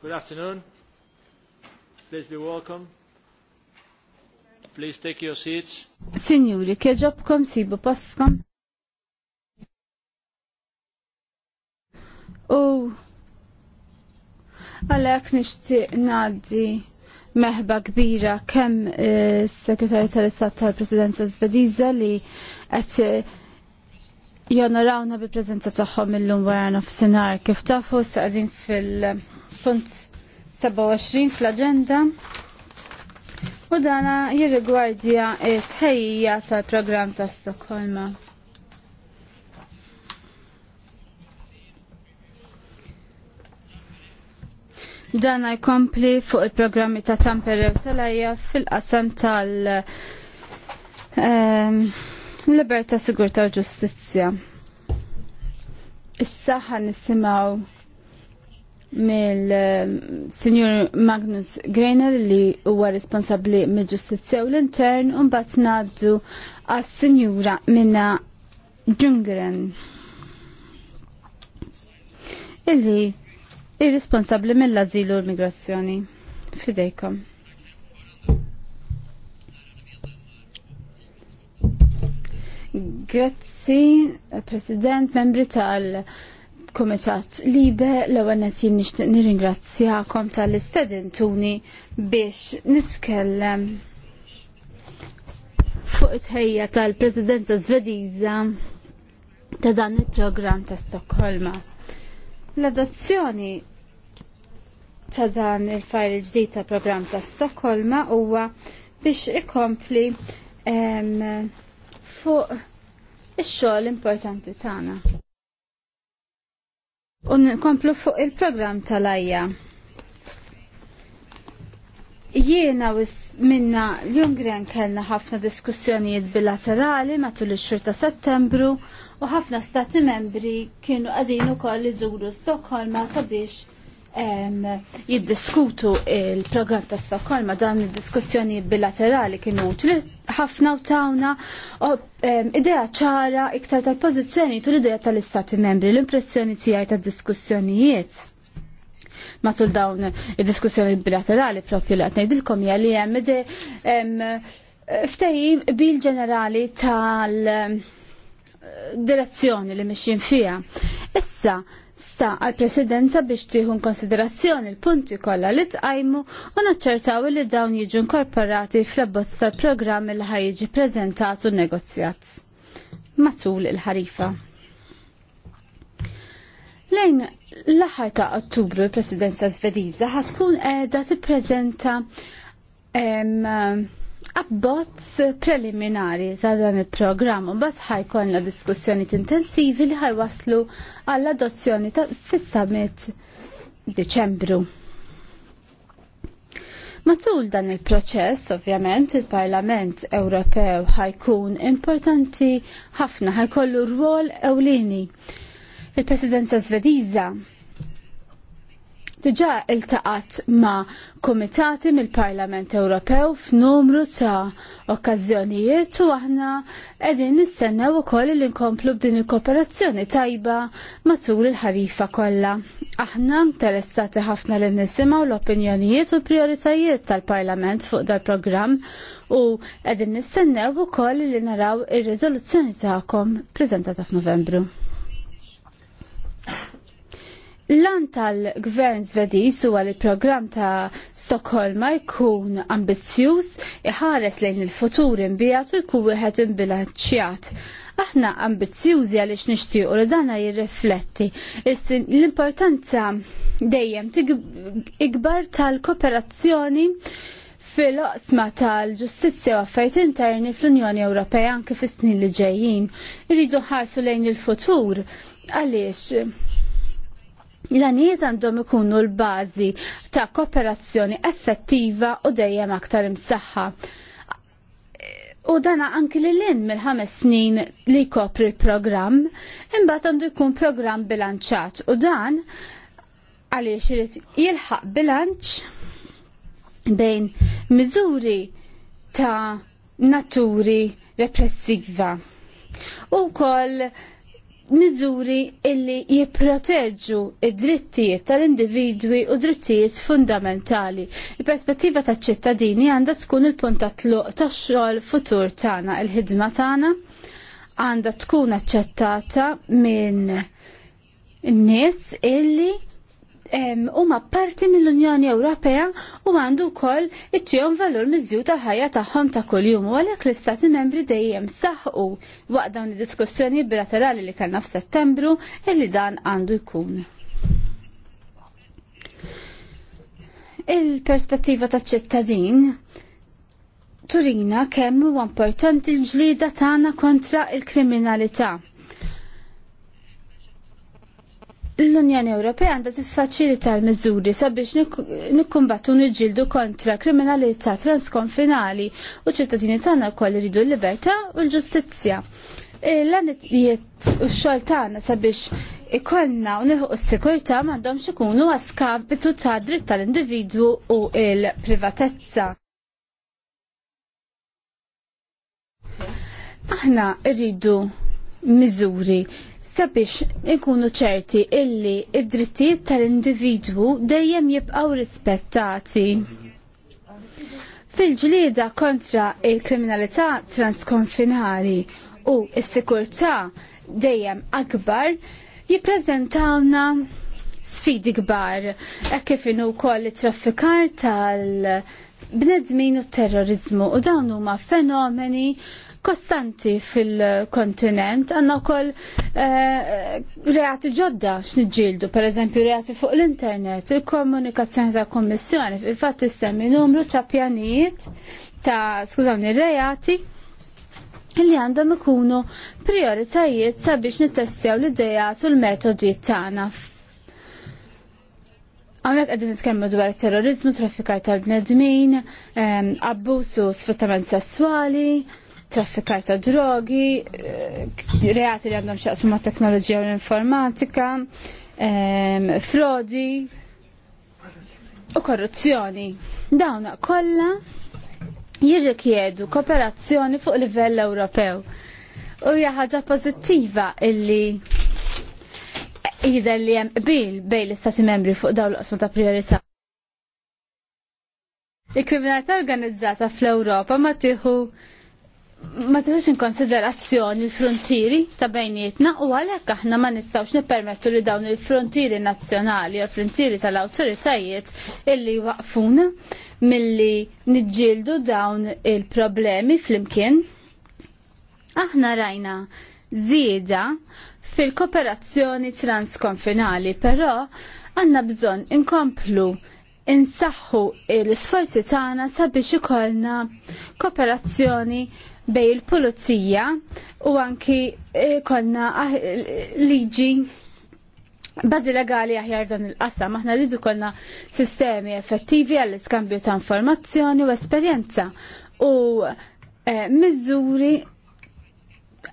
Good afternoon. Please be welcome. Please take your seats. Signori, kieġobkom sibu postkom. U oh. għalek nishtiq naddi meħba kbira kemm eh, s-Sekretarju tal-Istat tal-Presidenza Svediża li qed eh, jonorawna bil-preżenza tagħhom illum wara nofsinhar kif tafu saqdin fil-punt 27 fl-agenda u dana jirrigwardja it-ħejja tal program ta' Stokholma. Dan jkompli fuq il-programmi ta' Tampere u Talajja fil-qasam tal- ehm, Liberta, Sigurta u Ġustizzja. Issa ħan nisimaw mill-Sinjur Magnus Greiner li huwa responsabli mill-ġustizzja u l-intern u mbagħad ngħaddu għas-Sinjura Minna Ġungren illi irresponsabbli mill-azilu u l-migrazzjoni. Fidejkom. Grazzi, President, membri tal- Kumitat Libe l-ewwel qed jien nixtieq nirringrazzjakom tal istedentuni biex nitkellem fuq it-ħejja tal-Presidenza Zvediza ta' dan il-programm ta' Stokholma. L-adozzjoni ta' dan il-fajl ġdid ta' programm ta' Stokholma huwa biex ikompli fuq ix-xogħol importanti tagħna. Unkomplu fuq il-program tal-ajja. Jiena minna l-jungren kellna ħafna diskussjonijiet bilaterali matul ix-xhur ta' Settembru u ħafna stati membri kienu qegħdin ukoll iżuru Stokholma sabiex jiddiskutu il-programm ta' Stokholma dan il-diskussjoni bilaterali kienu utli ħafna u tawna idea ċara iktar tal-pozizjoni tul idea tal-istati membri l-impressjoni tiegħi ta' diskussjonijiet matul dawn id-diskussjoni bilaterali propju li dilkom jgħalli hemm ftehim bil ġenerali tal-direzzjoni li mixjin fija. Issa, sta għal-presidenza biex tieħu konsiderazzjoni l-punti kollha li tqajmu u naċċertaw li dawn jiġu inkorporati fl-abbozz tal-programm li ħajġi preżentat u negozjat. Matul il-ħarifa. Lejn l-aħħar ta' Ottubru l-Presidenza Svediża ħatkun qiegħda tippreżenta abbozz preliminari ta' dan il-programm u bas ħajkonna diskussjoni intensivi li ħajwaslu għall-adozzjoni fis fissamet Deċembru. Matul dan il-proċess, ovvjament, il-Parlament Ewropew ħajkun importanti ħafna ħajkollu rwol ewlini. Il-Presidenza Svediża Diġà iltaqat ma' komitati mill-Parlament Ewropew f'numru ta' okkażjonijiet u aħna qegħdin nistennew ukoll li nkomplu b'din il-kooperazzjoni tajba matul il-ħarifa kollha. Aħna interessati ħafna li nisimgħu l-opinjonijiet u prioritajiet tal-Parlament fuq dal-programm u qegħdin nistennew ukoll li naraw ir-riżoluzzjoni tagħkom preżentata f'Novembru. Lan tal-gvern svediż huwa li program ta' Stokholma jkun ambizzjuż, iħares lejn il-futur imbijat u jkun wieħed imbilanċjat. Aħna ambizzjużi għaliex nixtiequ li dana jirrifletti l-importanza dejjem ikbar tal-kooperazzjoni fil-oqsma tal-ġustizzja u affajt interni fl-Unjoni Ewropea anke fis-snin li ġejjin. Iridu ħarsu lejn il-futur għaliex l-għaniet għandhom ikunu l-bazi ta' kooperazzjoni effettiva u dejjem aktar imsaħħa. U dana anki li l-in mill-ħames snin li kopri l-program, imbat għandu jkun program bilanċat u dan għaliex irid jilħaq bilanċ bejn miżuri ta' naturi repressiva u koll miżuri illi jipproteġu id-drittijiet tal-individwi u drittijiet fundamentali. Il-perspettiva taċ ċittadini għandha tkun il-punt ta' tluq tax-xogħol futur tagħna, il-ħidma tagħna għandha tkun aċċettata minn nies illi huma parti mill-Unjoni Ewropea u għandu wkoll ittihom valur miżju tal-ħajja tagħhom ta' kuljum u għalhekk l-Istati Membri dejjem saħqu waqt dawn id-diskussjoni bilaterali li kellna f'Settembru illi dan għandu jkun. il-perspettiva ta' ċittadin turina kemm huwa importanti l-ġlieda tagħna kontra il-kriminalità l-Unjoni Ewropea għandha tiffaċilita l-miżuri sabiex nikkumbattu niġġieldu kontra kriminalità transkonfinali u ċittadini tagħna wkoll iridu l-libertà u l-ġustizzja. E, L-għaniet u xogħol tagħna sabiex ikollna u nieħu s-sikurtà m'għandhomx ikunu għaskabitu ta' dritt tal-individwu u l-privatezza. Aħna rridu miżuri sabiex ikunu ċerti illi id-drittijiet tal-individwu dejjem jibqaw rispettati. Fil-ġlieda kontra il-kriminalità transkonfinali u s-sikurtà dejjem akbar jippreżentawna sfidi kbar, e kif inu wkoll it-traffikar tal- bnedmin u terrorizmu u dawn huma fenomeni kostanti fil-kontinent, għanna kol eh, reati ġodda x'niġġieldu, per eżempju reati fuq l-internet, il-komunikazzjoni ta' kommissjoni, fil-fatt issemmi numru ta' pjanijiet ta' skużawni reati li għandhom ikunu prioritajiet sabiex nittestjaw l-idejat u l-metodi tagħna Għonek għedin nitkellmu dwar terrorizmu, traffikar tal-bnedmin, ehm, abbusu sfruttament sessuali, traffikar ta' drogi, eh, reati li għandhom xaqsu ma' teknoloġija u l-informatika, ehm, frodi u korruzzjoni. Dawna kollha jirrikjedu kooperazzjoni fuq livell Ewropew. U hija ħaġa pożittiva illi jidher li hemm qbil bejn l-istati membri fuq dawn l-qosma ta' priorità. Il-kriminalità organizzata fl-Ewropa ma tieħu ma in inkonsiderazzjoni l-frontieri ta' bejnietna u għalhekk aħna ma nistgħux nippermettu li dawn il-frontieri nazzjonali u frontieri tal-awtoritajiet illi waqfuna milli niġġieldu dawn il-problemi flimkien. Aħna rajna żieda fil-kooperazzjoni transkonfinali, però għandna bżonn inkomplu insaħħu l-isforzi tagħna sabiex ikollna kooperazzjoni bej il-pulizija u anki eh, kolna ah, liġi Bazi legali aħjar dan il-qassam, aħna rridu kolna sistemi effettivi għall-iskambju ta' informazzjoni u esperjenza u eh, miżuri,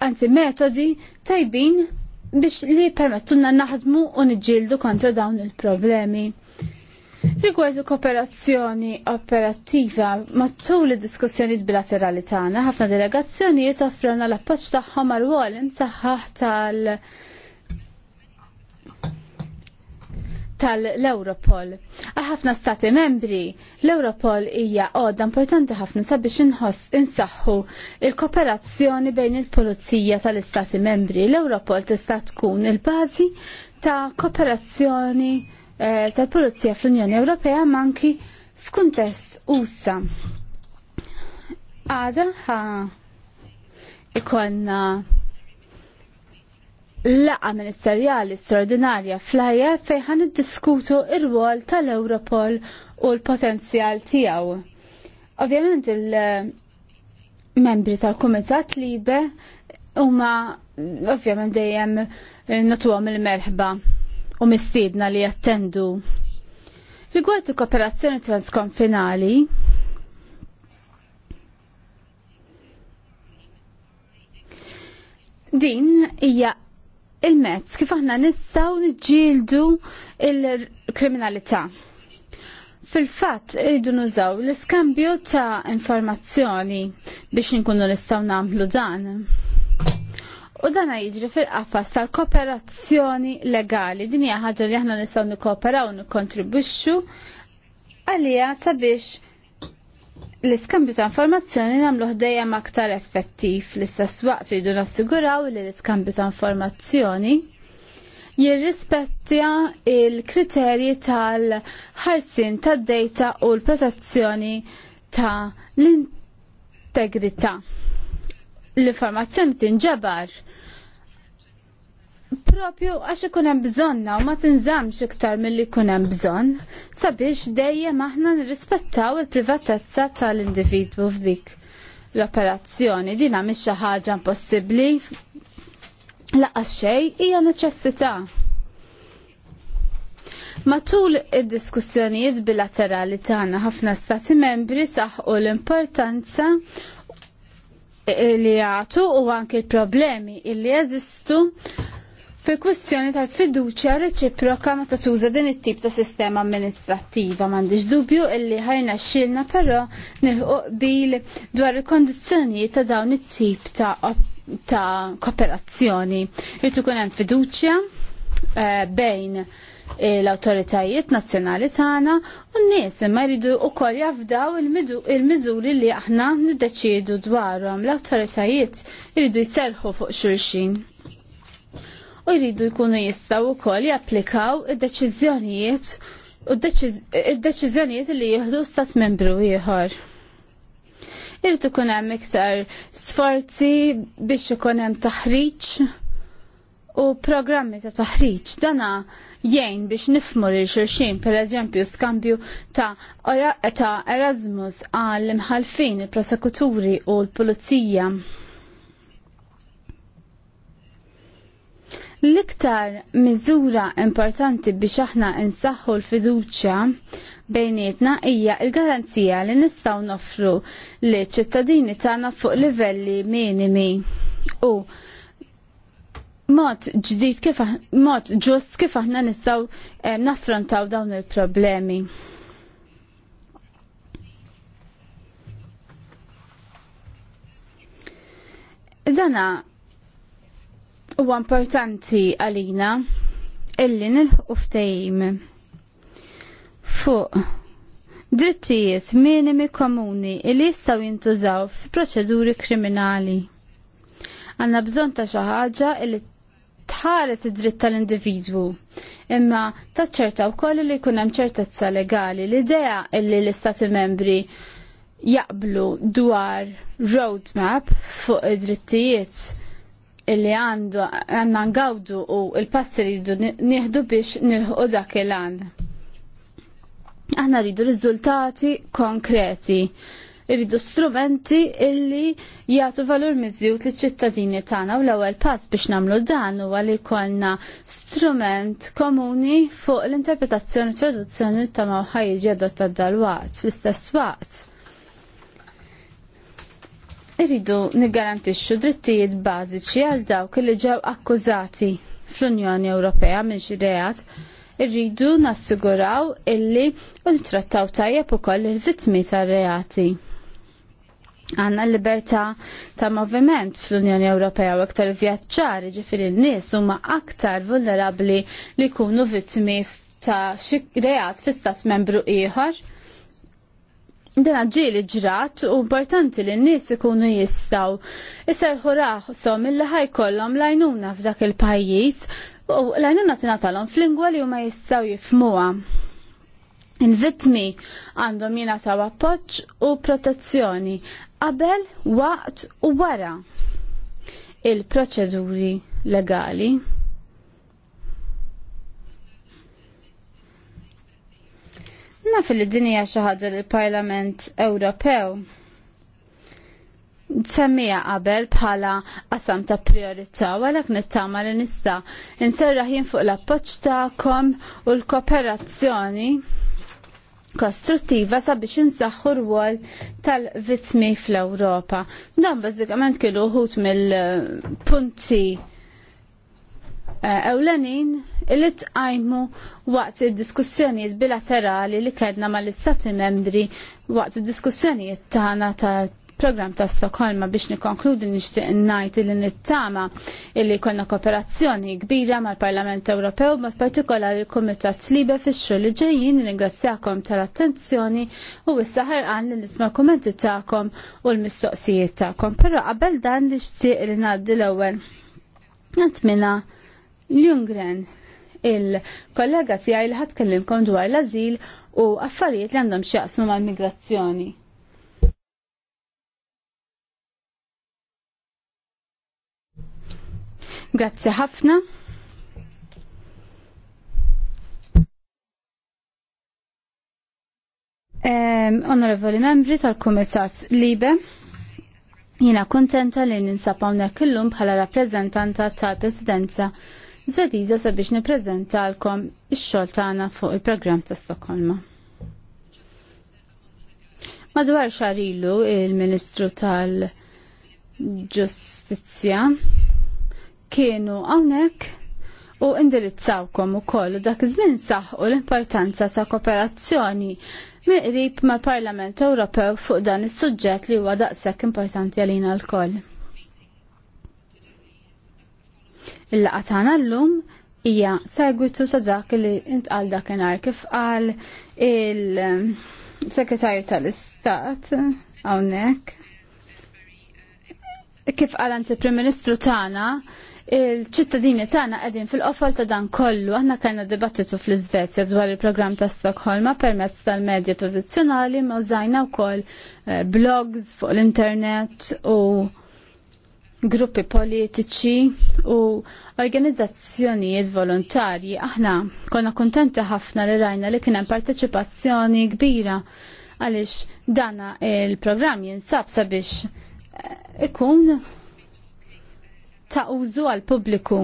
anzi metodi tajbin biex li permettunna naħdmu u nġildu kontra dawn il-problemi. Rigward kooperazzjoni operattiva matul id-diskussjoni bilaterali tagħna, ħafna delegazzjonijiet offrewna l-appoġġ tagħhom għal wol imsaħħaħ tal tal-Europol. Għal ħafna stati membri, l-Europol hija għodda importanti ħafna sabiex inħoss insaħħu il-kooperazzjoni bejn il-Polizija tal-Istati membri. L-Europol tista' tkun il-bażi ta' kooperazzjoni Eh, tal-Polizija fl-Unjoni Ewropea manki f'kuntest usa. Għada ħa ikonna laqa ministerjali straordinarja flajja fejħan id-diskutu ir-rwol tal-Europol u l-potenzjal tijaw. Ovvjament il-membri tal-Kumitat Libe huma ovvjament dejjem natuhom il-merħba u mistiedna li jattendu. Rigward il-kooperazzjoni transkonfinali, din hija il-mezz kif aħna nistgħu niġġieldu il-kriminalità. Fil-fatt irridu nużaw l-iskambju ta' informazzjoni biex inkunu nistgħu nagħmlu dan. U dan jiġri fil-qafas tal-kooperazzjoni legali. Din hija ħaġa li aħna nistgħu nikkooperaw u nikkontribwixxu għalija sabiex l-iskambju ta' informazzjoni nagħmluh dejjem aktar effettiv l-istess waqt jridu nassiguraw li l-iskambju ta' informazzjoni jirrispettja il-kriterji tal-ħarsin tad-data u l-protezzjoni ta' l-integrità l-informazzjoni tinġabar propju għax ikun hemm bżonna u ma tinżamx iktar milli jkun hemm bżonn sabiex dejjem aħna nirrispettaw il-privatezza tal-individwu f'dik l-operazzjoni. Dina mhix xi ħaġa impossibbli laqas xejn hija neċessità. Matul id-diskussjonijiet bilaterali tagħna ħafna stati membri saħqu l-importanza li jagħtu u anke l-problemi illi jeżistu fil kwistjoni tal-fiduċja reċiproka meta tuża din it-tip ta' sistema amministrattiva m'għandix dubju illi ħajna xilna però nilħu qbil dwar il-kondizzjonijiet ta' dawn it-tip ta' ta' kooperazzjoni. Irtu kun hemm fiduċja eh, bejn E, l-autoritajiet nazzjonali tagħna u n-nies imma jridu wkoll jafdaw il-miżuri li aħna niddeċiedu dwarhom l-awtoritajiet jridu jserħu fuq xulxin. U jridu jkunu jistgħu wkoll japplikaw id-deċiżjonijiet u d-deċiżjonijiet li jieħdu stat membru ieħor irrid jkun hemm iktar sforzi biex ikun hemm taħriġ u programmi ta' taħriġ. Dana jgħin biex nifmur il xulxin, per eżempju, skambju ta' ta' Erasmus għall imħalfin il-prosekuturi u l-pulizija. L-iktar miżura importanti biex aħna insaħħu l-fiduċja bejnietna hija l-garanzija li nistgħu noffru li ċittadini tagħna fuq livelli minimi u mod ġdid kif mod ġust kif aħna nistgħu eh, naffrontaw dawn il-problemi. Dana huwa importanti għalina illi nilħu ftehim fuq drittijiet minimi komuni illi jistgħu jintużaw f'proċeduri kriminali. Għanna bżonn ta' xi ħaġa illi tħares id-dritt tal-individwu. Imma taċċerta wkoll li jkun hemm ċertezza legali l-idea illi l-istati membri jaqblu dwar roadmap fuq id-drittijiet illi għandu għanna ngawdu u il-passi li rridu nieħdu biex nilħu dak il-għan. Aħna rridu riżultati konkreti irridu strumenti illi jagħtu valur miżjut liċ ċittadini tagħna u l-ewwel pass biex nagħmlu dan huwa li jkollna strument komuni fuq l-interpretazzjoni u traduzzjoni ta' ma ħajġi adottat dal-waqt fl-istess waqt. Irridu niggarantixxu drittijiet bażiċi għal dawk li ġew akkużati fl-Unjoni Ewropea minn xi reat irridu nassiguraw illi nittrattaw tajjeb ukoll il-vittmi tar-reati għanna l-libertà ta' moviment fl-Unjoni Ewropea u aktar vjaċċar, ġifiri n-nis huma aktar vulnerabli li kunu vittmi ta' xi reat fi stat membru ieħor. Dina ġili ġrat u importanti li n-nis ikunu jistaw iserħu raħsom illi ħajkollhom lajnuna f'dak il-pajjiż u lajnuna tingħatalhom f'lingwa li huma jistaw jifmuha. in vittmi għandhom jingħataw appoġġ u protezzjoni qabel, waqt u wara il-proċeduri legali. Naf li dinja xaħġa l-Parlament Ewropew semmija qabel bħala qasam ta' priorità u għalhekk nittama li nista' nserraħin fuq l-appoġġ tagħkom u l-kooperazzjoni kostruttiva sabiex insaħħu rwol tal-vittmi fl-Ewropa. Dan bażikament kienu uħut mill-punti eh, ewlenin li tqajmu waqt id-diskussjonijiet bilaterali li kellna mal-Istati membri waqt id-diskussjonijiet tagħna ta' program ta' Stokholma biex nikonkludi nixtieq ngħid li nittama illi jkollna kooperazzjoni kbira mal-Parlament Ewropew mod partikolari l-Kumitat Libe fix-xhur li ġejjin ringrazzjakom tal-attenzjoni u issa ħerqan li nisma' kummenti tagħkom u l-mistoqsijiet tagħkom. Però qabel dan nixtieq li ngħaddi l-ewwel Nantmina Ljungren il-kollega tiegħi li ħadkellimkom dwar l-azil u affarijiet li għandhom x'jaqsmu mal-migrazzjoni. Grazzi ħafna. Um, Onorevoli membri tal-Kumitat Libe, jina kontenta li ninsab hawnhekk illum bħala rappreżentanta tal-Presidenza Żvediża sabiex nippreżentalkom ix-xogħol tagħna fuq il-programm ta' Stokholma. Madwar xar ilu il-Ministru tal-Ġustizzja kienu hawnhekk u indirizzawkom ukoll u dak iż-żmien saħħu l-importanza ta' kooperazzjoni miqrib mal Parlament Ewropew fuq dan is-suġġett li huwa daqshekk importanti għalina lkoll. Il-laqgħa tagħna llum hija segwitu sa dak li intqal dakinhar kif qal il-Sekretarju tal-Istat hawnhekk kif qal anti Prim Ministru tagħna il-ċittadini tagħna qegħdin fil-qofol ta' dan kollu. Aħna kellna dibattitu fl-Iżvezja dwar il-programm ta' Stockholma permezz tal-medja tradizzjonali ma żajna wkoll eh, blogs fuq l-internet u gruppi politiċi u organizzazzjonijiet volontarji. Aħna konna kontenti ħafna li rajna li kien hemm parteċipazzjoni kbira għaliex dana il-programm jinsab sabiex eh, ikun ta' użu għal pubbliku.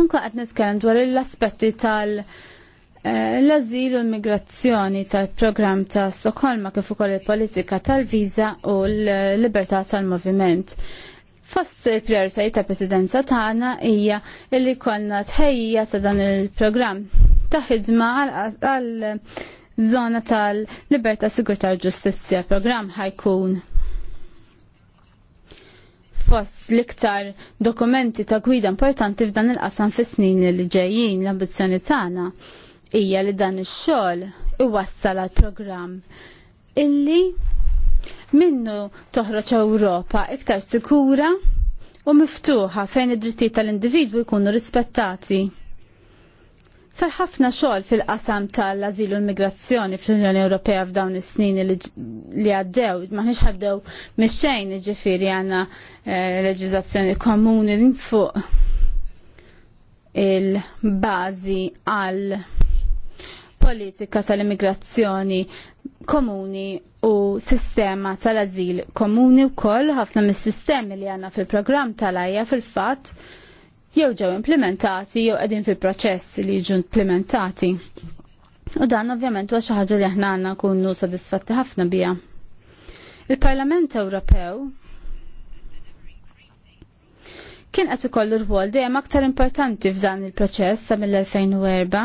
Anka qed nitkellem dwar l-aspetti tal- eh, L-azil u l-migrazzjoni tal-programm ta' Stokholma kif ukoll il-politika tal-viża u l-libertà tal-moviment. Fost il priorità ta' presidenza tagħna hija li konna tħejja ta' dan il-programm ta' ħidma għal żona tal-libertà, sigurtà u ġustizzja. Programm ħajkun fost l-iktar dokumenti ta' gwida importanti f'dan il-qasam fis-snin li ġejjin l-ambizzjoni tagħna hija li dan ix-xogħol iwassal għal programm illi minnu toħroġ Ewropa iktar sikura u miftuħa fejn id-drittijiet tal-individwu jkunu rispettati. Sar ħafna xogħol fil-qasam tal-azilu l-migrazzjoni fl-Unjoni Ewropea f'dawn is-snin li għaddew, maħniex ħabdew mix iġifieri għandna eh, leġiżlazzjoni komuni fuq il-bażi għal politika tal-immigrazzjoni komuni u sistema tal-azil komuni wkoll ħafna mis-sistemi li għandna fil-programm tal-ajja fil-fatt fil programm tal ajja fil fat fil programm tal ajja fil fatt jew ġew implementati jew qegħdin fi proċess li jiġu implementati. U dan ovvjament huwa xi ħaġa li aħna għandna nkunu sodisfatti ħafna biha. Il-Parlament Ewropew kien qed ikollu rwol dejjem aktar importanti f'dan il-proċess sa mill-2004.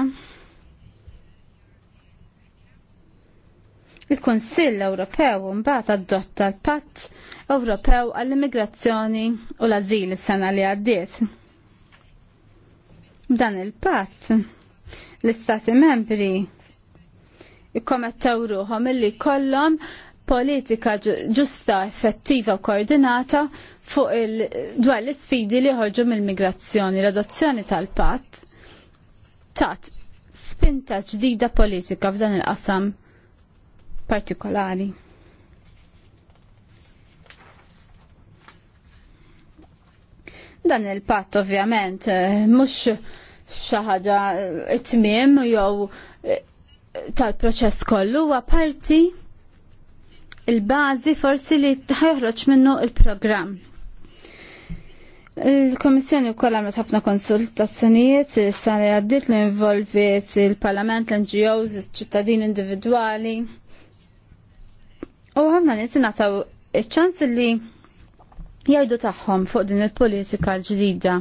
Il-Kunsill Ewropew mbagħad adotta l-Patt Ewropew għall-Immigrazzjoni u l-Ażil is-sena li għaddiet. B'dan il-patt l-istati membri ikkomettaw ruħom illi kollom politika ġusta, effettiva u koordinata fuq il-dwar l-sfidi li ħorġu mill-migrazzjoni, l-adozzjoni tal-patt tat spinta ġdida politika f'dan il-qasam partikolari. Dan il-patt ovvjament eh, mhux xi ħaġa eh, tmiem jew eh, tal-proċess kollu huwa parti il-bażi forsi li ħjoħroġ minnu il-programm. Il-Komissjoni wkoll għamlet ħafna konsultazzjonijiet sa li għaddiet li involviet il-Parlament, l-NGOs, iċ-ċittadini individwali. U ħafna nies ingħataw iċ-ċans li jgħidu tagħhom fuq din il-politika l-ġdida.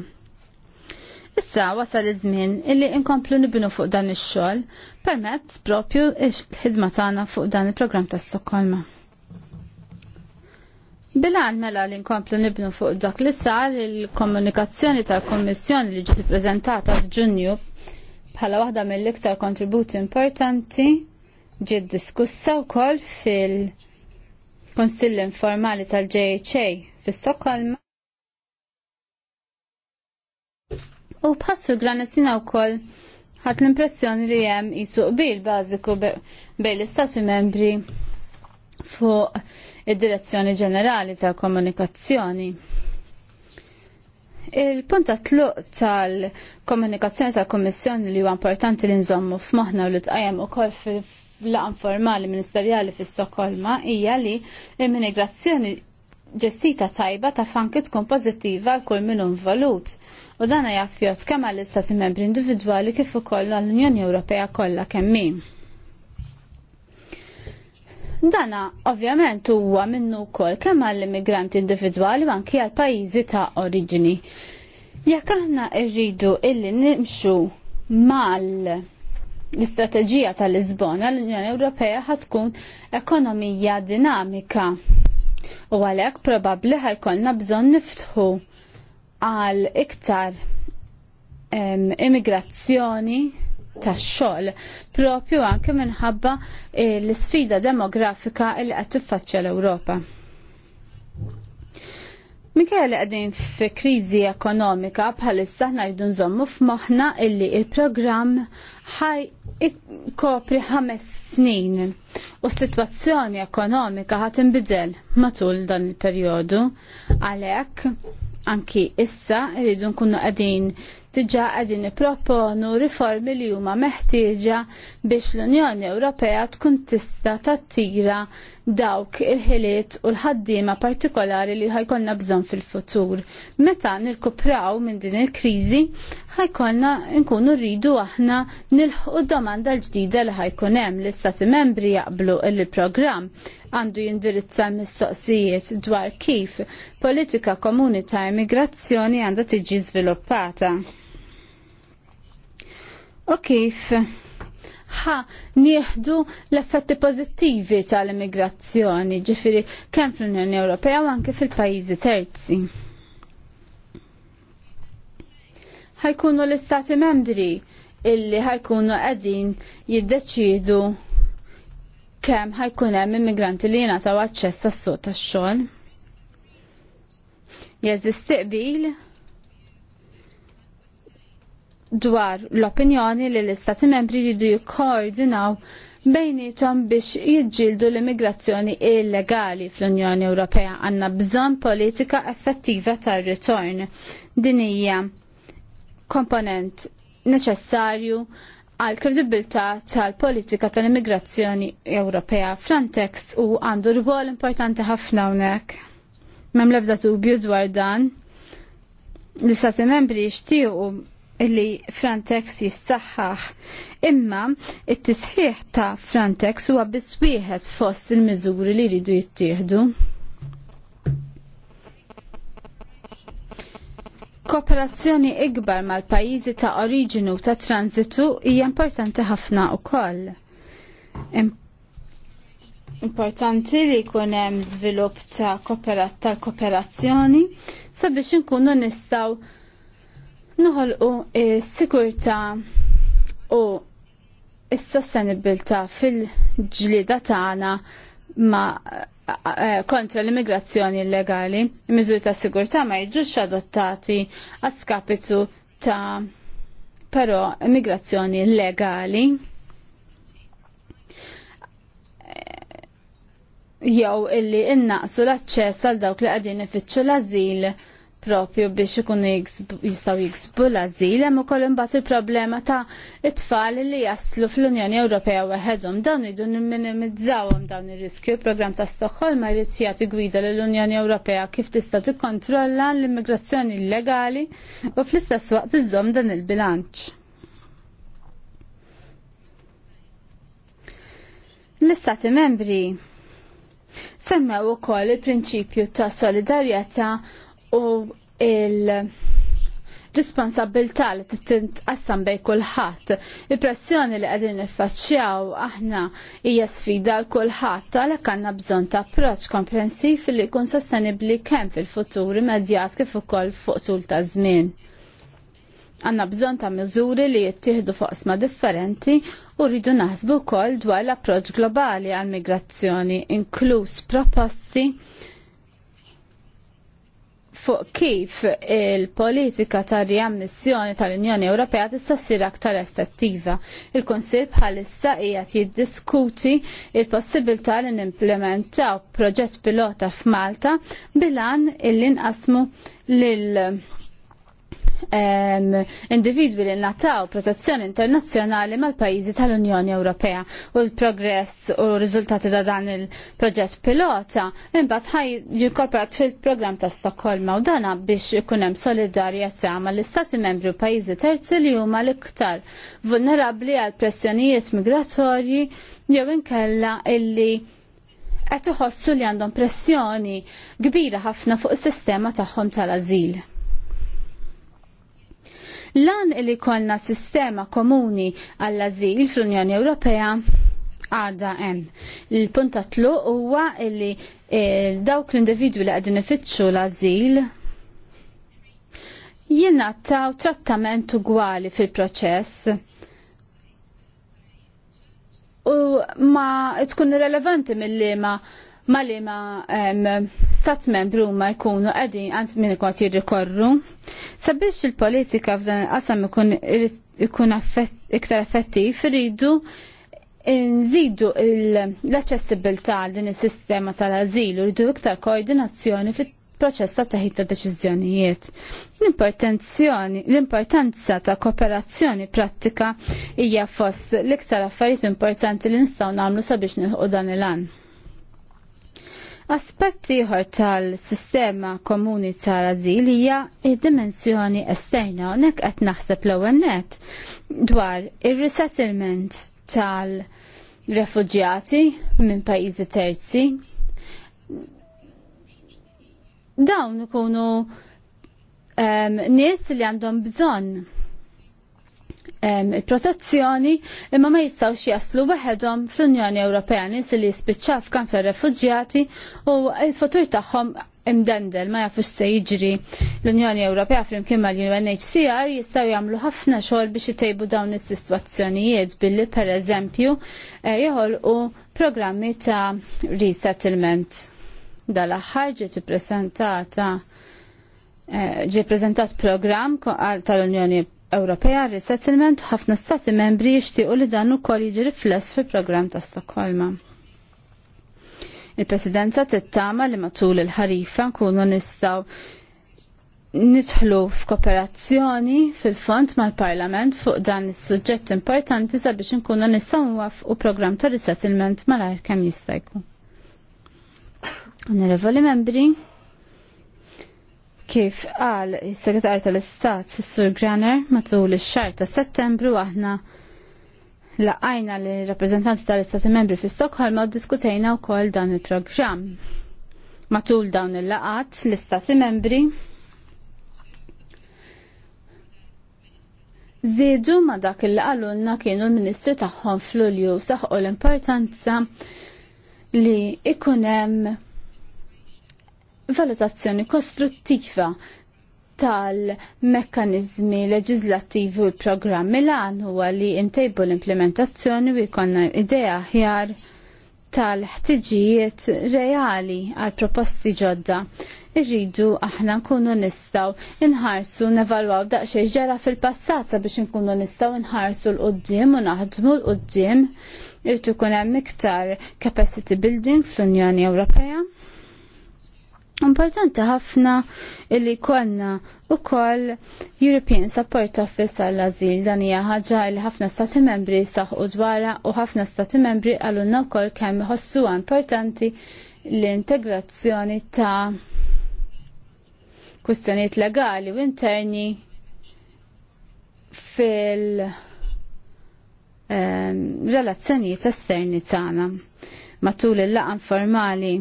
Issa wasal iż-żmien illi inkomplu nibnu fuq dan ix-xogħol permezz propju l-ħidma tagħna fuq dan il-programm ta' Stokkolma. Bilan mela li nkomplu nibnu fuq dak li sar il-komunikazzjoni tal-Kommissjoni li ġiet ippreżentata f'Ġunju bħala waħda mill-iktar kontributi importanti ġiet diskussa wkoll fil- Konsill informali tal-JHA fi Stockholm. U passu granasina u koll ħat l-impressjoni li jem jisu bil bażiku bej l-istati membri fuq id-direzzjoni ġenerali tal komunikazzjoni. Il-punt tluq tal-komunikazzjoni tal komissjoni li huwa importanti li nżommu f'moħħna u li tqajjem ukoll laqan formali ministerjali fi Stokholma hija li l-immigrazzjoni ġestita tajba ta' fanki tkun pozittiva għal kull minn involut. U dana jaffjot kemm għall istati membri individwali kif ukoll għall-Unjoni Ewropea kollha kemm min. Dana ovvjament huwa minnu wkoll kemm għall-immigranti individwali u anki għal pajjiżi ta' oriġini. Jekk aħna rridu illi nimxu mal l-istrateġija tal-Lisbona l-Unjoni Ewropea tkun ekonomija dinamika. U għalhekk probabbli ħajkollna bżonn niftħu għal iktar immigrazzjoni tax xogħol propju anke minħabba eh, l-sfida demografika li qed tiffaċċja l-Ewropa. Minkejja li qegħdin fi kriżi ekonomika bħalissa ħna jridu nżommu f'moħħna illi il-programm ħaj ikkopri ħames snin u s-sitwazzjoni ekonomika ħat inbidel matul dan il-perjodu għalhekk anki issa rridu nkunu qegħdin diġa għadin proponu riformi li huma meħtieġa biex l-Unjoni Ewropea tkun tista tattira dawk il-ħiliet u l-ħaddiema partikolari li ħajkonna bżonn fil-futur. Meta nirkupraw minn din il-kriżi, ħajkonna nkunu rridu aħna nilħu domanda l-ġdida li ħajkun hemm l-Istati membri jaqblu il-programm għandu jindirizza mistoqsijiet dwar kif politika komuni ta' immigrazzjoni għandha tiġi żviluppata u kif ħa nieħdu l-effetti pozittivi tal-immigrazzjoni, ġifiri kemm fl-Unjoni Ewropea u anke fil-pajjiżi terzi. Ħajkunu l-Istati membri illi ħajkunu qegħdin jiddeċidu kemm ħajkun hemm immigranti li jingħataw aċċess għas-suq tax-xogħol. Jeżisti qbil dwar l-opinjoni li l-Istati membri jridu jikkoordinaw bejnietom biex jiġġieldu l-immigrazzjoni illegali fl-Unjoni Ewropea għandna bżonn politika effettiva tar-ritorn. Din hija komponent neċessarju għal kredibilità tal-politika tal-immigrazzjoni Ewropea. Frontex u għandu rwol importanti ħafna hawnhekk. Mem lebda dubju dwar dan. L-istati membri jixtiequ Illi Frontex jissaħħaħ. Imma it-tisħiħ ta' Frontex huwa biss wieħed fost il-miżuri li jridu jittieħdu. Kooperazzjoni ikbar mal-pajjiżi ta' oriġinu ta' transitu hija importanti ħafna wkoll. Importanti li jkun hemm żvilupp ta' tal-kooperazzjoni sabiex inkunu nistgħu noħolqu s-sikurta u s-sostenibilta fil-ġlida tagħna ma eh, kontra l-immigrazzjoni illegali, miżuri ta' sigurtà ma jiġux adottati għad skapitu ta' però immigrazzjoni illegali jew illi innaqsu l-aċċess għal dawk li qegħdin ifittxu l-ażil propju biex ikunu jistgħu jiksbu l-azil, hemm ukoll imbagħad il-problema ta' it-tfal li jaslu fl-Unjoni Ewropea waħedhom. Dawn idu nimminimizzawhom dawn ir-riskju. Il-programm ta' Stockholm jrid jagħti gwida lill-Unjoni Ewropea kif tista' tikkontrolla l-immigrazzjoni illegali u fl-istess waqt iżżomm dan il-bilanċ. L-Istati membri semmew ukoll il-prinċipju ta' solidarjetà u il- responsabilità li tintqassam bej kulħadd. Il-pressjoni li qegħdin niffaċċjaw aħna hija sfida l kulħadd għalhekk għandna bżonn ta' approċċ komprensiv li jkun sostenibbli kemm fil-futur immedjat kif ukoll fuq tul ta' żmien. Għanna bżonn ta' miżuri li jittieħdu fuq sma differenti u rridu naħsbu wkoll dwar l-approċċ globali għall migrazzjoni inkluż proposti fuq kif il-politika ta' riammissjoni tal-Unjoni Ewropea tista' ssir aktar effettiva. Il-Kunsill bħalissa qiegħed jiddiskuti il-possibilità li nimplementaw proġett pilota f'Malta bilan illi nqasmu lil individwi li nataw protezzjoni internazzjonali mal-pajizi tal-Unjoni Ewropea u l-progress u r-riżultati ta' dan il-proġett pilota imbagħad ħaj jinkorporat fil program ta' Stokholma u dana biex ikun hemm solidarjetà mal-istati membri u pajjiżi terzi li huma l-iktar vulnerabbli għal pressjonijiet migratorji jew inkella illi qed iħossu li għandhom pressjoni kbira ħafna fuq is-sistema tagħhom tal-ażil. Lan li konna sistema komuni għall-azil fl-Unjoni Ewropea għada hemm. Il-punta tluq huwa li eh, dawk l-individwi li qegħdin ifittxu l-azil jingħataw trattament ugwali fil-proċess u ma tkun irrelevanti mill-lima ma li ma stat membru ma jkunu għedin għant minn ikon jirrikorru. Sabiex il-politika f'dan il-qasam ikun iktar effettiv, rridu nżidu l-accessibilità din is-sistema tal-azilu, rridu iktar koordinazzjoni fit proċess ta' taħid ta' deċiżjonijiet. L-importanza ta' kooperazzjoni prattika hija fost l-iktar affarijiet importanti li nistgħu nagħmlu sabiex nilħu dan il-an. Aspett ieħor tal-sistema komuni tal-azil hija id-dimensjoni esterna hawnhekk qed naħseb l-ewwel net dwar ir-resettlement tal-refuġjati minn pajjiżi terzi. Dawn ikunu um, nies li għandhom bżonn protezzjoni imma ma jistawx jaslu waħedhom fl-Unjoni Ewropea nies li jispiċċaw f'kamp tar-refuġjati u l-futur tagħhom imdendel ma jafux se jiġri l-Unjoni Ewropea flimkien mal-UNHCR jistgħu jagħmlu ħafna xogħol biex itejbu dawn is-sitwazzjonijiet billi pereżempju eh, joħolqu programmi ta' resettlement. Dal-aħħar ġiet ippreżentata eh, ġi prezentat program tal-Unjoni Ewropea resettlement ħafna stati membri jixtiequ li dan ukoll jiġi rifless fil-programm ta' Stokholma. Il-Presidenza tittama li matul il-ħarifa nkunu nistgħu nidħlu f'kooperazzjoni fil-fond mal-Parlament fuq dan is-suġġett importanti sabiex nkunu nistgħu nwaffqu program ta' resettlement malajr kemm jista' jkun. Onorevoli membri, Kif qal is-Segretarju tal-Istat s'issur Graner matul ix-xahar ta' Settembru aħna laqajna l rappreżentanti tal-Istati Membri fi Stokholm u diskutejna wkoll dan il-programm. Matul dawn il-laqat l-Istati Membri Zidu ma dak il qalulna kienu l-Ministri tagħhom fl-Ulju saħħu l-importanza li ikunem hemm valutazzjoni kostruttiva tal-mekkanizmi leġislattivi u programmi lan huwa li intejbu l-implementazzjoni u jkollna idea ħjar tal-ħtiġijiet reali għal proposti ġodda. Irridu aħna nkunu nistaw inħarsu nevalwaw daqsxejn ġara fil-passata biex nkunu nistaw inħarsu l-qoddim u naħdmu l-qoddim irtu kunem hemm iktar capacity building fl-Unjoni Ewropea Importanti ħafna illi konna u koll European Support Office għall-azil dan hija ħaġa li ħafna stati membri saħqu dwarha u ħafna stati membri għalunna wkoll kemm ħossu importanti l-integrazzjoni ta' kwistjonijiet legali u interni fil- ehm, relazzjonijiet esterni tagħna matul il laqan formali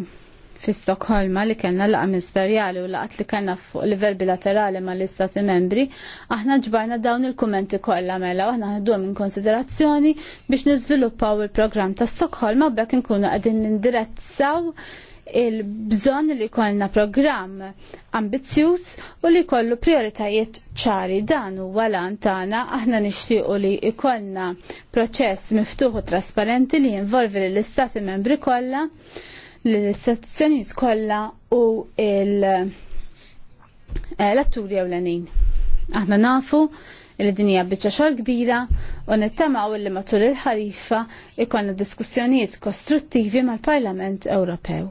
fi Stokholma li kellna laqa ministerjali u laqat li kellna fuq livell bilaterali ma l-istati membri, aħna ġbarna dawn il-kumenti kollha mela u aħna ħadduhom minn konsiderazzjoni biex niżviluppaw il-programm ta' Stokholma bekk inkunu qegħdin nindirezzaw il-bżon li kollna program ambizjuż u li kollu prioritajiet ċari dan u walan tana aħna nixtiequ li ikollna proċess miftuħ u trasparenti li jinvolvi l-istati membri kollha l-istazzjonijiet kollha u eh, l-atturi ewlenin. Aħna nafu li din hija biċċa xogħol kbira u nittamaw li matul il-ħarifa ikonna diskussjonijiet kostruttivi mal-Parlament Ewropew.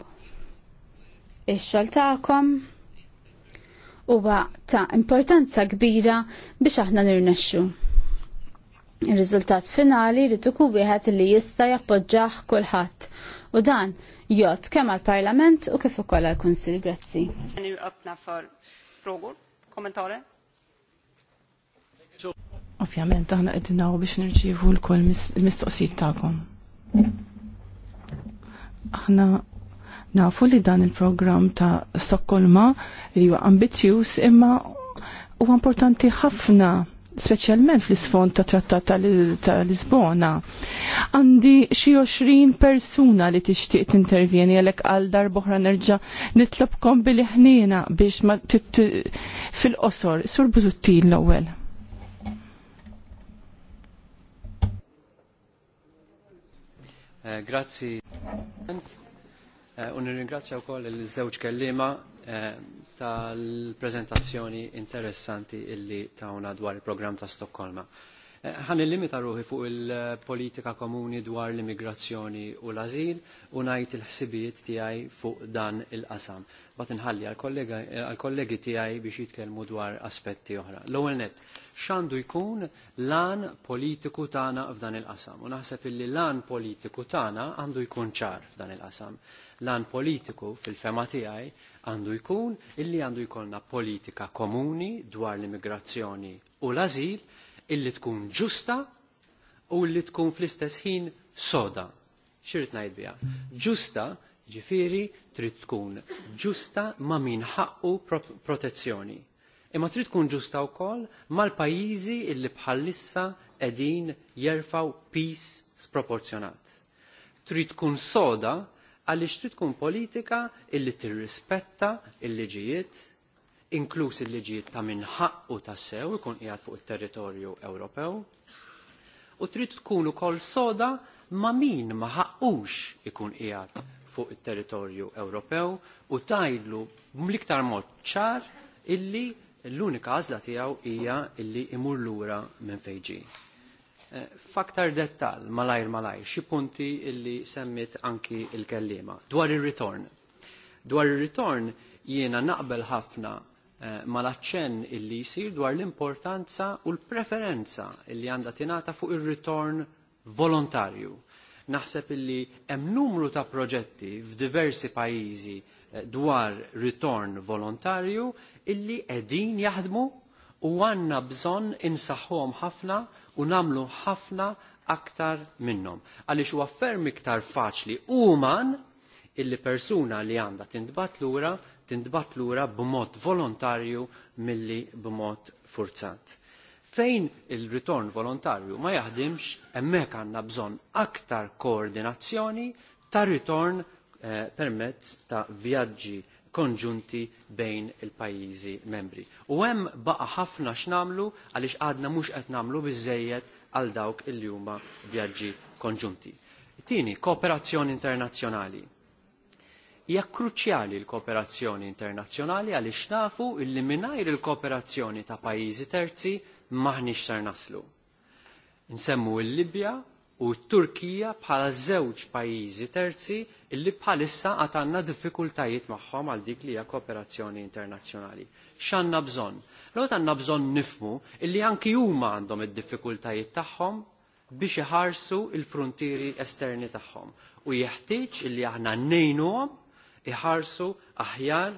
Ix-xogħol tagħkom huwa ta' importanza kbira biex aħna nirnexxu. Ir-riżultat finali li ikun wieħed li jista' jappoġġjah kulħadd u dan jott kemm għal-Parlament u kif ukoll għal kunsill Grazzi. Nu öppna för frågor, kommentarer. Ovvjament aħna qed naw biex nirċievu l-kull mistoqsijiet tagħkom. Aħna nafu li dan il-programm ta' Stokkolma li huwa ambizzjuż imma huwa importanti ħafna speċjalment fl-isfond ta' trattat ta' Lisbona. Għandi xi 20 persuna li tixtieq tintervjeni għalhekk għal darbohra nerġa' nitlobkom billi ħnina biex ma fil-qosor. Sur bużuttin l-ewwel. Eh, grazzi. Eh, u nirringrazzja wkoll il-żewġ kellima eh, tal-prezentazzjoni interessanti illi tawna dwar il-programm ta' Stokkolma. Għan eh, il-limita ruħi fuq il-politika komuni dwar l-immigrazzjoni u l-azil u najt il-ħsibijiet tijaj fuq dan il-qasam. Bat nħalli għal-kollegi eh, tijaj biex jitkelmu dwar aspetti oħra. L-ewel net, xandu jkun lan politiku tana f'dan il-qasam. U naħseb illi lan politiku tana għandu jkun ċar f'dan il-qasam. Lan politiku fil-fema tiegħi għandu jkun illi għandu jkollna politika komuni dwar l-immigrazzjoni u l-azil illi tkun ġusta u li tkun fl-istess ħin soda. Xirt ngħid biha. Ġusta ġifiri trid tkun ġusta ma' min ħaqqu protezzjoni. Imma trid tkun ġusta wkoll mal-pajjiżi illi bħalissa qegħdin jerfaw pis sproporzjonat. Trid tkun soda għaliex trid tkun politika illi tirrispetta il-liġijiet inkluż il-liġijiet ta' minħaq u ta' sew ikun qiegħed fuq it-territorju Ewropew u trid tkun ukoll soda ma' min ma ħaqqux ikun qiegħed fuq it-territorju Ewropew u tajdlu bl-iktar mod ċar illi l-unika għażla tiegħu hija illi imur lura minn fejġin. Eh, faktar dettal malajr malajr, xi punti illi semmit anki il-kellima. Dwar il ritorn Dwar il ritorn jiena naqbel ħafna eh, mal-aċċenn illi jisir dwar l-importanza u l-preferenza illi għandha tingħata fuq ir-ritorn volontarju. Naħseb illi hemm numru ta' proġetti f'diversi pajjiżi eh, dwar ritorn volontarju illi qegħdin jaħdmu u għandna bżonn insaħħom ħafna u namlu ħafna aktar minnhom. Għaliex huwa ferm iktar faċli uman illi persuna li għandha tintbat lura tintbat lura b'mod volontarju milli b'mod forzat. Fejn il-ritorn volontarju ma jaħdimx, hemmhekk għandna bżonn aktar koordinazzjoni ta' ritorn eh, permezz ta' vjaġġi konġunti bejn il-pajjiżi membri. U hemm baqa' ħafna x'namlu għaliex għadna mhux qed nagħmlu biżejjed għal dawk illi huma vjaġġi konġunti. Tieni, kooperazzjoni internazzjonali. Hija kruċjali l-kooperazzjoni internazzjonali għaliex nafu illi mingħajr il-kooperazzjoni ta' pajjiżi terzi maħniex ser naslu. Nsemmu l-Libja u t-Turkija bħala żewġ pajjiżi terzi illi bħalissa għad għandna diffikultajiet magħhom għal dik li hija kooperazzjoni internazzjonali. X'għandna bżonn? Lot għandna bżonn nifmu illi anki huma għandhom id-diffikultajiet tagħhom biex iħarsu il-frontieri esterni tagħhom u jeħtieġ illi aħna nejnuhom iħarsu aħjar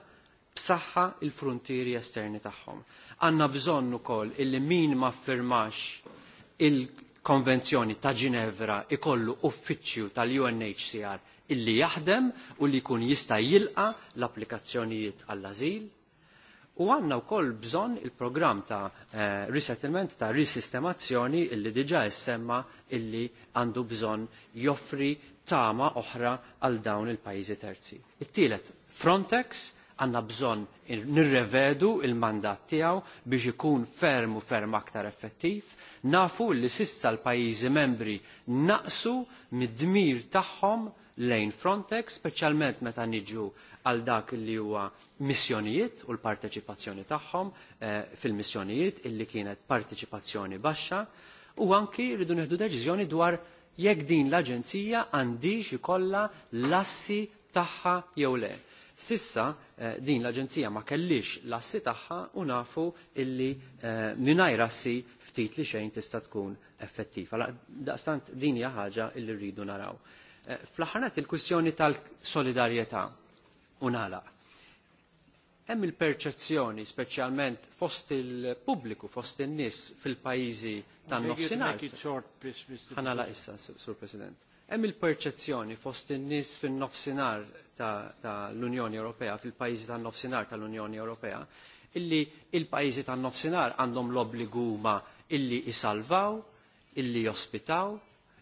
b'saħħa il-frontieri esterni tagħhom. Għandna bżonn ukoll illi min ma firmax il-Konvenzjoni ta' Ginevra ikollu uffiċċju tal-UNHCR illi jaħdem u li jkun jista' jilqa l-applikazzjonijiet għall-ażil U għanna u koll bżon il-program ta' eh, resettlement, ta' risistemazzjoni illi diġa jessemma illi għandu bżon joffri tama oħra għal dawn il-pajizi terzi. It-tielet, Frontex għanna bżon nirrevedu il-mandat tijaw biex ikun ferm u ferm aktar effettiv, nafu li sissa l-pajizi membri naqsu mid-dmir tagħhom lejn Frontex, speċjalment meta niġu għal dak li huwa missjonijiet u l-parteċipazzjoni tagħhom eh, fil-missjonijiet illi kienet parteċipazzjoni baxxa u anki rridu neħdu deċiżjoni dwar jekk din l-aġenzija għandix ikollha l-assi tagħha jew le. Sissa eh, din l-aġenzija ma kellix l-assi tagħha u nafu illi eh, mingħajr assi ftit li xejn tista' tkun effettiva. daqstant din hija ħaġa li rridu naraw fl il-kwistjoni tal-solidarieta unala. Hemm il-perċezzjoni, speċjalment fost il-pubbliku, fost in-nies fil-pajjiżi tan-nofsinhar. Ħanala issa, Sur President. Hemm il-perċezzjoni fost in-nies fin-nofsinhar tal-Unjoni Ewropea, fil-pajjiżi tan-nofsinhar tal-Unjoni Ewropea, illi il-pajjiżi tan-nofsinhar għandhom l-obbligu huma illi isalvaw, illi jospitaw,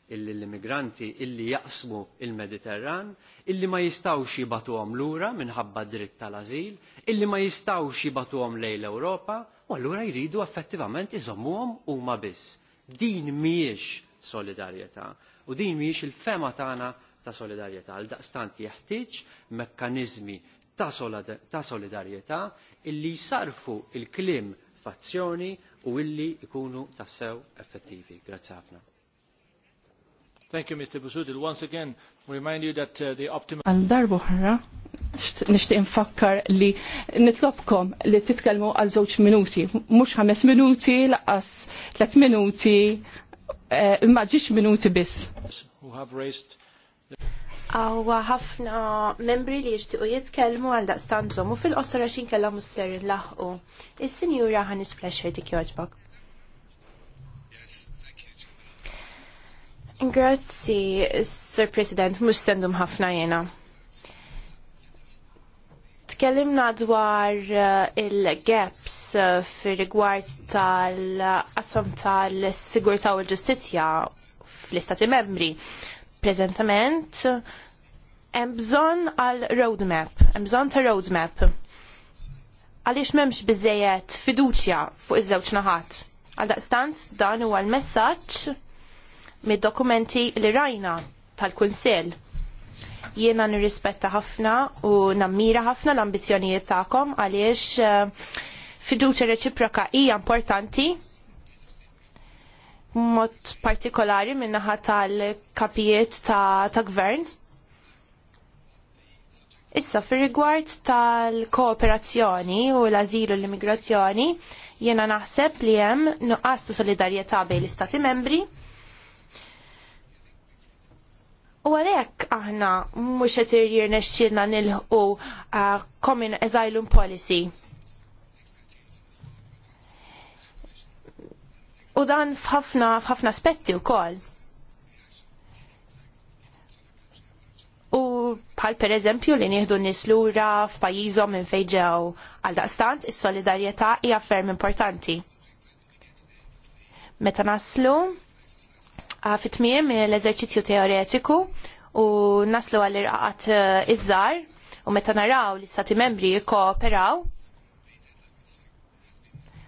illi l-immigranti illi jaqsmu il-Mediterran, illi ma jistawx jibatuhom lura minħabba dritt tal-azil, illi ma jistawx jibatuhom lej l europa u allura jridu effettivament iżommuhom huma biss. Din mhijiex solidarjetà u din mhijiex il-fema tagħna ta' solidarjetà. Għal daqstant jeħtieġ mekkaniżmi ta', ta solidarjetà illi jsarfu il-klim fazzjoni u illi jkunu tassew effettivi. Grazzi ħafna. Thank you, Mr. Busudil. Once again, remind you that uh, the optimal... Għal darbu ħra, nishti infakkar li nitlobkom li titkellmu għal żewġ minuti, mhux ħames minuti, laqas tlet minuti, eh, imma ġiex minuti biss. Għawa ħafna membri li jishtiqu jitkellmu għal daqstanżom u fil-qosra xin kellam s-ser laħqu. Is-sinjura ħanis flasher dik joġbok. Grazzi, Sir President, mux sendum ħafna jena. Tkellimna dwar uh, il-gaps uh, fir rigward tal-qasam tal-sigurta u l-ġustizja fl-istati membri. Prezentament, hemm bżonn għal roadmap, hemm bżonn ta' roadmap. Għaliex m'hemmx biżejjed fiduċja fuq iż-żewġ naħat. Għal daqstant dan huwa l-messaġġ mid-dokumenti li rajna tal kunsel Jiena nirrispetta ħafna u nammira ħafna l-ambizjonijiet tagħkom għaliex eh, fiduċa reċiproka hija importanti mod partikolari min-naħa tal-kapijiet ta', ta gvern. Issa, fir rigward tal-kooperazzjoni u l-azilu l-immigrazzjoni, jena naħseb li hemm nuqqas ta' solidarjetà bejn l-Istati membri U għalhekk aħna mhux qed irjir nexxielna nilħu uh, Common Asylum Policy. U dan f'ħafna f'ħafna aspetti wkoll. U bħal pereżempju li nieħdu nies lura f'pajjiżhom minn fejn ġew għal daqstant is-solidarjetà hija ferm importanti. Meta naslu, fit-tmiem l-eżerċizzju teoretiku u naslu għall-irqaqat eh, iż-żar u meta naraw li stati membri jikkooperaw.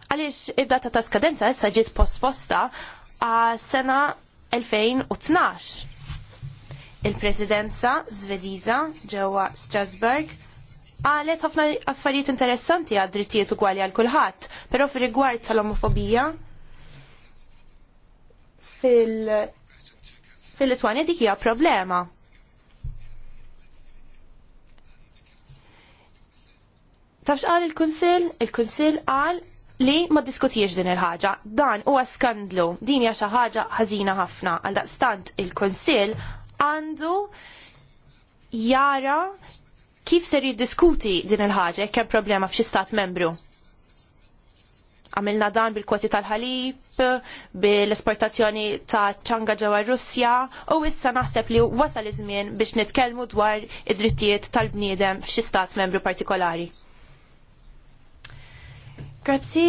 Għaliex id-data ta' skadenza issa ġiet posposta għas sena 2012. Il-Presidenza Zvediza ġewwa Strasbourg għalet ħafna affarijiet interessanti għad drittijiet ugwali għal kulħadd, però fir rigward tal-omofobija fil-Litwanja fil dik hija problema. Tafx għal il-Kunsil? Il-Kunsil qal li ma diskutiex din il-ħaġa. Dan huwa skandlu, din hija xi ħaġa ħażina ħafna għal daqstant il-Kunsil għandu jara kif ser jiddiskuti din il-ħaġa jekk hemm problema f'xi stat membru. Għamilna dan bil-kwoti tal-ħalib, bil-esportazzjoni ta' ċanga ġewwa Russja u issa naħseb li wasal iż-żmien biex nitkellmu dwar id-drittijiet tal-bniedem f'xi stat membru partikolari. Grazzi,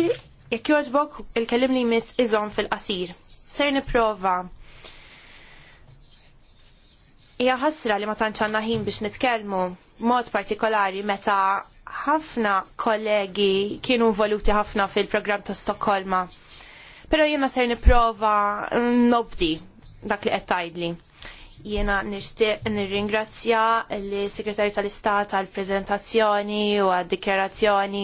jekk jogħġbok il-kellim li jmiss iżom fil-qasir. Ser nipprova Hija ħasra li ma tantxanna ħin biex nitkellmu mod partikolari meta ħafna kollegi kienu involuti ħafna fil-programm ta' Stokkolma. Pero jiena ser niprofa nobdi dak li qed tgħidli. Jiena nixtieq nirringrazzja li segretarju tal-Istat għall-preżentazzjoni u għad-dikjarazzjoni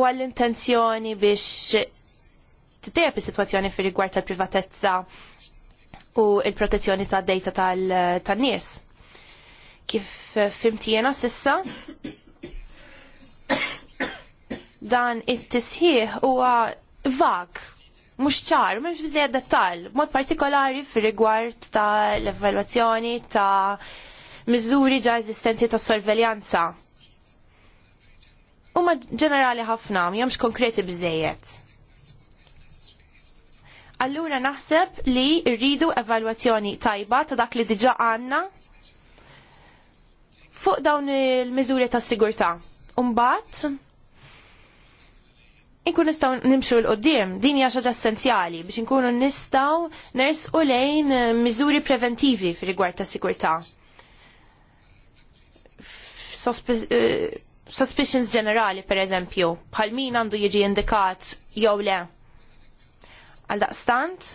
u għall-intenzjoni biex t is-sitwazzjoni fir rigward tal-privatezza u l protezzjoni tad-dejta tan-nies kif eh, fimtijena sissa dan it-tisħiħ huwa vag mhux ċar, mhux biżejjed dettal, mod partikolari fir-rigward ta' l-evalwazzjoni ta' miżuri ġa eżistenti ta' sorveljanza. Huma ġenerali ħafna, jomx konkreti biżejjed. Allura naħseb li rridu evalwazzjoni tajba ta' dak li diġa għanna fuq dawn il-miżuri ta' sigurtà. Umbat, inkun nistgħu nimxu l qoddim din hija xaġa essenzjali biex inkunu nistgħu u lejn miżuri preventivi fi rigward ta' sigurtà. Eh, suspicions ġenerali pereżempju, bħal min għandu jiġi indikat jew le. Għal daqstant,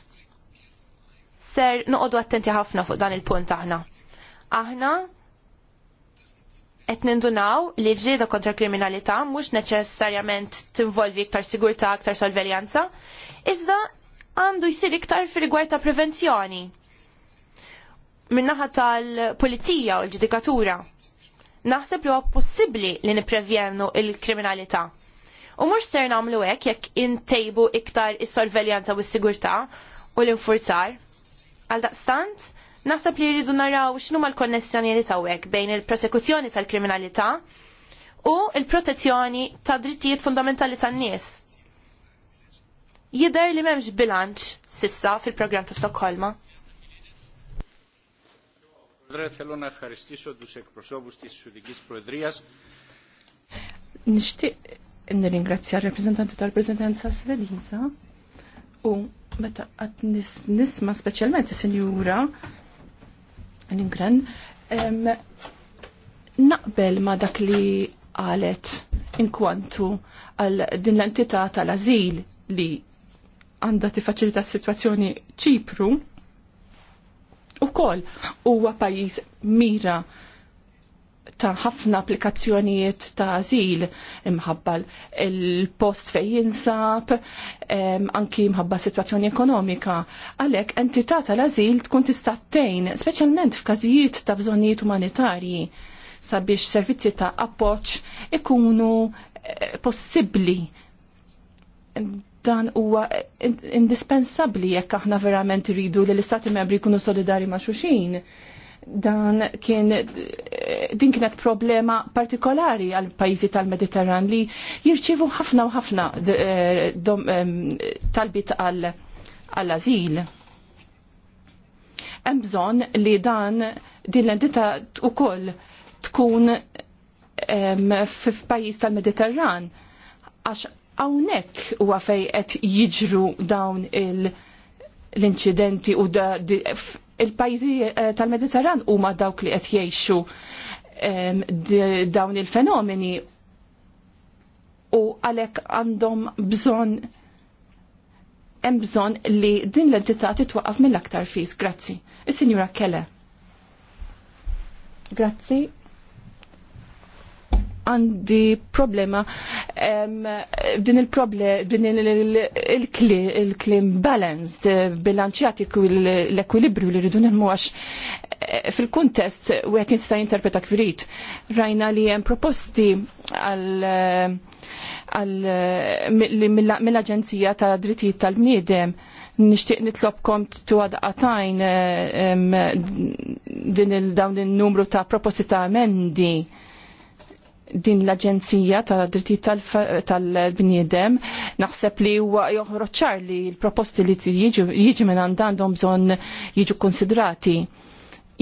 ser noqogħdu attenti ħafna fuq dan il-punt aħna. Aħna qed nindunaw li ġrieda kontra kriminalità mhux neċessarjament tinvolvi iktar sigurtà, iktar sorveljanza, iżda għandu jsir iktar fir-rigward ta' prevenzjoni. Min-naħa tal-pulizija u l-ġudikatura. Naħseb li huwa possibbli li nipprevjenu il-kriminalità. U mhux ser nagħmlu hekk jekk intejbu iktar is-sorveljanza u s-sigurtà u l-infurzar. Għal daqstant, Naħseb li jridu naraw x'nu mal li ta'wek bejn il-prosekuzzjoni tal-kriminalità u il-protezzjoni ta' drittijiet fundamentali tan-nies. Jidher li m'hemmx bilanċ sissa fil-programm ta' Stokkolma. Nixtieq nirringrazzja r-reprezentanti tal-Presidenza Svediża u meta qed nisma speċjalment is-Sinjura Lindgren, naqbel ma dak li qalet inkwantu għal din l-entità tal-azil li għandha tifaċilita s-sitwazzjoni ċipru u kol u pajjiż mira ta' ħafna applikazzjonijiet ta' azil imħabba il-post fej jinsab, anki imħabba situazzjoni ekonomika. Għalek, entità tal-azil tkun tista' tgħin, speċjalment f'każijiet ta' bżonnijiet umanitarji sabiex servizzi ta' appoġġ ikunu eh, possibbli dan huwa indispensabbli jekk aħna verament rridu li l-istati membri jkunu solidari ma' xuxin dan kien din kienet problema partikolari għal pajjiżi tal-Mediterran li jirċivu ħafna u ħafna eh, talbit għal azil Hemm bżonn li dan din l-entità ukoll tkun f'pajjiż tal-Mediterran għax hawnhekk huwa fejn qed jiġru dawn l-inċidenti u da il-pajzi eh, tal-Mediterran huma dawk li qed jgħixu dawn il-fenomeni u għalhekk għandhom bżonn hemm bżonn li din l-entità titwaqqaf mill-aktar fis. Grazzi. Is-Sinjura Kelle. Grazzi, għandi problema din il-klim balanced bilanċjati l-ekwilibru li rridu nemmu għax eh, fil-kuntest u għet jinsta jinterpreta kvrit. Rajna li jem proposti għal mill-Aġenzija ta' Drittijiet tal-Bniedem nishtiq nitlobkom tu għatajn din il-dawn il-numru ta' proposti ta' amendi din l-Aġenzija tal drittijiet tal-bniedem naħseb li huwa joħroċċar li l-proposti li jiġu minn għandhom bżonn jiġu konsidrati.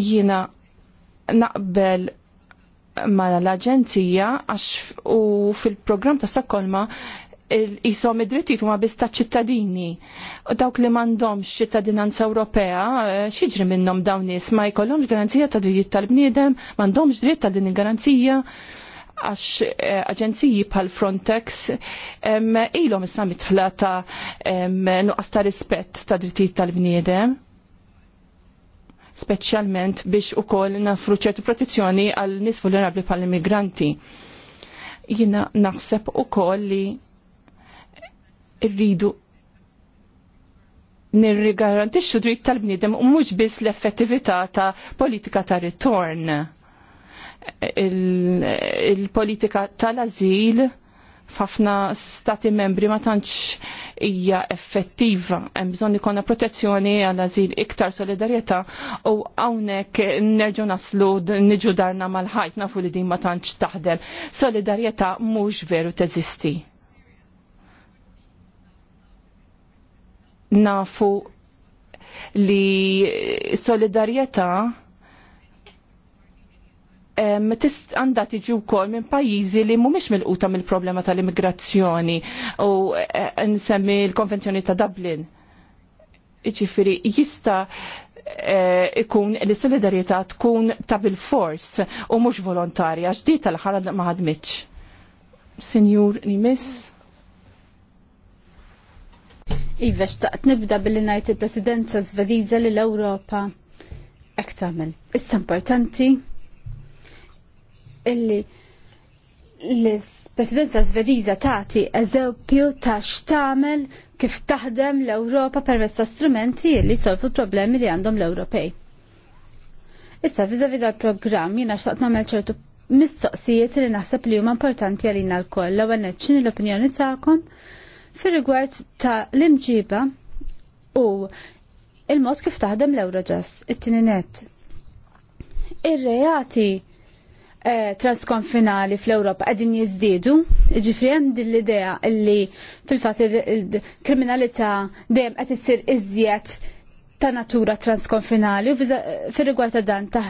Jiena naqbel ma l-Aġenzija għax u fil-programm ta' Stokkolma jisom id-drittijiet huma biss ta' ċittadini. U dawk li m'għandhomx ċittadinanza Ewropea, eh, x'jiġri minnhom dawn nies ma jkollhomx garanzija ta' drittijiet tal-bniedem, m'għandhomx dritt ta' din il-garanzija. il garanzija għax eh, aġenziji pal Frontex ilhom issa mitħla ta' nuqqas ta' rispett ta' drittijiet tal-bniedem speċjalment biex ukoll nafru ċertu protezzjoni għal nies vulnerabbli pal immigranti. Jiena naħseb ukoll li rridu nirrigarantixxu dritt tal-bniedem u mhux biss l-effettività ta' politika ta' ritorn il-politika il tal-azil f'ħafna stati membri ma tantx hija effettiva. Hemm bżonn ikolna protezzjoni għal ażil iktar solidarjetà u hawnhekk nerġgħu naslu niġu darna mal-ħajt nafu li din ma tantx taħdem. Solidarjetà mhux veru teżisti. Nafu li solidarjetà għandha tiġi wkoll minn pajjiżi li mhumiex milquta mill-problema tal-immigrazzjoni u e, e, nsemmi l-Konvenzjoni ta' Dublin. Iġifieri jista' e, ikun li solidarjetà tkun ta' bil-fors u mhux volontarja x'di tal-ħarad ma ħadmitx. Sinjur Nimis. Iva, xtaqt nibda billi ngħid il-Presidenza zvediza li l-Ewropa hekk tagħmel. Issa importanti illi l-presidenza svediża tagħti eżempju ta' x'tagħmel kif taħdem l-Ewropa permezz ta' strumenti li solfu problemi li għandhom l-Ewropej. Issa vida l programm jiena xtaqt nagħmel ċertu mistoqsijiet li naħseb li huma importanti għalina l-koll l-ewwel neċċini l-opinjoni tagħkom fir-rigward ta' l-imġiba u il mos kif taħdem l-Eurojust, it tininet net. Ir-reati Eh, transkonfinali fl-Europa għedin jizdidu, ġifri għem l-idea illi fil-fat il-kriminalità dejjem qed issir iżjed ta' natura transkonfinali u fil-rigward ta' dan ta'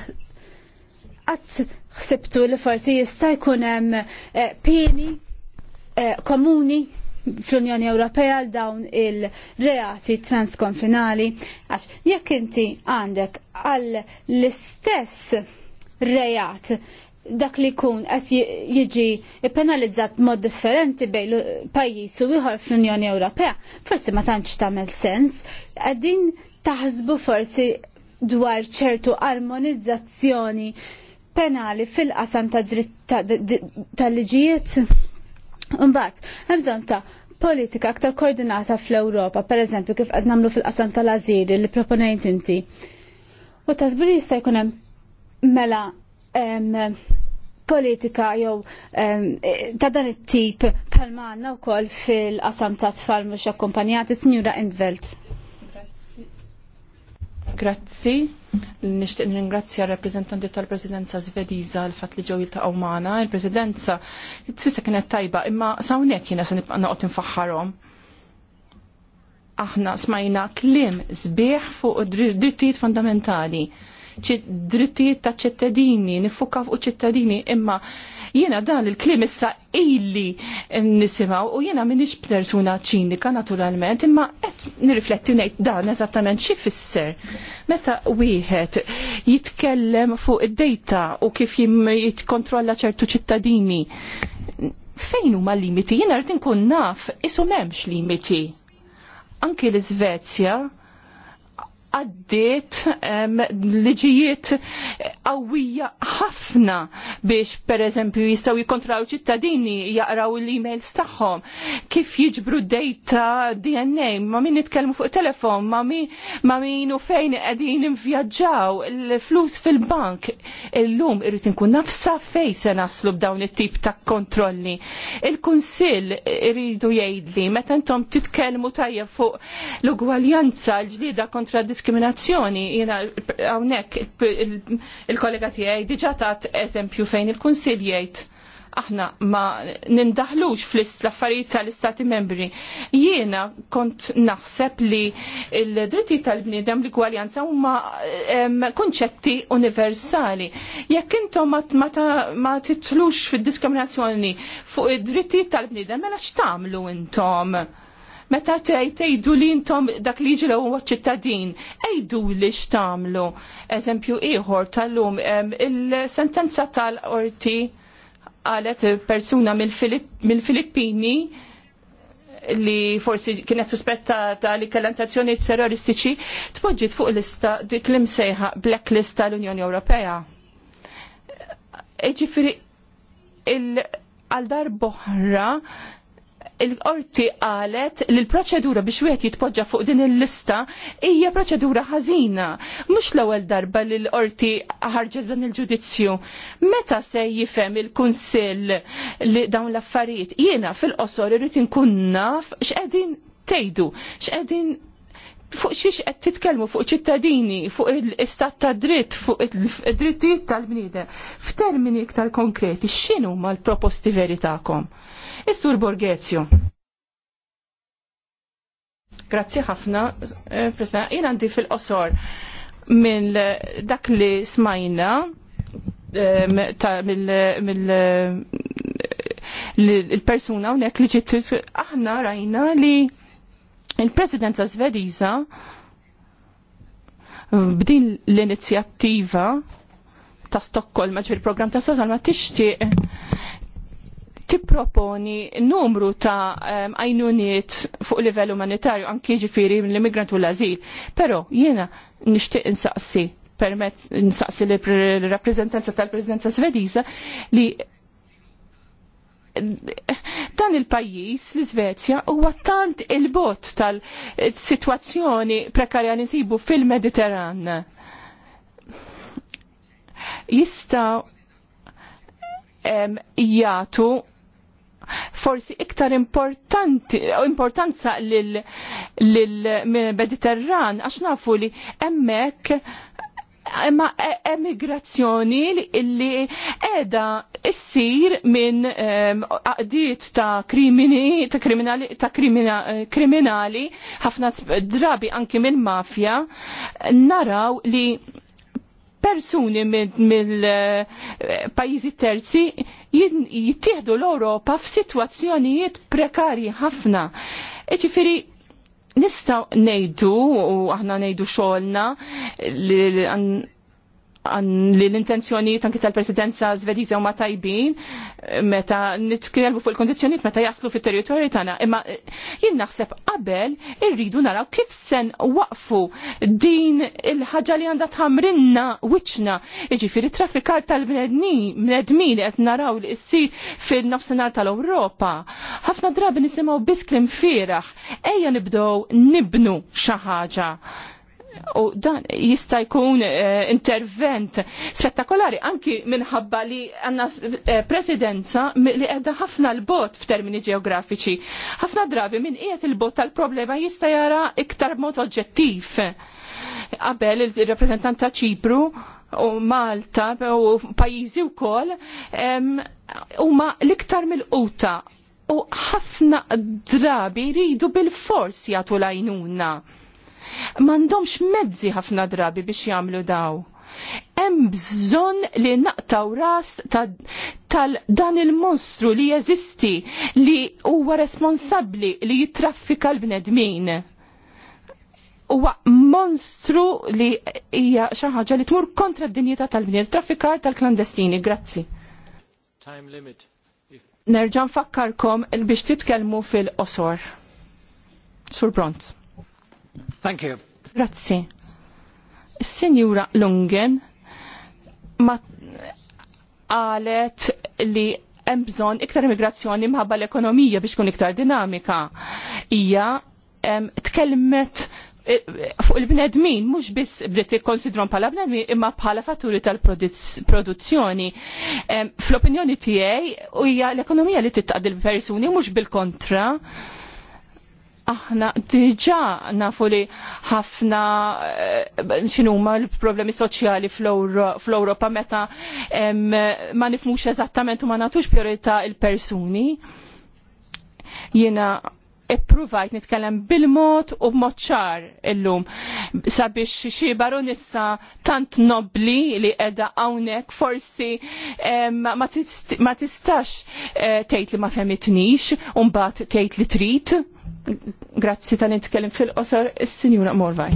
għat xsibtu li forsi jista' jkun hemm eh, pieni eh, komuni fl-Unjoni Ewropea għal dawn il-reati transkonfinali għax jekk inti għandek għall l-istess rejat dak li jkun qed jiġi penalizzat mod differenti bejn pajjiż u ieħor fl-Unjoni Ewropea, forsi ma tantx tagħmel sens, qegħdin taħsbu forsi dwar ċertu armonizzazzjoni penali fil-qasam ta' dritt tal-liġijiet. Mbagħad, hemm bżonn ta' politika aktar koordinata fl-Ewropa, pereżempju kif qed nagħmlu fil-qasam tal-azil li proponejt inti. U tasbir jista' jkun hemm mela politika jew e, ta' dan it-tip bħalma għandna wkoll fil-qasam ta' tfal mhux akkumpanjati Sinjura Endvelt. Grazzi. Nixtieq ringrazzja r-rappreżentanti tal-Presidenza Svediża l fat li ġew jiltaqgħu magħna. Il-Presidenza sissa kienet tajba, imma hawnhekk jiena se nibqa' noqgħod infaħħarhom aħna smajna kliem sbieħ fuq drittijiet fundamentali drittijiet ta' ċittadini, nifuka fuq ċittadini, imma jiena dan il-klim issa illi nisimaw u jiena minix persuna ċinika naturalment, imma qed nirrifletti ngħid dan eżattament x'ifisser. fisser. Meta wieħed jitkellem fuq id-dejta u kif jim jitkontrolla ċertu ċittadini fejn huma limiti? Jiena rritin kun naf isu m'hemmx limiti. Anki l-Iżvezja għaddiet liġijiet qawwija ħafna biex pereżempju jistgħu jikontraw ċittadini jaqraw l-emails tagħhom, kif jiġbru data DNA, ma min nitkellmu fuq telefon, ma min, ma min u fejn qegħdin invjaġġaw l-flus fil-bank. Illum irrid inkun nafsa fejn se naslu b'dawn it-tip ta' kontrolli. Il-Kunsill iridu jgħidli meta intom titkellmu tajjeb fuq l-ugwaljanza l ġdida kontra diskriminazzjoni diskriminazzjoni. Jena hawnhekk il-kollega tiegħi diġà tat eżempju fejn il konsiljiet aħna ma nindaħlux fl-affarijiet tal-istati membri. Jiena kont naħseb li l-dritti tal-bniedem l-gwaljanza huma konċetti universali. Jekk intom ma titlux fil diskriminazzjoni fuq id-dritti tal-bniedem, mela x'tagħmlu intom? Meta tgħidu li intom dak li ġilaw u ċittadin, ejdu li xtamlu. Eżempju ieħor tal-lum il-sentenza tal-qorti qalet persuna mill-Filippini li forsi kienet suspettata li kalantazzjoni terroristiċi tpoġġiet fuq lista dik li msejħa blacklist tal-Unjoni Ewropea. Eġifiri għal dar boħra il-qorti qalet li l-proċedura biex wieħed jitpoġġa fuq din il-lista hija proċedura ħażina. Mhux l-ewwel darba li l-qorti ħarġet dan il-ġudizzju. Meta se jifhem il-kunsill li dawn l-affarijiet jiena fil-qosor irid inkun naf x'qegħdin tgħidu, x'qegħdin fuq xiex qed titkellmu fuq ċittadini, fuq l-istat ta' dritt, fuq id-drittijiet tal-bniedem. F'termini iktar konkreti, x'inhu mal l-proposti veri tagħkom? Is-Sur Borgezio. Grazzi ħafna, eh, President. Jien għandi fil-qosor minn dak li smajna mill-persuna eh, unek li ġiet aħna rajna li Il-Presidenza Svediża b'din l-inizjattiva ta' Stockholm ġifir program ta' Stockholm ma tixtieq tipproponi numru ta' għajnuniet fuq livell umanitarju anki ġifiri l-immigrant u l-azil. Pero jiena nixtieq insaqsi permezz insaqsi l-rappresentanza tal-Presidenza Svediża li dan il-pajjiż l-Iżvezja huwa tant il-bot tal-sitwazzjoni prekarja li nsibu fil-Mediterran. Jista' jagħtu forsi iktar importanti, importanza lil mediterran għax nafu li hemmhekk imma e, emigrazzjoni illi edha issir minn għaqdiet ta' krimini, ta' kriminali, ta' kriminali, ħafna drabi anki minn mafja, naraw li persuni mill eh, pajjiżi terzi jittieħdu l-Europa f'sitwazzjonijiet prekari ħafna. Ġifiri, nistaw nejdu u aħna nejdu xolna li li l-intenzjoni tanki tal-presidenza u ma tajbin meta nitkellmu fuq il kondizjoniet meta jaslu fit-territorju tagħna, imma eh, jien naħseb qabel irridu naraw kif sen waqfu din il ħagġa li għandha tħamrinna wiċċna, jiġifieri traffikar tal mnedmin qed naraw li issir fin-nofsinhar tal-Ewropa. Ħafna drabi nisimgħu biss klim fieraħ, ejja nibdew nibnu xi ħaġa. U dan jista' jkun uh, intervent spettakolari anki minħabba li għandna uh, presidenza li qiegħda ħafna l-bot f'termini ġeografiċi. Ħafna drabi min qiegħed il-bot tal-problema jista' jara iktar mod oġġettiv. Qabel il-rappreżentant ta' Ċipru u Malta u pajjiżi wkoll huma l-iktar mill-quta u ħafna drabi ridu bil-fors jagħtu lajnuna m'għandhomx mezzi ħafna drabi biex jagħmlu daw. Hemm bżonn li naqtaw ras tal-dan il-monstru li jeżisti li huwa responsabbli li jitraffika l-bnedmin huwa monstru li hija xi ħaġa li tmur kontra d-dinjità tal-bniet, traffikar tal-klandestini. Grazzi. Time limit. Nerġa' nfakkarkom biex titkellmu fil-qosor. Sur Bronz. Thank you. Grazzi. Is-Sinjura Lungen ma qalet li hemm bżonn iktar immigrazzjoni mħabba l-ekonomija biex tkun iktar dinamika. Hija tkellmet e, fuq il-bnedmin, mhux biss bdiet ikkonsidron bħala bnedmin, imma bħala fatturi tal-produzzjoni. Fl-opinjoni tiegħi hija l-ekonomija li titqad il-persuni mhux bil-kontra aħna diġa nafu li ħafna eh, xinuma l-problemi soċjali fl-Europa meta ma nifmux eżattament u ma natux priorita il-persuni. Jena ippruvajt nitkellem bil-mod u b'mod ċar illum sabiex xi baronissa tant nobli li edha hawnhekk forsi ma tistax eh, tejt li ma femitnix u mbagħad tejt li trid Grazzi ta' nitkellem fil-qosor, il-Sinjura Morvaj.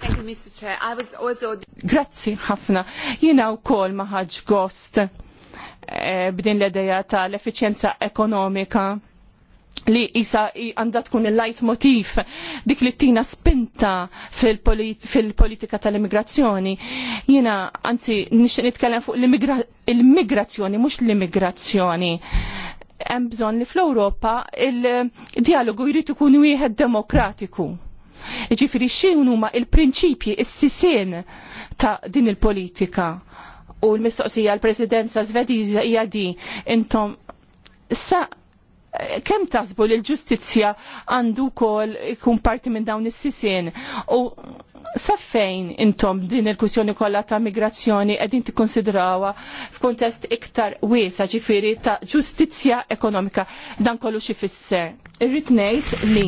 Thank you, Mr. Chair. I was also... Grazzi ħafna. Jina u kol maħħaġ gost eh, b'din l-edeja ta' l-efficienza ekonomika li jisa għanda tkun il-lajt motif dik li tina spinta fil-politika fil politika tal immigrazzjoni Jina, anzi, nix nitkellem fuq l-immigrazzjoni, mux l-immigrazzjoni hemm bżonn li fl-Ewropa il-dialogu jrid ikun wieħed demokratiku. Jiġifieri x'inhu huma l prinċipji s sisien ta' din il-politika. U l-mistoqsija l-Presidenza Svediża hija di intom sa kemm tasbu li l-ġustizzja għandu kol ikun parti minn dawn is-sisien u Saffejn intom din il-kwistjoni kollha ta' migrazzjoni qegħdin tikkonsidrawha f'kuntest iktar wiesa ġifieri ta' ġustizzja ekonomika dan kollu xi fisser. Irrid ngħid li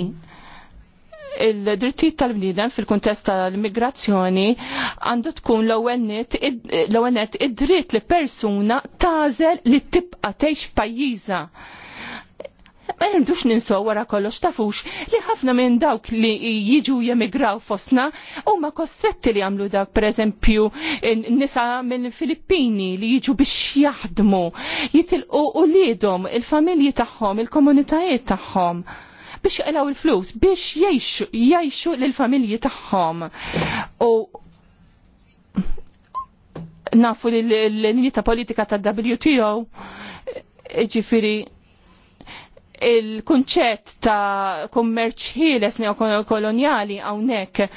il-drittijiet tal-bniedem fil-kuntest tal-immigrazzjoni għandu tkun l-ewwel id-dritt li persuna tażel li tibqa' tgħix f'pajjiża Ma ninsu ninsow wara kollox tafux li ħafna minn dawk li jiġu jemigraw fostna huma kostretti li jagħmlu per pereżempju nisa mill-Filippini li jiġu biex jaħdmu, jitilqu uliedhom, il-familji tagħhom, il-komunitajiet tagħhom biex jaqlaw il-flus, biex jgħixu l lill-familji tagħhom. U nafu l linjita politika ta' WTO ġifiri il-kunċett ta' kummerċ ħieles neokoloniali hawnhekk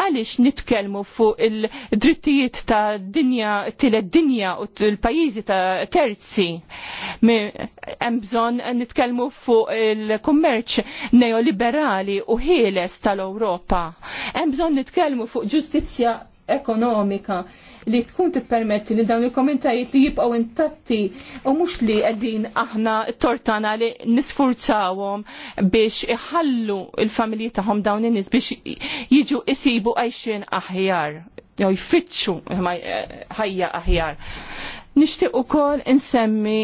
għaliex nitkellmu fuq il-drittijiet ta' dinja tile dinja u l-pajjiżi ta' terzi. Hemm bżonn nitkellmu fuq il-kummerċ neoliberali u ħieles tal-Ewropa. Hemm bżonn nitkellmu fuq ġustizzja ekonomika li tkun tippermetti li dawn il-kommentajiet li jibqgħu intatti u mhux li qegħdin aħna tortana li nisfurzawhom biex iħallu il-familji tagħhom dawn in-nies biex jiġu isibu għajxin aħjar jew jfittxu ħajja aħjar. Nixtieq ukoll insemmi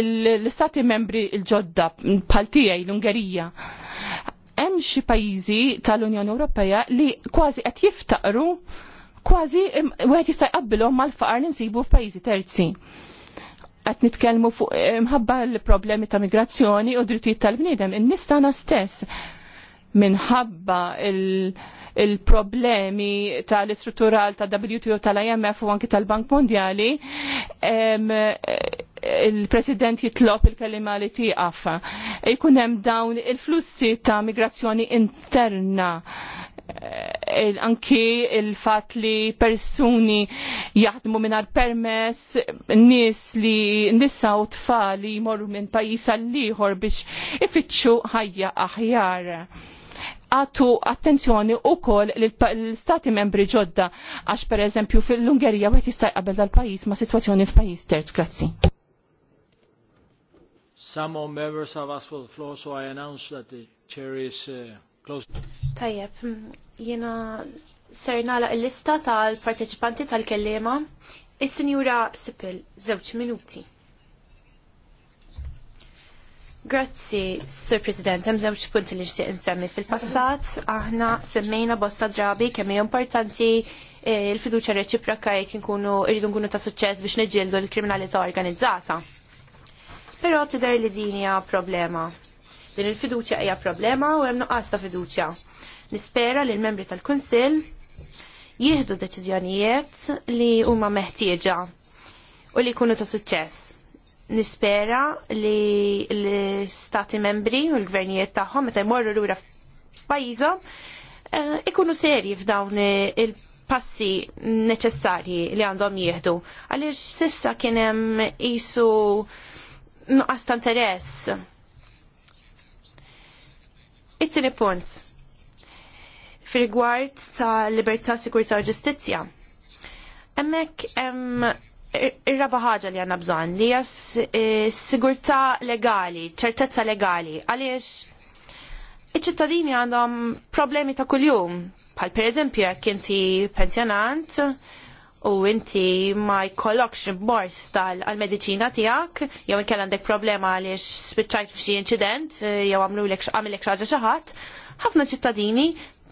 l-istati membri l-ġodda bħal-tiegħi l-Ungerija hemm xi pajjiżi tal-Unjoni Ewropea li kważi qed jiftaqru kważi wieħed jista' jqabbilhom mal-faqar li nsibu f'pajjiżi terzi. Qed nitkellmu fuq eh, mħabba l-problemi ta' migrazzjoni u drittijiet tal-bniedem, in stess minħabba il-problemi il problemi tal istruttural ta' WTO tal-IMF u anki tal-Bank Mondjali il-President jitlob il-kelima li tiqaf. Ikunem hemm dawn il-flussi ta' migrazzjoni interna Eh, anki il-fat li persuni jaħdmu minar permess, nis li nisa u tfali jmorru minn pajis għal liħor biex ifittxu ħajja aħjar. Għatu attenzjoni u koll l-stati membri ġodda, għax per eżempju fil-Ungerija għet jistaj qabel dal-pajis ma situazzjoni f'pajis terz, grazzi. Some more members have asked for the floor, so I announce that the chair is uh, Tajjeb, jena ser nagħlaq il-lista tal-parteċipanti tal kelliema Is-Sinjura Sipil, żewġ minuti. Grazzi, Sir President, hemm żewġ punti li xtieq insemmi fil-passat. Aħna semmejna bosta drabi kemm hija importanti eh, l-fiduċja reċiproka jekk inkunu irridu nkunu ta' suċċess biex niġġieldu l-kriminalità organizzata. Però tidher li din hija problema Din il-fiduċja hija problema u hemm nuqqas ta' fiduċja. Nispera li l-membri tal-Kunsill jieħdu deċiżjonijiet li huma meħtieġa u li jkunu ta' suċċess. Nispera li l-stati membri u l-gvernijiet tagħhom meta jmorru lura f'pajjiżhom eh, ikunu serji f'dawn il- passi neċessarji li għandhom jieħdu. Għaliex sissa kien hemm isu nuqqas ta' interess It-tieni punt. Fil-gwart ta' libertà, sikurtà u ġustizzja. Hemmhekk hemm ir-raba ħaġa li għandna bżonn li hija e, sigurtà legali, ċertezza legali, għaliex iċ-ċittadini għandhom problemi ta' kuljum, bħal pereżempju jekk inti pensjonant, u inti ma jkollokx bors tal-medicina tijak, jew inkella għandek problema għaliex spiċċajt f'xi incident, jew għamlu għamilek xaġa xaħat, ħafna ċittadini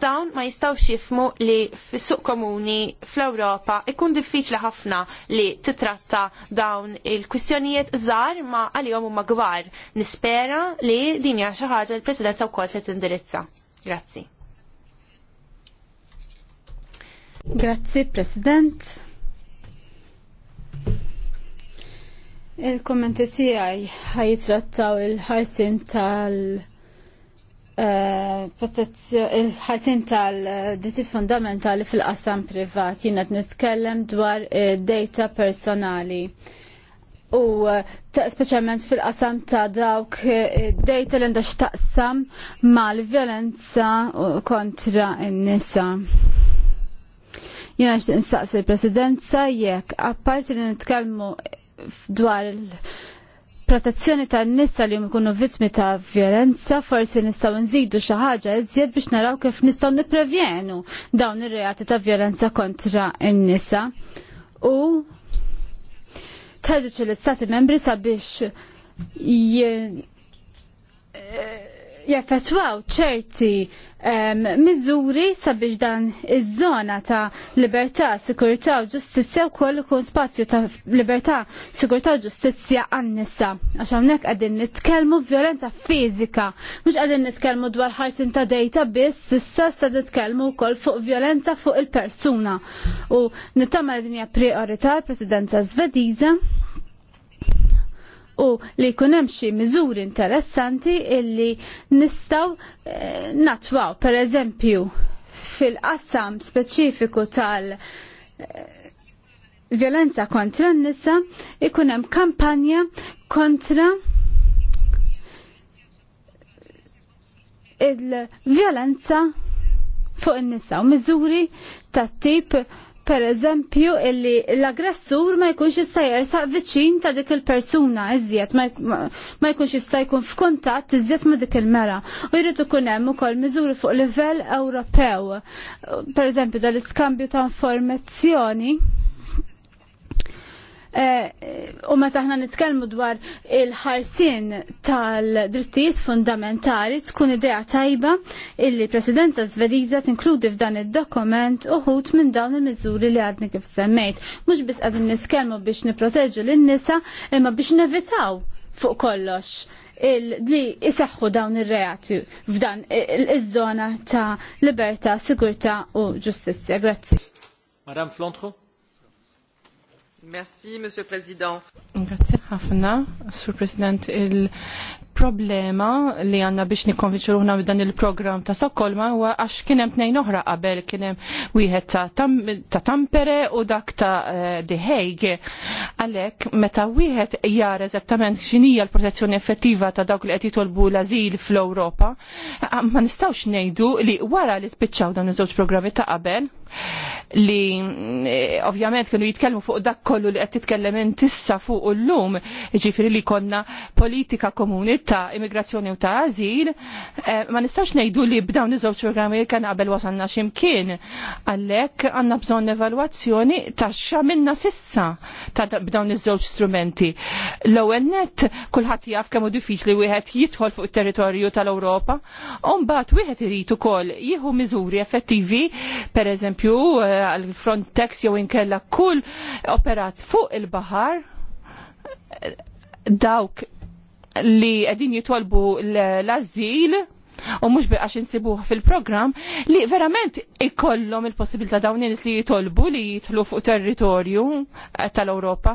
dawn ma jistaw xifmu li fis-suq komuni fl-Ewropa ikun diffiċli ħafna li titratta dawn il-kwistjonijiet żgħar ma għalihom huma gbar. Nispera li din hija xi ħaġa l-Presidenza wkoll se tindirizza. Grazzi. Grazzi, President. Il-kommenti tiegħi ħajitrattaw il-ħarsin tal- eh, il-ħarsin tal-drittijiet fundamentali fil-qasam privat t nitkellem dwar eh, data personali. U eh, speċjalment fil-qasam ta' dawk data li għandha taqsam mal-vjolenza kontra n-nisa. Jena xtiq nsaqsi l-Presidenza jekk apparti li nitkellmu dwar il-protezzjoni tan-nisa li jkunu vittmi ta' violenza, forsi nistgħu nżidu xi ħaġa iżjed biex naraw kif nistgħu nipprevjenu dawn ir-reati ta' violenza kontra n-nisa. U tħeġġeġ l-Istati membri sabiex jaffetwaw ċerti miżuri sabiex dan iż-żona ta' libertà, sikurtà u ġustizzja wkoll ikun spazju ta' libertà, sikurtà u ġustizzja għan-nisa. Għax hawnhekk qegħdin nitkellmu violenza fiżika, mhux qegħdin nitkellmu dwar ħarsin ta' dejta biss, issa se nitkellmu wkoll fuq violenza fuq il-persuna. U nittama din hija priorità l-Presidenza Svediża u li jkun hemm xi miżuri interessanti illi nistgħu eh, natwaw pereżempju fil-qassam speċifiku tal eh, violenza kontra n-nisa ikunem hemm kampanja kontra il-violenza fuq in-nisa u miżuri tat-tip per eżempju illi l-aggressur ma jkunx jista' jersaq viċin ta' dik il-persuna iżjed ma jkunx jista' jkun f'kuntatt iżjed ma' dik il-mera. U jrid ikun hemm ukoll miżuri fuq livell Ewropew. Per eżempju dal-iskambju ta' informazzjoni Eh, u meta aħna nitkellmu dwar il-ħarsin tal-drittijiet fundamentali tkun idea tajba illi Presidenta Zvediza tinkludi f'dan id-dokument uħut minn dawn il-miżuri li għadni kif semmejt. Mhux biss qegħdin nitkellmu biex nipproteġu lin-nisa imma biex nevitaw fuq kollox li jisaxħu dawn ir-reati f'dan iż-żona ta' libertà, sigurtà u ġustizzja. Grazzi. Madam Flontro? Merci, Monsieur President. Grazie ħafna, Sur President. Il problema li għanna biex nikonvinċu ruħna dan il-program ta' Stokkolma huwa għax kien hemm tnejn oħra qabel kien hemm wieħed ta, Tampere u dak ta' The eh, Hague. Għalhekk meta wieħed jara eżattament x'inhija l-protezzjoni effettiva ta' dawk li qed jitolbu l-ażil fl-Ewropa, ma nistgħux ngħidu li wara li spiċċaw dawn iż-żewġ programmi ta' qabel li eh, ovvjament kienu jitkellmu fuq dak kollu li qed titkellem intissa fuq l-lum, ġifieri li konna politika komuni ta' immigrazzjoni u ta' azil, eh, ma nistax ngħidu li b'dawn iż-żewġ programmi kien qabel wasalna x'imkien. Għalhekk għandna bżonn evalwazzjoni ta' x'għamilna sissa ta' b'dawn iż-żewġ strumenti. L-ewwel nett kulħadd jaf kemm hu diffiċli wieħed jidħol fuq it-territorju tal-Ewropa, u mbagħad wieħed irid ukoll jieħu miżuri effettivi, pereżempju eh, għal Frontex jew inkella kull operat fuq il-baħar eh, dawk li qegħdin jitolbu l-azil u mhux bi għax fil-programm li verament ikollom il-possibilità dawn nies li jitolbu li jitlu fuq territorju eh, tal-Ewropa.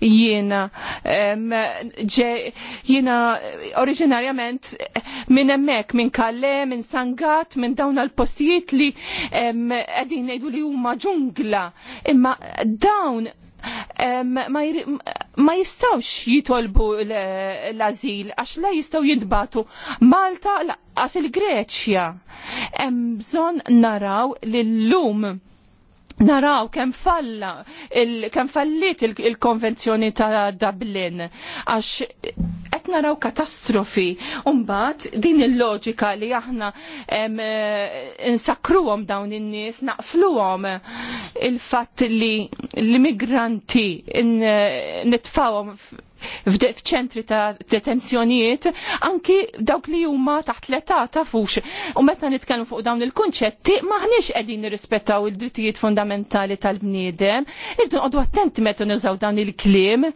Jiena jiena oriġinarjament eh, minn hemmhekk minn Kalle, minn Sangat, minn dawn l-postijiet li qegħdin ngħidu li huma ġungla. Imma dawn ma jistawx jitolbu l-azil, għax la jistaw jintbatu Malta għas il-Greċja. Bżon naraw l-lum naraw kem falla, kem fallit il-konvenzjoni ta' Dublin, għax qed naraw katastrofi. Umbat din il-loġika li aħna eh, nsakruhom dawn in-nies, naqfluhom il-fatt li l-immigranti eh, nitfawhom f'ċentri ta' detenzjonijiet, anki dawk li huma taħt l-età tafux. U meta nitkellmu fuq dawn il-kunċetti, maħniex qegħdin nirrispettaw il-drittijiet fundamentali tal-bniedem, irdu nqogħdu attenti meta nużaw dawn il-kliem,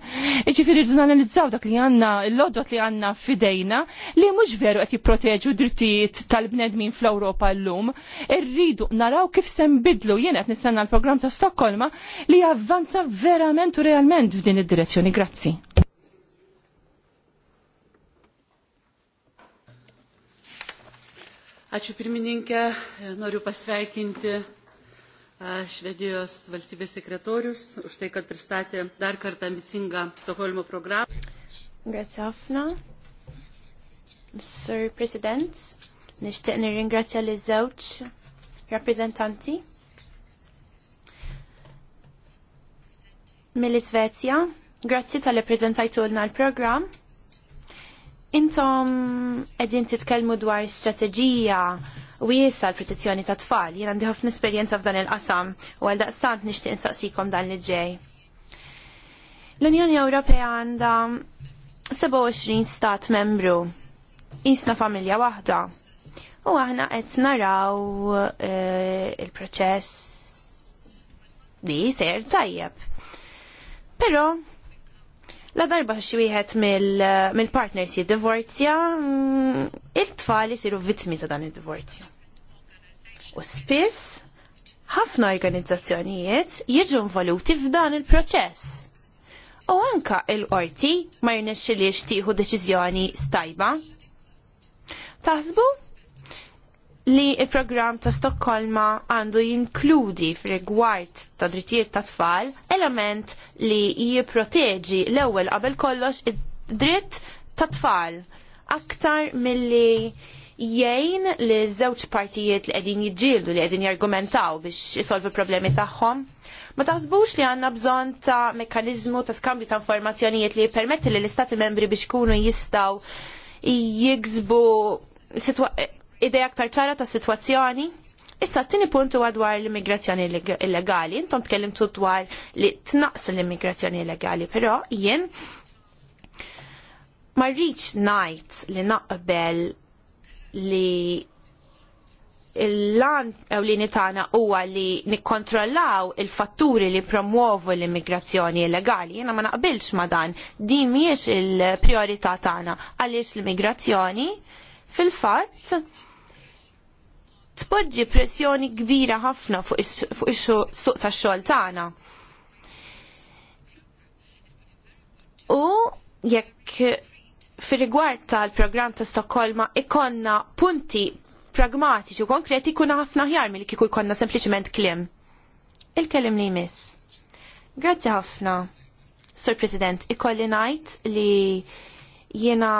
jiġifieri rridu nanalizzaw dak li għandna l-odot li għandna f'idejna li mhux veru qed jipproteġu drittijiet tal-bnedmin fl-Ewropa llum. Irridu naraw kif se nbidlu jien qed nistenna l-programm ta' Stokkolma li avvanza verament u realment f'din id-direzzjoni. Grazzi. Ačiū pirmininkė, noriu pasveikinti Švedijos valstybės sekretorius už tai, kad pristatė dar kartą ambicingą Stokholmo programą. Grazie Sir President, nešte nirringrazzja li żewġ rappresentanti mill-Svezja. tale tal-li prezentajtulna l-programm. Intom edin titkellmu dwar strateġija wiesa l-protezzjoni ta' tfal. Jien għandi ħafna esperjenza f'dan il-qasam u għal daqstant nixtieq insaqsikom dan li ġej. L-Unjoni Ewropea għandha 27 stat membru. jisna familja waħda. U aħna qed naraw eh, il-proċess li jisir tajjeb. Però La darba xi wieħed eh, mill-partners mil jiddivorzja, mm, it-tfal isiru vittmi ta' dan id-divorzju. U spiss ħafna organizzazzjonijiet jiġu involuti f'dan il-proċess. U anka il-qorti ma jirnexxiliex tieħu deċiżjoni stajba. Taħsbu li il-programm ta' Stokkolma għandu jinkludi f'rigward ta' drittijiet ta' tfal element li jipproteġi l-ewwel qabel kollox id-dritt ta' tfal aktar milli jgħin li żewġ partijiet li qegħdin jiġġieldu li qegħdin jargumentaw biex isolvu problemi tagħhom. Ma taħsbux li għanna bżon ta' mekanizmu ta' skambju ta' informazzjonijiet li jipermetti li l-istati membri biex kunu jistaw jigzbu idea aktar ċara ta' situazzjoni? Issa t-tini puntu għadwar l-immigrazzjoni illegali. Intom tu dwar li tnaqsu l-immigrazzjoni illegali, però jien ma rridx ngħid li naqbel li l-lan ewlieni tagħna huwa li nikkontrollaw il-fatturi li promuovu l-immigrazzjoni illegali. Jiena ma naqbilx ma dan. Din mhijiex il-prijorità tagħna għaliex l-immigrazzjoni fil-fatt tpoġġi pressjoni kbira ħafna fuq is-suq tax-xogħol tagħna. U jekk fir-rigward tal-programm ta' Stokkolma ikonna punti pragmatiċi u konkreti kuna ħafna ħjar mill kiku jkollna sempliċement kliem. Il-kelim li jmiss. Grazzi ħafna, Sur President, ikolli ngħid li jiena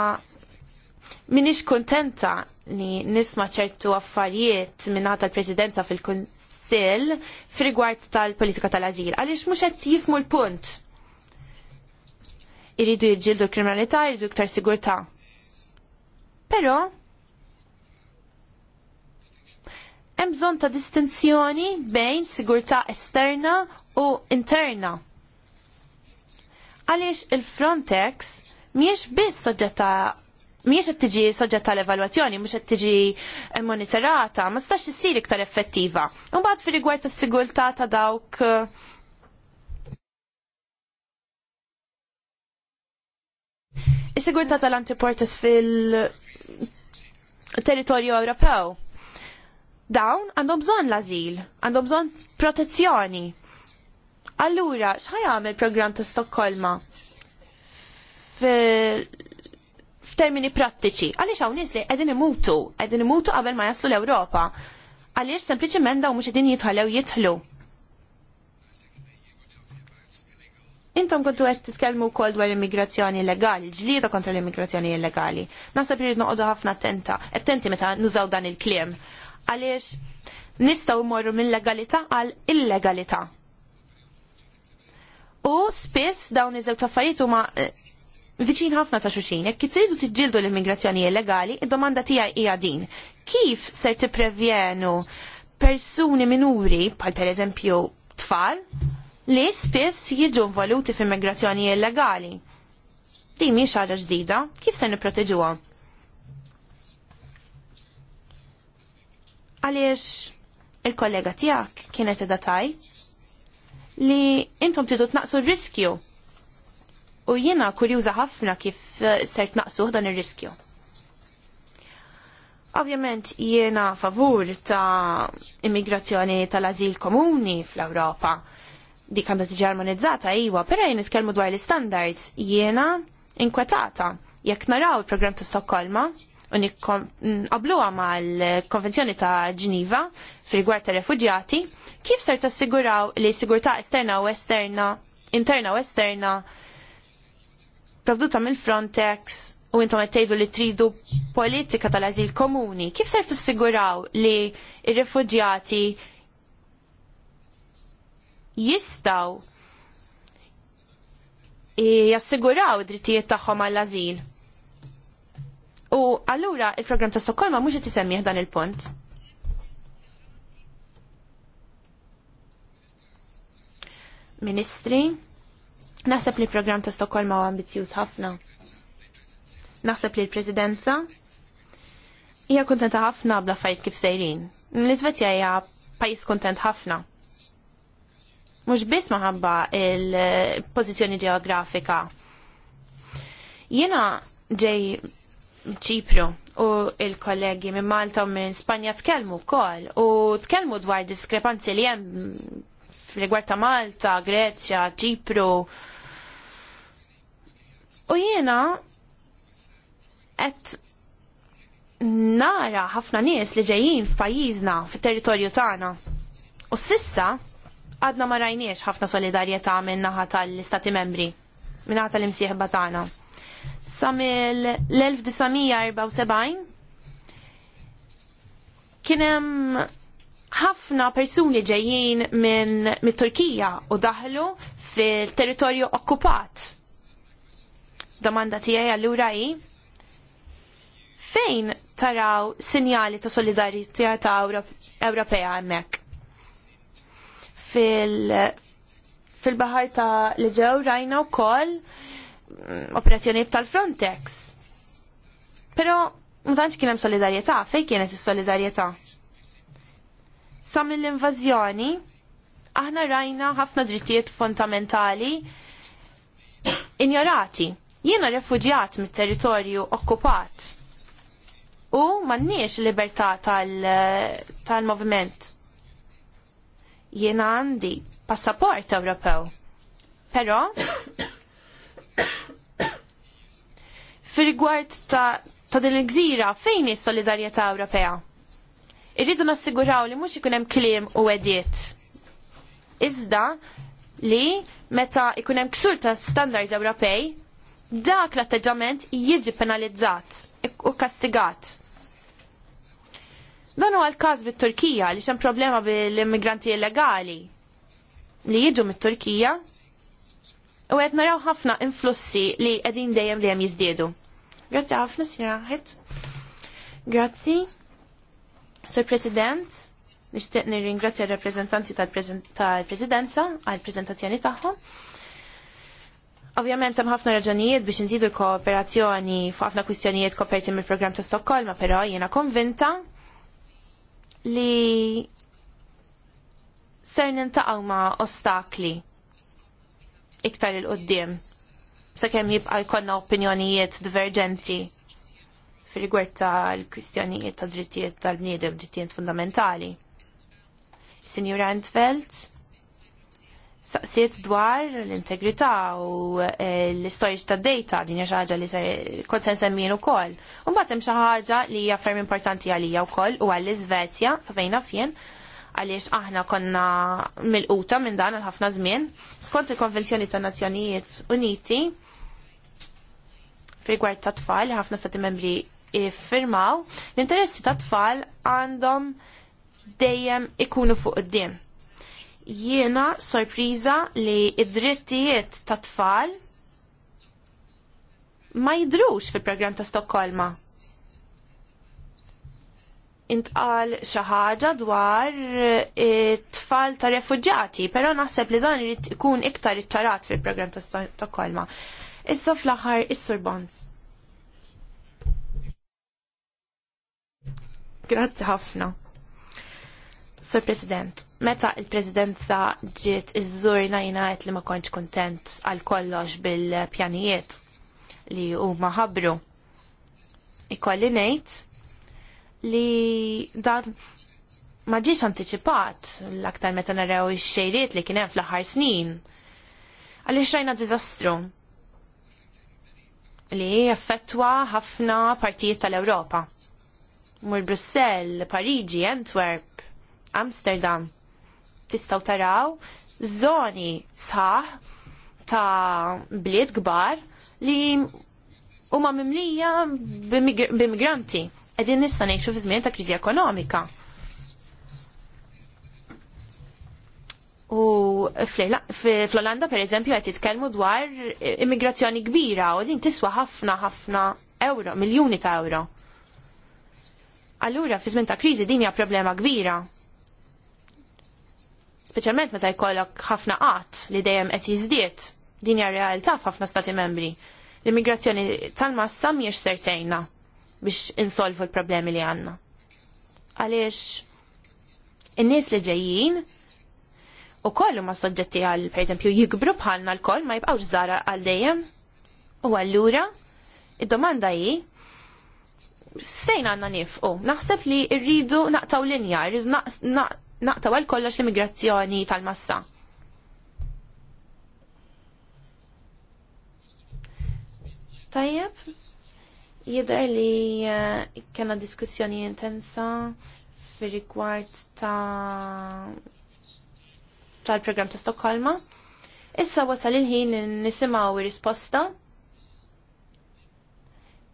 minix kontenta li nisma ċertu affarijiet minnata l-presidenza fil-Konsil fil tal-politika tal-azil. Għalix mux qed jifmu l-punt. Iridu jirġildu kriminalità, iridu iktar sigurtà. Pero, hemm bżonn ta' distinzjoni bejn sigurtà esterna u interna. Għaliex il-Frontex miex biss soġġetta miex qed tiġi soġġett tal-evalwazzjoni, mhux qed tiġi monitorata, ma stax issir iktar effettiva. Imbagħad fir-rigward tas-sigurtà ta' dawk eh, Is-sigurtà tal-antiportis fil-territorju Ewropew. Dawn għandhom bżonn l-azil, għandhom bżonn protezzjoni. Allura, x'ħajamel programm ta' Stokkolma? f'termini prattiċi. Għaliex hawn nies li qegħdin imutu, qegħdin imutu qabel ma jaslu l-Ewropa. Għaliex sempliċement dawn mhux qegħdin jitħallew jitħlu. Intom kontu qed titkellmu wkoll dwar l-immigrazzjoni illegali, ġlieda kontra l-immigrazzjoni illegali. Naħseb li noqogħdu ħafna attenta, attenti meta nużaw dan il-kliem. Għaliex nistgħu morru minn legalità għal illegalità. U spiss dawn iż-żewġ affarijiet huma eh, viċin ħafna ta' xuxin, jekk tridu tiġġieldu l-immigrazzjoni illegali, id-domanda tiegħi hija din. Kif ser tipprevjenu persuni minuri, bħal pereżempju tfal, li spiss jiġu involuti f'immigrazzjoni illegali? Din mhix ħaġa ġdida, kif se nipproteġuha? Għaliex il-kollega tiegħek kienet edha tajt li intom tidu tnaqsu r-riskju u jiena kurjuża ħafna kif eh, ser tnaqsu dan ir-riskju. Ovvjament jiena favur ta' immigrazzjoni tal-azil komuni fl-Ewropa. Dik għandha tiġi armonizzata iwa, però jien iskelmu dwar l-standards jiena inkwetata jekk naraw il-programm ta' Stokkolma u mm, qabluha mal-Konvenzjoni ta' Ġiniva fil-gwar ta' refugjati, kif ser tassiguraw li sigurtà esterna u esterna, interna u esterna provduta mill-Frontex u intom qed tgħidu li tridu politika tal-azil komuni, kif ser tissiguraw li r refugjati jistaw jassiguraw id-drittijiet tagħhom għall-azil? U allura il-programm ta' Stokkolma mhux qed dan il-punt. Ministri, Naħseb li l-programm ta' Stokkolma huwa ambizjuż ħafna. Naħseb li l-Presidenza hija kuntenta ħafna bla fajt kif sejrin. L-Iżvezja hija pajjiż kuntent ħafna. Mhux biss maħabba il-pożizzjoni ġeografika. Jiena ġej ċipru u il-kollegi minn Malta u minn Spanja tkellmu wkoll u tkellmu dwar diskrepanzi li hemm riguarda ta' Malta, Greċja, Ċipru. U jiena qed nara ħafna nies li ġejjin f'pajjiżna, fit-territorju tagħna. U sissa għadna ma rajniex ħafna solidarjetà minn naħa tal-Istati Membri, minn naħa tal-imsieħba tagħna. Sa mill-1974 kien hemm ħafna persuni ġejjin minn mit-Turkija u daħlu fil-territorju okkupat. Domanda tiegħi allura hi fejn taraw sinjali ta' solidarjetà ta' Ewropea hemmhekk? Fil fil-baħar ta' ġew rajna wkoll mm, operazzjonijiet tal-Frontex. Però ma kienem solidarieta, hemm solidarjetà, fejn kienet is-solidarjetà? Sa mill-invażjoni aħna rajna ħafna drittijiet fondamentali injorati. Jiena refugjat mit-territorju okkupat u m'għandniex libertà tal-moviment. Tal Jiena għandi passaport Ewropew. Però fir-rigward ta' ta' din il-gżira fejn is-solidarjetà Ewropea? Irridu nassiguraw li mhux ikun hemm kliem u għediet. Iżda li meta ikun hemm ksur ta' standards Ewropej, dak l-atteġġament jiġi penalizzat u kastigat. Dan huwa l-każ bit-Turkija li xem problema bil-immigranti illegali li jiġu mit-Turkija u qed naraw ħafna influssi li qegħdin dejjem dejjem jiżdiedu. Grazzi ħafna, Sinra Ħed. Grazzi. Sir President, nishtiq nirringrazzja r-rappresentanti tal-Presidenza għal-prezentazzjoni tagħhom. Ovvjament hemm ħafna raġunijiet biex nżidu kooperazzjoni fuq ħafna kwistjonijiet koperti mill-programm ta' Stokkolma, però jiena konvinta li ser nintaqgħu ma' ostakli iktar il-qoddim sakemm jibqa' jkollna opinjonijiet diverġenti fil-rigward tal-kwistjonijiet ta' drittijiet tal-bniedem, drittijiet fundamentali. Sinjur Antfeld, saqsiet dwar l-integrità u eh, l-istorġ ta' data din xi ħaġa li se kont se ukoll. U mbagħad hemm xi ħaġa li hija ferm importanti għalija wkoll u għall-Iżvezja sa fejna fjen, għaliex aħna konna mil quta minn dan għal ħafna żmien. Skont il-Konvenzjoni tan Nazzjonijiet Uniti, rigward ta' tfal, ħafna stati membri iffirmaw, l-interessi ta' tfal għandhom dejjem ikunu fuq id din Jiena sorpriża li id-drittijiet ta' tfal ma jidrux fil-programm ta' Stokkolma. Intqal xi ħaġa dwar it-tfal eh, ta' refugġati, però naħseb li dan irid ikun iktar iċċarat fil program ta' Stokkolma. Issa fl-aħħar is-Surbons. Grazzi ħafna. Sir President, meta il-Presidenza ġiet iż-żurna jina li ma konċ kontent għal kollox bil-pjanijiet li huma maħabru. Ikolli ngħid li dan ma anticipat l-aktar meta naraw ix-xejriet li kien hemm fl-aħħar snin. Għaliex xrajna diżastru li effettwa ħafna partijiet tal-Ewropa mur Brussell, Pariġi, Antwerp, Amsterdam. Tistaw taraw zoni sħaħ ta' bliet kbar li huma mimlija b'immigranti. Qegħdin nista' ngħixu fi żmien ta' kriżi ekonomika. U fl-Olanda per eżempju qed jitkellmu dwar immigrazzjoni kbira u din tiswa ħafna ħafna euro, miljuni ta' euro. Allura fi żmien ta' kriżi din hija problema kbira. Speċjalment meta jkollok ħafna qatt li dejjem qed jiżdied. Din hija realtà f'ħafna stati membri. L-immigrazzjoni tal-massa mhijiex sertejna biex insolvu l-problemi li għandna. Għaliex in-nies li ġejjin u kollu ma soġġetti għal, per eżempju, jikbru bħalna l-koll ma jibqawx żara għal dejjem. U allura, id-domanda hi, sfejn għanna nifqu. Naħseb li rridu naqtaw linja, rridu naqtaw għal kollox l-immigrazzjoni tal-massa. Tajjeb, jidher li eh, kena diskussjoni intensa fir rigward ta' tal-programm ta' Stokholma. Issa wasal il-ħin nisimaw ir-risposta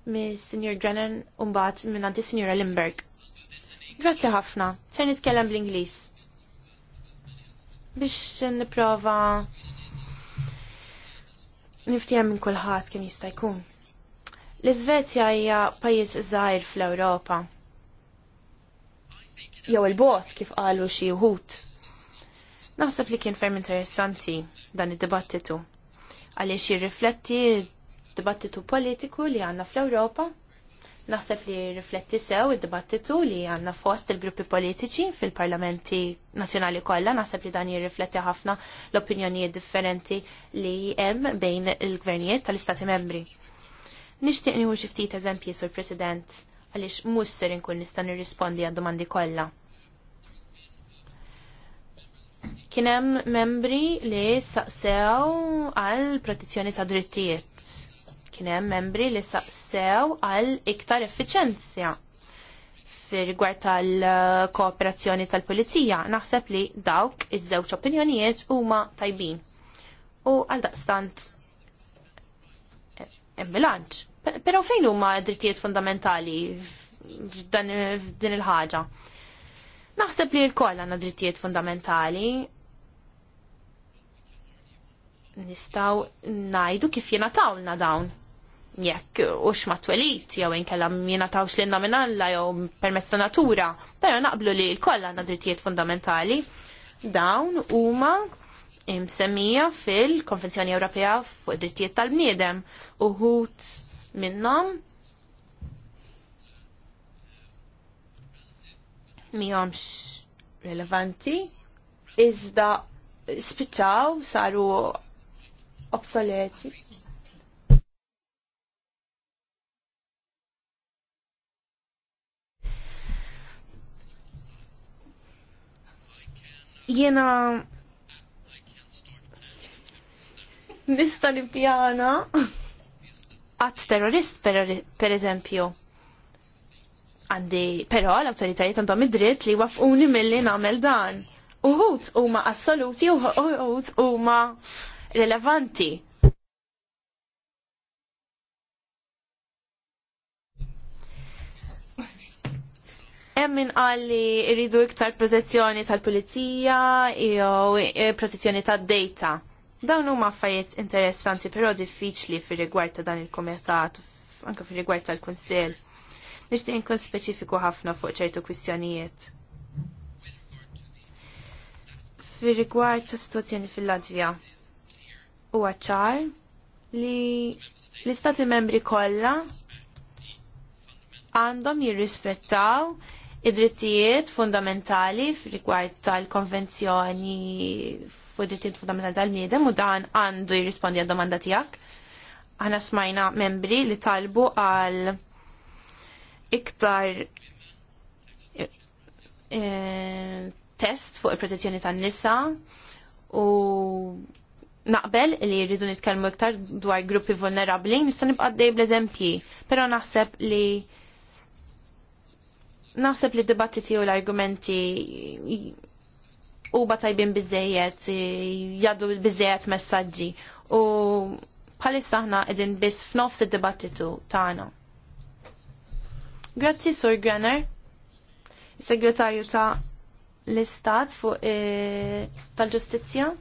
mis Sr. Grennan u mbagħad minn għandi Sr. Limberg. Grazzi ħafna, ċer nitkellem bl-Ingliż. Biex nipprova niftijem minn kulħadd kem jista' jkun. L-Iżvezja hija pajjiż zaħir fl-Ewropa. Jew il-bot kif qalu xi wħud. Naħseb li kien ferm interessanti dan id-dibattitu għaliex jirrifletti dibattitu politiku li għanna fl-Ewropa. Naħseb li rifletti sew id-dibattitu li għanna fost il-gruppi politiċi fil-parlamenti nazjonali kollha, naħseb li dan jirrifletti ħafna l-opinjonijiet differenti li hemm bejn il-gvernijiet tal-Istati membri. Nixtieq nieħu xi ftit eżempji sur President għaliex mhux ser inkun nista' nirrispondi għad-domandi kollha. Kien hemm membri li saqsew għal protezzjoni ta' drittijiet Kien hemm membri li saqsew għal iktar effiċenzja fir-rigward tal-kooperazzjoni tal-Pulizija. Naħseb li dawk iż-żewġ opinjonijiet huma tajbin. U għal daqstant hemm bilanċ. Però fejn huma drittijiet fundamentali f'din il-ħaġa? Naħseb li l-koll għandna drittijiet fundamentali, nistaw najdu kif jena tawlna dawn jekk ux twelit jew inkella jena tawx l minalla jew permess ta' natura, pero naqblu li l-kolla għandna drittijiet fundamentali. Dawn huma msemmija fil-Konvenzjoni Ewropea fuq id drittijiet tal-bniedem uħud minnhom miħomx relevanti iżda spiċċaw saru obsoleti Jena nista nippjana għat terrorist per eżempju. Għandi, però l-autoritajiet għandhom id-dritt li wafquni milli namel dan. Uħut huma assoluti uħut huma relevanti Hemm min qalli jridu iktar protezzjoni tal-pulizija jew eh, protezzjoni tad-data. Dawn huma affarijiet interessanti però diffiċli fir-rigward ta' dan il-kumitat anke fir-rigward tal-Kunsell. Nixtieq inkun speċifiku ħafna fuq ċertu kwistjonijiet. Fir-rigward ta' situazzjoni fil-Latvja huwa ċar li l-istati membri kollha għandhom jirrispettaw id-drittijiet fundamentali rigward tal-konvenzjoni fuq id-drittijiet fundamentali tal-bniedem u dan għandu jirrispondi għad domanda tiegħek. Aħna smajna membri li talbu għal iktar eh, test fuq il-protezzjoni tan-nisa u naqbel li jridu nitkellmu iktar dwar gruppi vulnerabli, nista' nibqa' dej bl-eżempji, però naħseb li Naħseb li d-dibattiti u l-argumenti u tajbin bizzejiet, jaddu bizzejiet messagġi u bħalissa ħna id-din bis f'nofs id-dibattitu tagħna. Grazzi Sur Grenner, segretarju ta' l-Istat fuq eh, tal-Ġustizzja.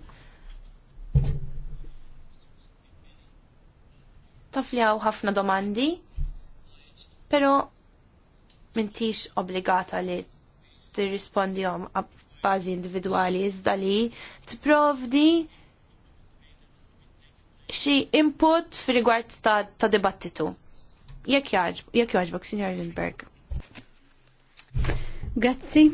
Taf li ħafna domandi, pero mintix obbligata li tirrispondihom bażi individwali iżda li t-provdi xi input fir-rigward ta', ta dibattitu. Jekk jaġb, jekk jaġbok, Lindberg. Grazzi.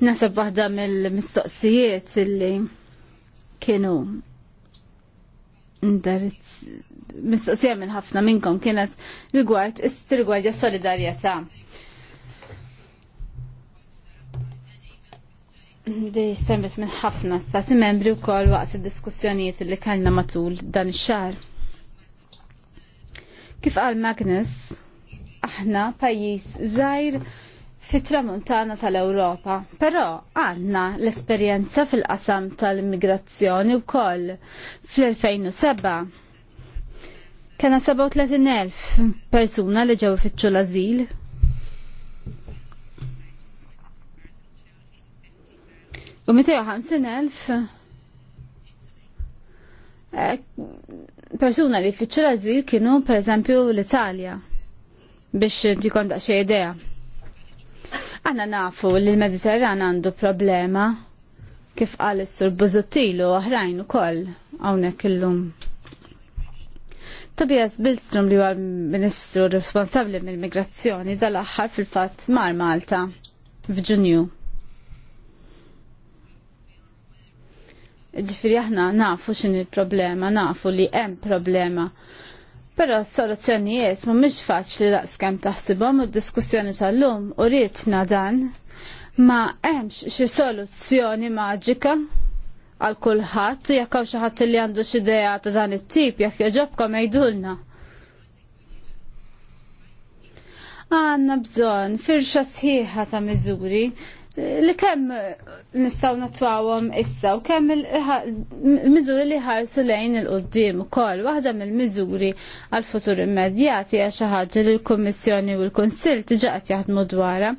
Nasab waħda mill-mistoqsijiet illi kienu mistoqsija minn ħafna minnkom kienet rigward is ja solidarjetà. Di semmit minn ħafna stati membri u wkoll waqt il-diskussjoniet li kellna matul dan ix xar Kif qal Magnus, aħna pajis zaħir fit-tramuntana tal-Ewropa. Però għanna l-esperjenza fil-qasam tal-immigrazzjoni wkoll fl-2007 kena 37.000 persuna li ġew fitxu l-azil. U 250.000 eh, persuna li fitxu l-azil kienu per eżempju l-Italja biex konta xie idea. Għanna nafu li l-Mediterran għandu problema kif qal sur sur għahrajn oħrajn ukoll hawnhekk illum. Tobias Bilstrom li huwa ministru responsabbli mill-migrazzjoni dal-aħħar fil-fatt mar Malta f'Ġunju. Ġifieri aħna nafu x'inhi il-problema, nafu li hemm problema. Però s-soluzzjonijiet ma mhix faċli daqskemm taħsibhom u d-diskussjoni tal-lum u rietna dan ma hemmx xi soluzzjoni maġika għal kulħadd u jekk hawn xi ħadd li għandu xi idea ta' dan it-tip jekk jogħġobkom jgħidulna. Għanna bżonn firxa sħiħa ta' miżuri li kemm nistaw natwawhom issa u kemm il-miżuri li ħarsu lejn il-qudiem ukoll waħda mill-miżuri għal futur immedjati hija xi ħaġa li l-Kummissjoni u l konsil diġà qed jaħdmu dwarha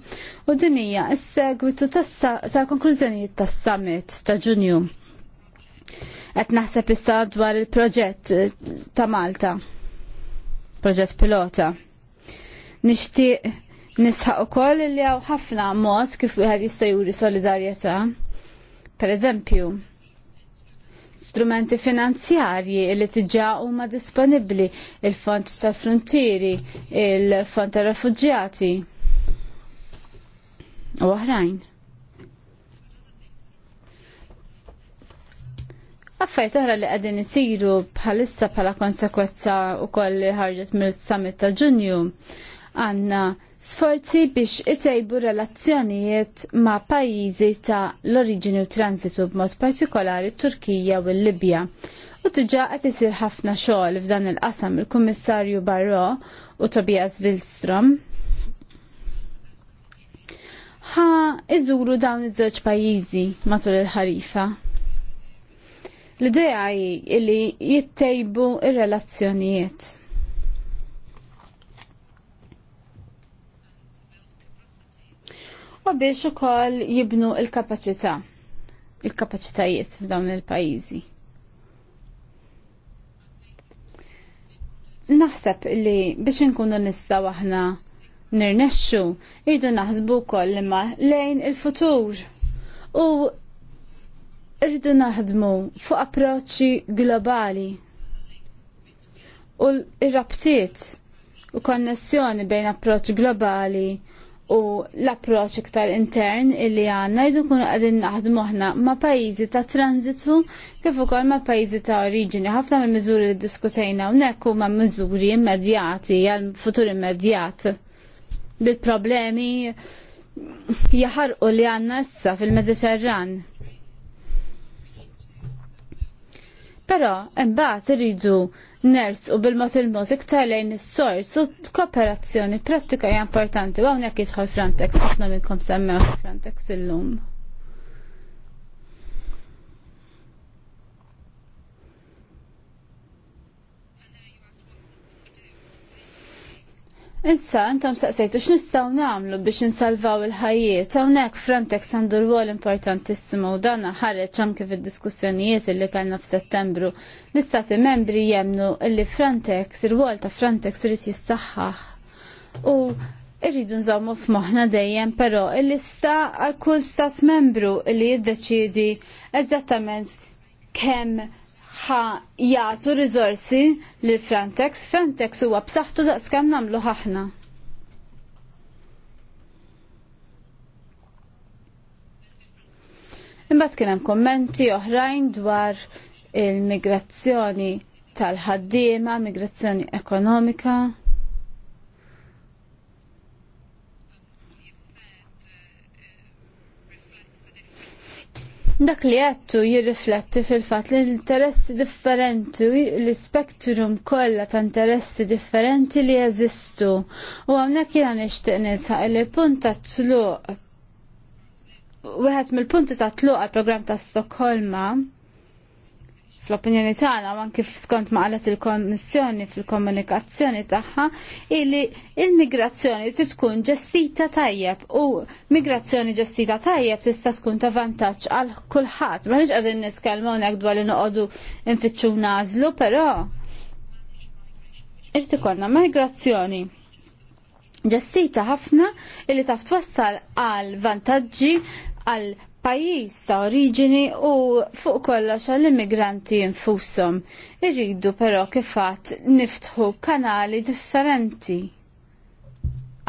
u din hija s-segwitu ta' konklużjonijiet tas-summit ta' Ġunju. Qed naħseb issa dwar il-proġett ta' Malta, proġett pilota. Nixtieq Nisħaq ukoll li hawn ħafna mod kif wieħed jista' juri solidarjetà. Pereżempju, strumenti finanzjarji li u huma disponibbli il-Fond tal-Frontieri, il-Fond tar-Refuġjati u oħrajn. Affajt oħra li għadin isiru bħalissa bħala konsekwenza u koll ħarġet mill summit ta' ġunju għanna sforzi biex itejbu relazzjonijiet ma' pajjiżi ta' l-oriġini u transitu b'mod partikolari Turkija u l-Libja. U tġa qed isir ħafna xogħol f'dan il-qasam il-Kummissarju Barro u Tobias Wilstrom. Ha iżuru dawn iż-żewġ pajjiżi matul il-ħarifa. L-idea hi li jittejbu ir-relazzjonijiet. u biex ukoll jibnu l kapaċità il-kapaċitajiet f'dawn il-pajjiżi. Naħseb li biex inkunu nistgħu aħna nirnexxu jridu naħsbu wkoll imma lejn il-futur u rridu naħdmu fuq approċċi globali u l rabtiet u konnessjoni bejn approċċ globali u l-approċ iktar intern illi għanna jdu kunu għadin naħdmu ħna ma' pajizi ta' tranzitu kif ukoll ma' pajizi ta' oriġini. Ħafna mill miżuri li diskutejna hawnhekk huma miżuri immedjati għal futur immedjat bil-problemi jaħarqu li għanna issa fil-Mediterran. Però imbagħad irridu ners u bil-mot il-mot iktar lejn is-sors u kooperazzjoni prattika hija importanti u hawnhekk jidħol Frontex ħafna minnkom semmew Frontex illum. Issa, intom saqsejtu x'nistgħu nagħmlu biex insalvaw il-ħajjiet hawnhekk Frontex għandu rwol importantissimu u dan ħareġ anke fid-diskussjonijiet li kellna f'Settembru. L-istati membri jemnu li Frontex, ir-rwol ta' Frontex irid jissaħħaħ. U irridu nżommu f'moħħna dejjem però l-lista għal kull stat membru li jiddeċiedi eżattament kemm ħa jagħtu rizorsi li Frontex, Frontex huwa b'saħħtu kemm nagħmlu ħaħna. Imbagħad kien hemm kommenti oħrajn dwar il-migrazzjoni tal-ħaddiema, migrazzjoni ekonomika. Dak li għattu jirrifletti fil-fat li l-interessi differenti, l-spektrum kollha ta' interessi differenti li jeżistu. U għamna kiena nishtiq nisħaq li punta tluq, wieħed mill-punti ta' tluq għal-program ta' Stokholma, fl-opinjoni tagħna ma kif skont ma qalet il-Kommissjoni fil-komunikazzjoni tagħha illi l migrazzjoni trid tkun ġestita tajjeb u migrazzjoni ġestita tajjeb tista' tkun ta' vantaġġ għal kulħadd. Ma nix qegħdin nitkellmu hawnhekk dwar li noqogħdu nfittxu nażlu, però irid ikollna migrazzjoni ġestita ħafna illi taf twassal għal vantaġġi għal pajjiż ta' oriġini u fuq kollox għall-immigranti infushom. Irridu però kifat niftħu kanali differenti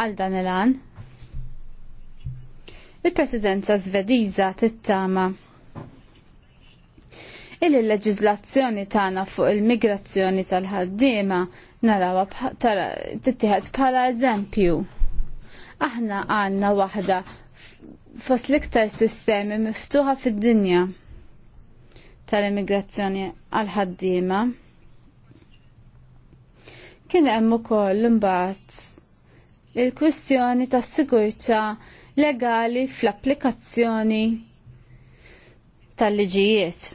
għal dan il-għan. Il-presidenza svediża tittama il leġizlazzjoni tagħna fuq il-migrazzjoni tal-ħaddiema narawa tittieħed bħala eżempju. Aħna għandna waħda fost l-iktar sistemi miftuħa fid-dinja tal-immigrazzjoni għal-ħaddiema. Kien hemm ukoll imbagħad il-kwistjoni tas-sigurtà legali fl-applikazzjoni tal-liġijiet.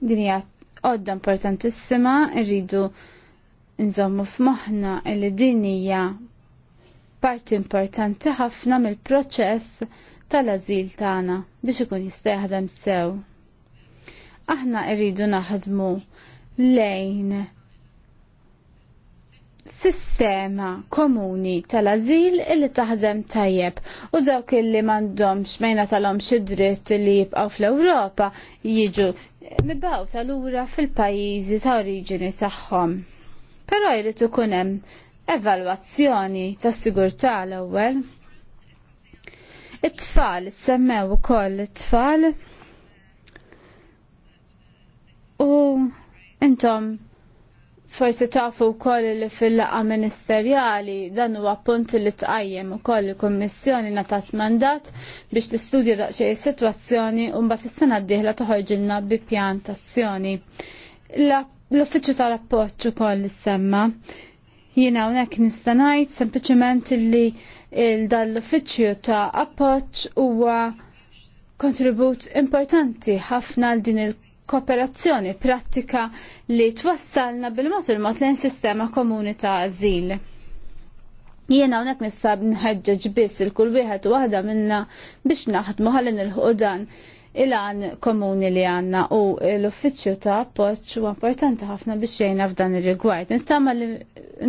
Din hija għodda importantissima rridu nżommu f'moħħna li din hija parti importanti ħafna mill-proċess tal-azil tagħna biex ikun jista'ħdem sew. Aħna rridu naħdmu lejn sistema komuni tal-azil illi taħdem tajjeb u dawk illi mandomx mejna tal-om xidrit li jibqaw fl ewropa jiġu mibaw tal-ura fil-pajizi ta' oriġini tagħhom. Però jrid ikun hemm evalwazzjoni tas sigurtà l-ewwel. It-tfal semmew ukoll it-tfal u intom forsi tafu wkoll li fil laqgħa ministerjali dan huwa punt li tqajjem ukoll il-Kummissjoni natat mandat biex tistudja daqsxejn is-sitwazzjoni u mbagħad is-sena d-dieħla toħorġilna bi pjantazzjoni. L-Uffiċċju tal-Appoġġ ukoll semma jina hawnhekk nista' ngħid sempliċement illi l-dal-uffiċċju ta' appoġġ huwa kontribut importanti ħafna għal din il-kooperazzjoni prattika li twassalna bil-mod il-mod lejn sistema komuni ta' azil. Jiena hawnhekk nista' nħeġġeġ biss il-kull wieħed waħda minna biex naħdmu ħalli il dan il-għan komuni li għanna u l-uffiċju ta' appoċ u importanti ħafna biex xejna f'dan ir-rigward. Nittama li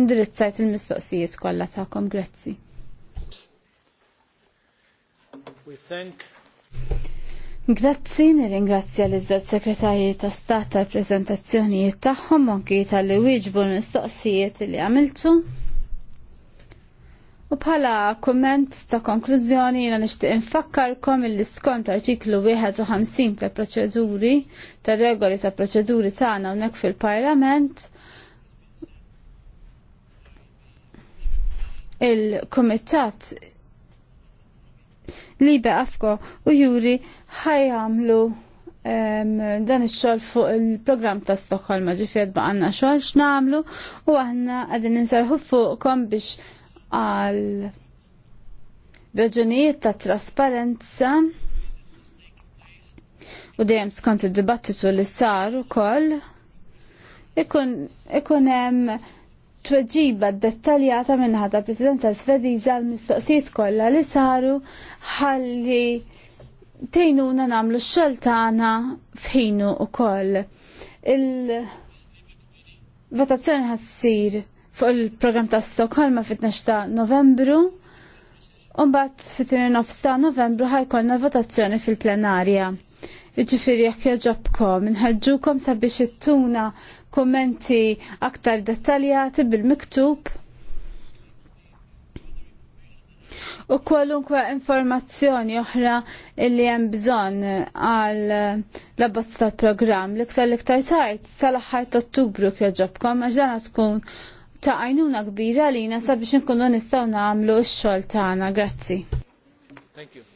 indirizzajt il-mistoqsijiet kollha ta' grazzi. Grazzi, nirringrazzja l iżżewġ sekretarji ta' stat tal-prezentazzjonijiet tagħhom anki tal-li wieġbu l-mistoqsijiet li għamiltu. U bħala komment ta' konklużjoni jina nishtiq infakkarkom il skont artiklu 51 ta' proċeduri, ta' regoli ta' proċeduri tagħna hawnhekk fil-Parlament. Il-Kumitat Libe Afko u Juri ħajamlu dan ix-xogħol fuq il-programm ta' Stockholm, ġifier baqanna xogħol x'namlu u aħna qegħdin ninsarħu fuqkom biex għal raġunijiet ta' trasparenza u dejjem skont id-dibattitu li sar ukoll ikun hemm tweġiba dettaljata minnaħa ta' Presidenta Svediża għall mistoqsijiet kollha li saru ħalli tejnuna x-xogħol xoltana fħinu ukoll. Il-votazzjoni ħassir fuq il-program ta' Stokholma fit ta' Novembru. Umbat fit nofs ta' Novembru ħajkonna votazzjoni fil-plenarja. Iġifiri jekk joġobkom, nħedġukom sabiex ittuna kommenti aktar dettaljati bil-miktub. U kwalunkwe informazzjoni oħra illi hemm bżonn għal l-abbozz tal-programm l-iktar l-iktar tard tal-aħħar ta' Ottubru kjoġobkom għax dan tkun ta' għajnuna kbira li jina sabiex nkunu nistaw namlu x-xol tagħna. Grazzi. Thank you.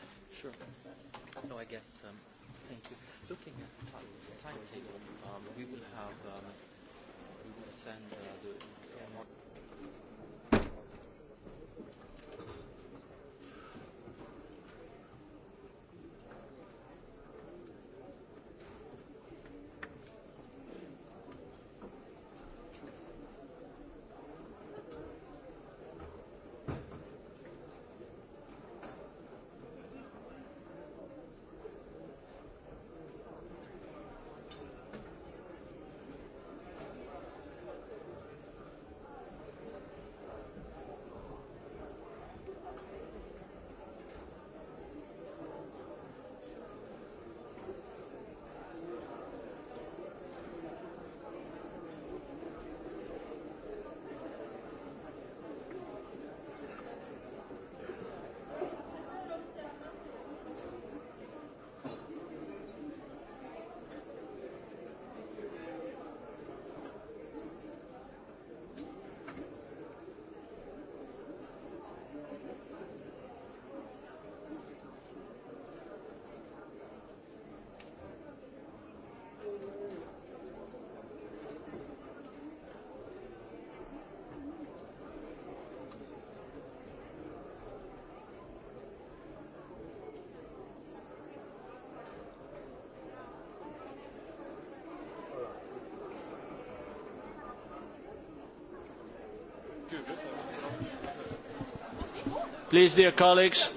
Please, dear colleagues,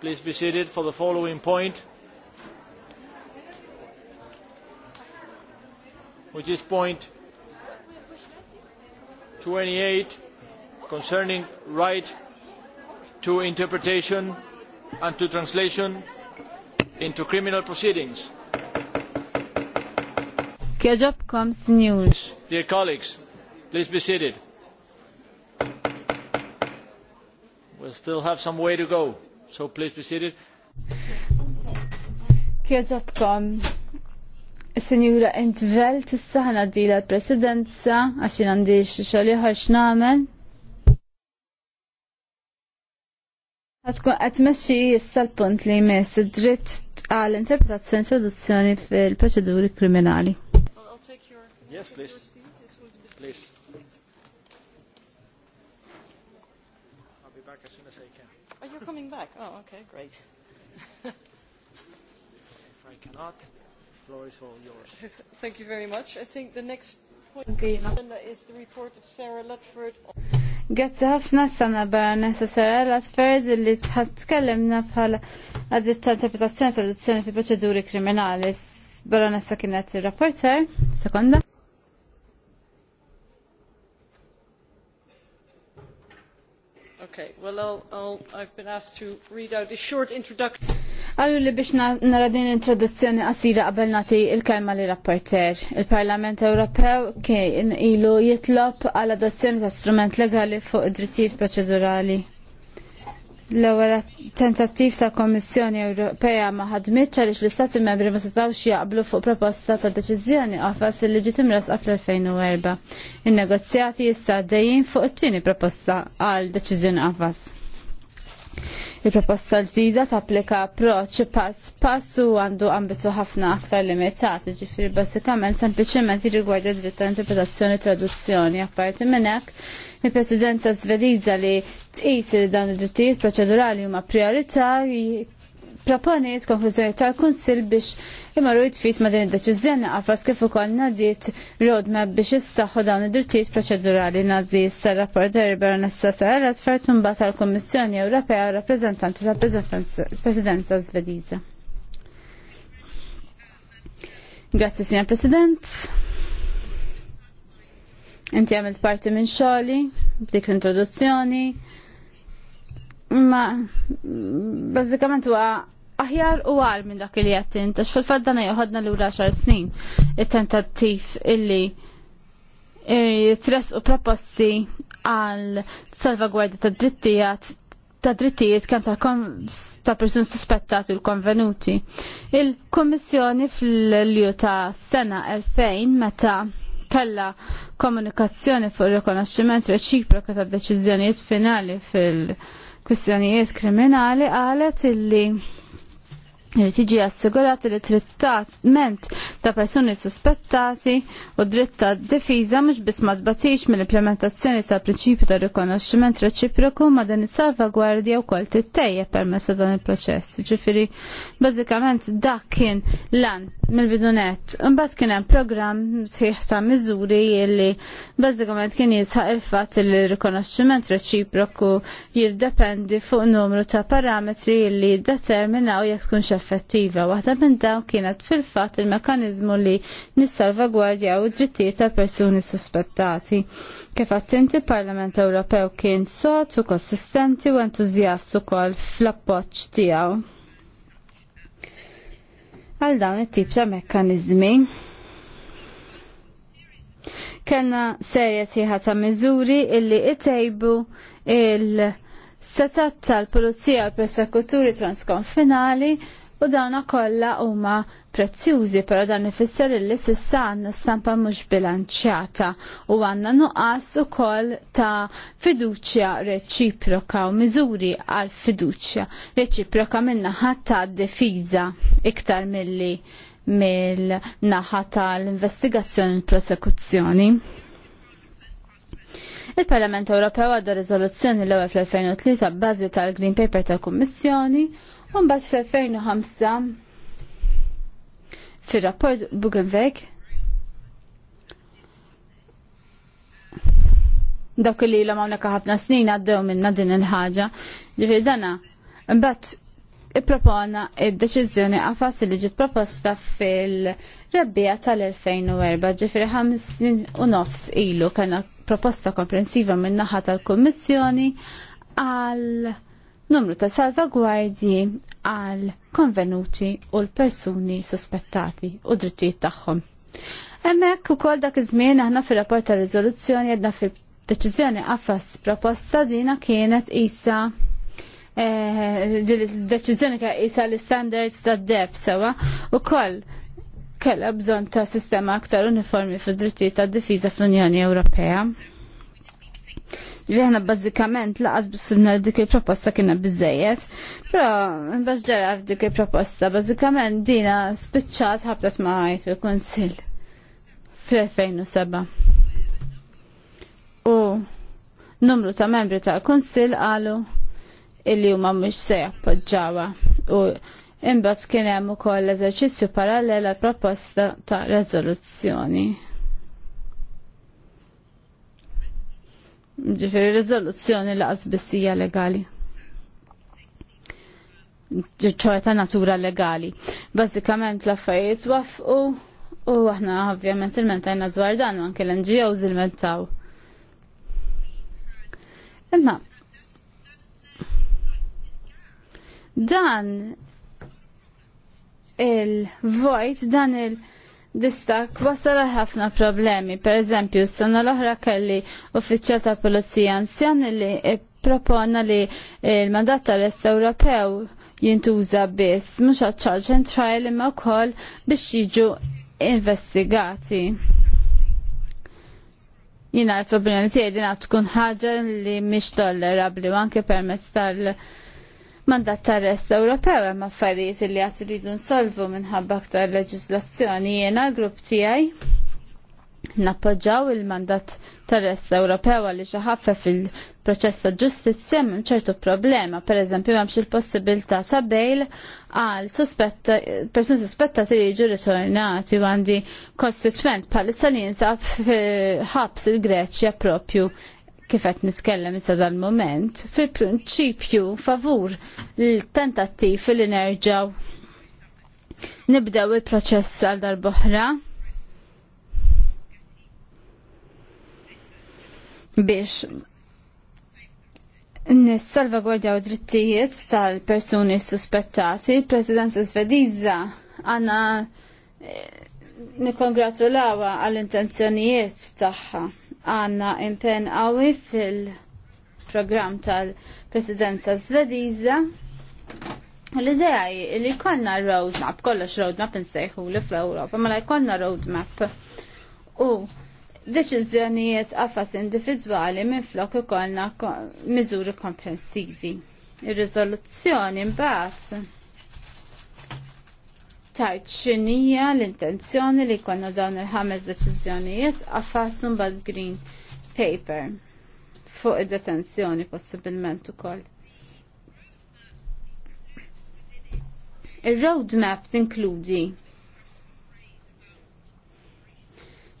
please be seated for the following point, which is point 28 concerning right to interpretation and to translation into criminal proceedings. Dear colleagues, please be seated. still have some way to go. So please be seated. Kieġobkom, Sinjura Entvel, tissa ħana dila l-presidenza, għaxin għandix xoli ħarx namen. Għatkun għatmeċi jissa l-punt li jmess dritt għal interpretazzjoni introduzzjoni e fil-proċeduri kriminali. Yes, please. Please. you're coming back. Oh, okay, great. if I cannot, the floor is all yours. Thank you very much. I think the next point on the agenda is the report of Sarah Ludford. Grazzi ħafna s-sana s-sara l-asferz li t tkellimna bħala għadis ta' interpretazzjoni s traduzzjoni fi proċeduri kriminali. Barna s-sakinet il-rapporter, sekonda. Okay, well, I'll, I'll, I've been asked to read out a short introduction. Għallu li biex nara din introduzzjoni qasira qabel nagħti il-kelma li rapporter. Il-Parlament Ewropew kien ilu jitlob għal adozzjoni ta' strument legali fuq id-drittijiet proċedurali L-ewwel tentattiv ta' Kommissjoni Ewropea ma ħadmitx għaliex l-Istati Membri ma setgħux jaqblu fuq proposta ta' deċiżjoni qafas li ġiet imresqa fl-2004. In-negozjati issa għaddejjin fuq it-tieni proposta għal deċiżjoni qafas. Il-proposta ġdida tapplika approċ pass pass u għandu ambitu ħafna aktar limitat, ġifiri basikament sempliciment jirrigwarda dritta interpretazzjoni traduzzjoni. Apparti minnek, il-presidenza svediza li tqis li dan id-drittijiet proċedurali huma priorità proponiet konklużjoni tal-Kunsil biex imma ru fit ma din id-deċiżjoni għafas kif ukoll nadiet roadmap biex issaħħu dawn id-drittijiet proċedurali nadi s-rapporter Baronessa Sara Tfert mbagħad tal-Kummissjoni Ewropea u rappreżentanti tal-Presidenza Svediża. Grazzi, Signor President. Inti għamilt parti minn xogħli, b'dik l-introduzzjoni. Ma bażikament huwa aħjar u għar minn dak li jattin, tax fil-faddana joħodna l-ura xar snin, il-tentattiv illi jitres u proposti għal salvagwardi ta' drittijat ta' drittijiet kem ta', ta suspettati u l-konvenuti. Il-Kommissjoni fil-lju ta' sena 2000 meta kella komunikazzjoni fuq il-rikonoxximent reċiproka ta' deċiżjonijiet finali fil-kwistjonijiet kriminali għalet illi Irrid jiġi assigurat li trittat ment ta' persuni suspettati u dritt ta' difiża mhux biss ma tbatix mill-implementazzjoni tal prinċipju ta' rikonoxximent reċiproku ma' din is-salvagwardja wkoll tittejjeb permessa dan il-proċess. Ġifieri bażikament dak kien lan mill-bidunet. Imbagħad kien hemm programm sħiħ ta' miżuri li bażikament kien jisħaq il-fatt li rikonoxximent reċiproku jiddependi fuq numru ta' parametri li determinaw jekk tkunx effettiva. Waħda minn dawn kienet fil-fatt il-mekkaniżmu mekkaniżmu li nissalvagwardjaw u drittijiet ta' persuni suspettati. Kif attenti Parlament Ewropew kien sot u konsistenti u entużjast ukoll fl-appoġġ tiegħu għal dawn it-tip ta' mekkaniżmi. Kellna serja sieħa ta' miżuri illi it-tejbu il-setat tal-Pulizija u persekuturi transkonfinali u dawna kollha huma prezzjużi però dan ifisser li s'issa għandna stampa mhux bilanċjata u għandna nuqqas ukoll ta' fiduċja reċiproka u miżuri għal fiduċja reċiproka minna naħa ta' difiża iktar milli mill-naħa tal-investigazzjoni u prosekuzzjoni. Il-Parlament Ewropew għadda riżoluzzjoni l-ewwel fl-2003 bażi tal-Green Paper tal-Kummissjoni U mbagħad fl-2005 fir-rapport Bugenweg dak li l hawnhekk ħafna snin għaddew minna din il-ħaġa. ġifir dana imbagħad ippropona il deċiżjoni għafas li ġiet proposta fil-rebbija tal-2004 ġifieri ħames snin u nofs ilu kena proposta komprensiva min-naħa tal-Kummissjoni għal numru ta' salvagwardji għal konvenuti u l-persuni sospettati u drittijiet tagħhom. Hemmhekk ukoll dak iż-żmien aħna fir-rapport ta' riżoluzzjoni għedna fil-deċiżjoni qafas proposta dina kienet isa eh, deċiżjoni ka' isa l-standards ta' deb sewa u kellha kella bżon ta' sistema aktar uniformi fid-drittijiet tad-difiża fl-Unjoni Ewropea. Ġivi bazzikament laqas bissibna dik il-proposta kiena bizzejiet, pero bax ġara dik il-proposta, bazzikament dina spiċċat ma' maħajt fil-konsil fl-2007. U numru ta' membri ta' konsil għalu illi huma mhux se jappoġġawha u imbagħad kien hemm ukoll eżerċizzju parallel għall proposta ta' rezoluzzjoni. ġifiri rizoluzzjoni laqas bissija legali ċoħe ta' natura legali. Bazzikament l-affarijiet wafqu u aħna ovvjament il-mentajna dwar dan anke l-NGOs il-mentaw. Imma dan il-vojt, dan il-, -vojt, dan il distak wasal ħafna problemi. Per eżempju, s-sena l-oħra kelli uffiċċja ta' pulizija anzjan li e proponna li il-mandat tal-Est Ewropew jintuża biss, mhux għal-charge and trial imma wkoll biex jiġu investigati. Jina l-problemi tiegħi din tkun ħaġa li mhix tollerabbli anke permess tal- mandat tar rest Ewropew hemm affarijiet li qed iridu nsolvu minħabba aktar leġiżlazzjoni jiena l-grupp tiegħi nappoġġaw il-mandat tal-rest Ewropew għal ħaffa fil-proċess ta' ġustizzja hemm ċertu problema, pereżempju m'hemmx il-possibilità ta' bejl għal persuni suspettati li jiġu ritornati għandi kostitwent bħalissa li jinsab ħabs il-Greċja propju kif qed nitkellem issa dal-moment, fil prinċipju favur l-tentattiv li nerġaw nibdew il-proċess għal darboħra biex nissalvagwardjaw drittijiet tal-persuni suspettati, il-Presidenza Svediża għanna eh, nikongratulawa għall-intenzjonijiet tagħha għanna impen għawi fil-program tal-presidenza svediza. L-idea li konna roadmap, kollox roadmap nsejħu li fl-Europa, ma la jkonna roadmap. U deċiżjonijiet għafas individwali minn flok ikollna miżuri komprensivi. Ir-riżoluzzjoni mbagħad tajt xinija l-intenzjoni li konna dawn il-ħames deċizjonijiet għaffasum bad green paper fuq id-detenzjoni possibilment ukoll. Il-roadmap tinkludi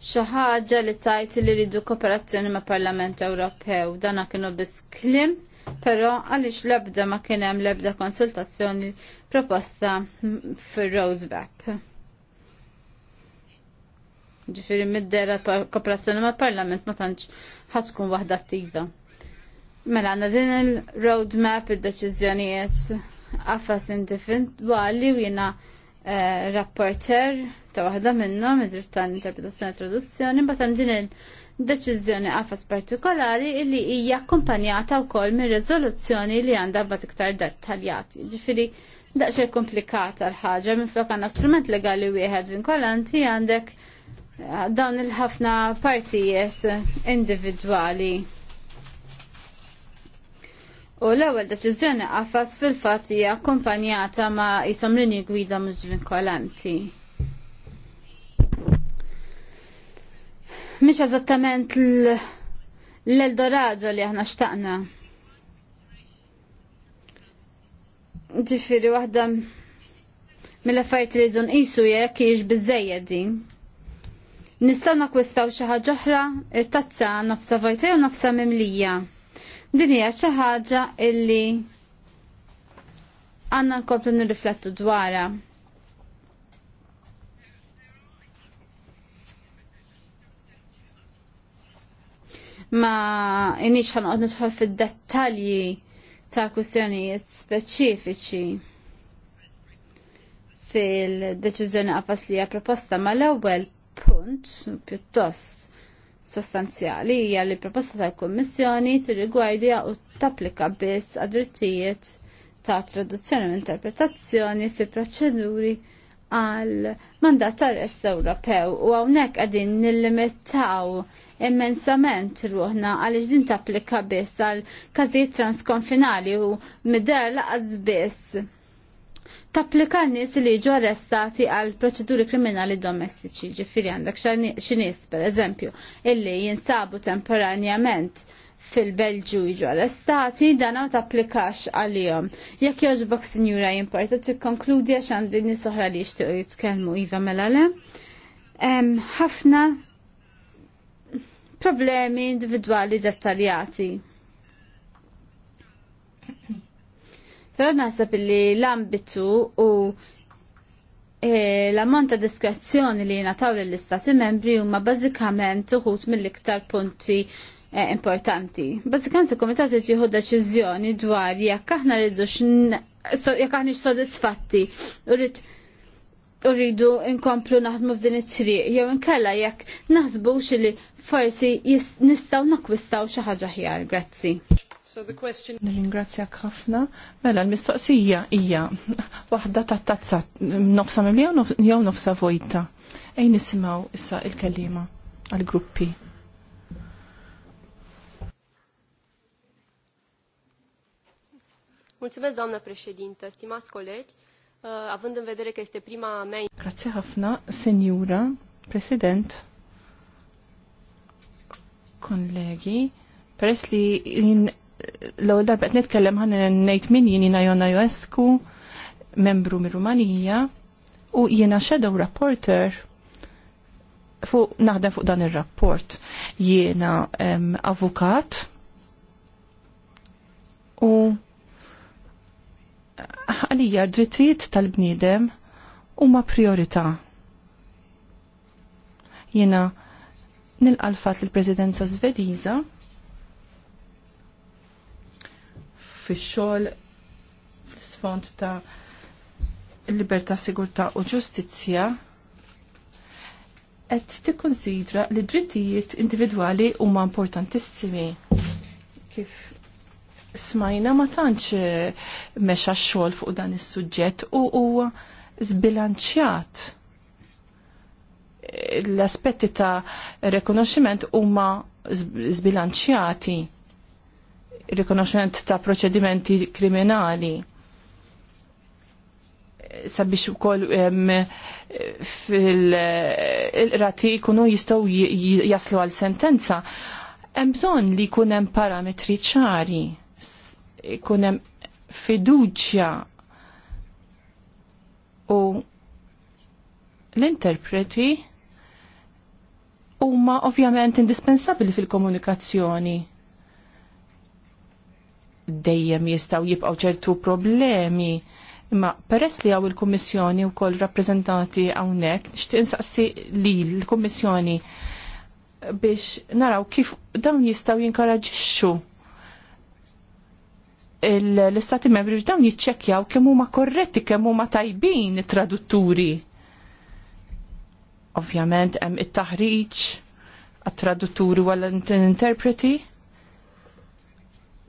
xi ħaġa li tajt li rridu kooperazzjoni ma' Parlament Ewropew. Dana kienu biss klim però għaliex l-ebda ma kien hemm l-ebda konsultazzjoni proposta fir-Roseback. Ġifiri mid-dera kooperazzjoni mal-Parlament ma tantx ħatkun waħda attiva. Mela għanna din il-roadmap id-deċiżjonijiet għafas għalli u jena eh, rapporter ta' waħda minnhom id-dritt tal-interpretazzjoni e traduzzjoni, mbagħad din il- deċiżjoni qafas partikolari li hija akkumpanjata wkoll minn riżoluzzjoni li għandha bat iktar dettaljati. Ġifieri daqsxejn komplikata l-ħaġa flok għandna strument legali wieħed vinkolanti għandek eh, dawn il-ħafna partijiet individwali. U l-ewwel deċiżjoni għafas fil-fatt hija akkumpanjata ma' isom linji gwida mhux vinkolanti. Mhix eżattament l-Eldorado li aħna xtaqna. Ġifieri waħda mill-affarijiet li dun qisu jekk hiex biżejjed din. Nistgħu nakwistaw xi ħaġa oħra, it-tazza nafsa vajta jew nafsa mimlija. Din hija xi ħaġa illi għandna nkomplu nirriflettu dwarha. ma inix ħanqod nidħol fid-dettalji ta' kwistjonijiet speċifiċi fil-deċiżjoni qafas li hija proposta ma l-ewwel punt pjuttost sostanzjali hija li proposta tal-Kummissjoni tirrigwardja u tapplika biss għad-drittijiet ta' traduzzjoni u interpretazzjoni fi proċeduri għal mandat tar-Est Ewropew u hawnhekk qegħdin nillimitaw immensament ruħna għaliex din tapplika biss għal każijiet transkonfinali u midher laqas biss. Tapplika nies li jiġu arrestati għal proċeduri kriminali domestiċi, ġifiri għandek xinis, per pereżempju, illi jinsabu temporanjament fil-Belġu jiġu arrestati, dan ma tapplikax għalihom. Jekk jogħġbok sinjura jimporta tikkonkludi għax għandi soħra li jixtiequ jitkellmu iva Melalem. le ħafna problemi individwali dettaljati. Però naħseb li l-ambitu u e, l-ammont ta' diskrezzjoni li jingħataw lill istati membri huma bażikament uħut mill-iktar punti e, importanti. Bażikament il-Kumitat qed jieħu deċiżjoni dwar jekk aħna rridux jekk aħna sodisfatti u rrid Uridu inkomplu naħdmu f'din it-triq, jew inkella jekk naħsbu li forsi nistgħu nakwistaw xi ħaġa ħjar. Grazzi. So the question... Ringrazzjak ħafna. Mela, l-mistoqsija hija waħda ta' tazza nofsa mimli jew nofsa vojta. Ejn nisimgħu issa il-kelliema għal-gruppi. Mulțumesc, doamnă președintă, stimați colegi. Uh, având în vedere că este prima mea... Grazie ħafna, senjura, president, kollegi, peress li l-ewwel darba qed nitkellem ħan ngħid min jien jiena Jonna membru mir-Rumanija, u jiena shadow rapporter fuq naħdem fuq dan ir-rapport. Jiena avukat u għalija drittijiet tal-bniedem huma priorità. Jiena nilqalfat l-Presidenza Svediża fix-xogħol fl-isfond ta' libertà, sigurtà u ġustizzja qed tikkonsidra li drittijiet individwali huma importantissimi kif smajna ma tantx eh, mexa xogħol fuq dan is-suġġett u huwa zbilanċjat l-aspetti ta' rekonoxximent huma zbilanċjati Rekonoxximent ta' proċedimenti kriminali sabiex ukoll fil-rati jkunu jistgħu jaslu għal sentenza hemm bżonn li jkun hemm parametri ċari ikunem fiduċja u l-interpreti huma ovvjament indispensabbli fil-komunikazzjoni. Dejjem jistgħu jibqgħu ċertu problemi imma peress li għaw il-Kommissjoni u kol rappresentati għawnek, nishtiq insaqsi li l-Kommissjoni biex naraw kif dawn jistaw jinkaraġiċu l-istati membri dawn jiċċekkjaw kemm huma korretti, kemm huma tajbin it-tradutturi. Ovvjament hemm it-taħriġ għat-tradutturi għall interpreti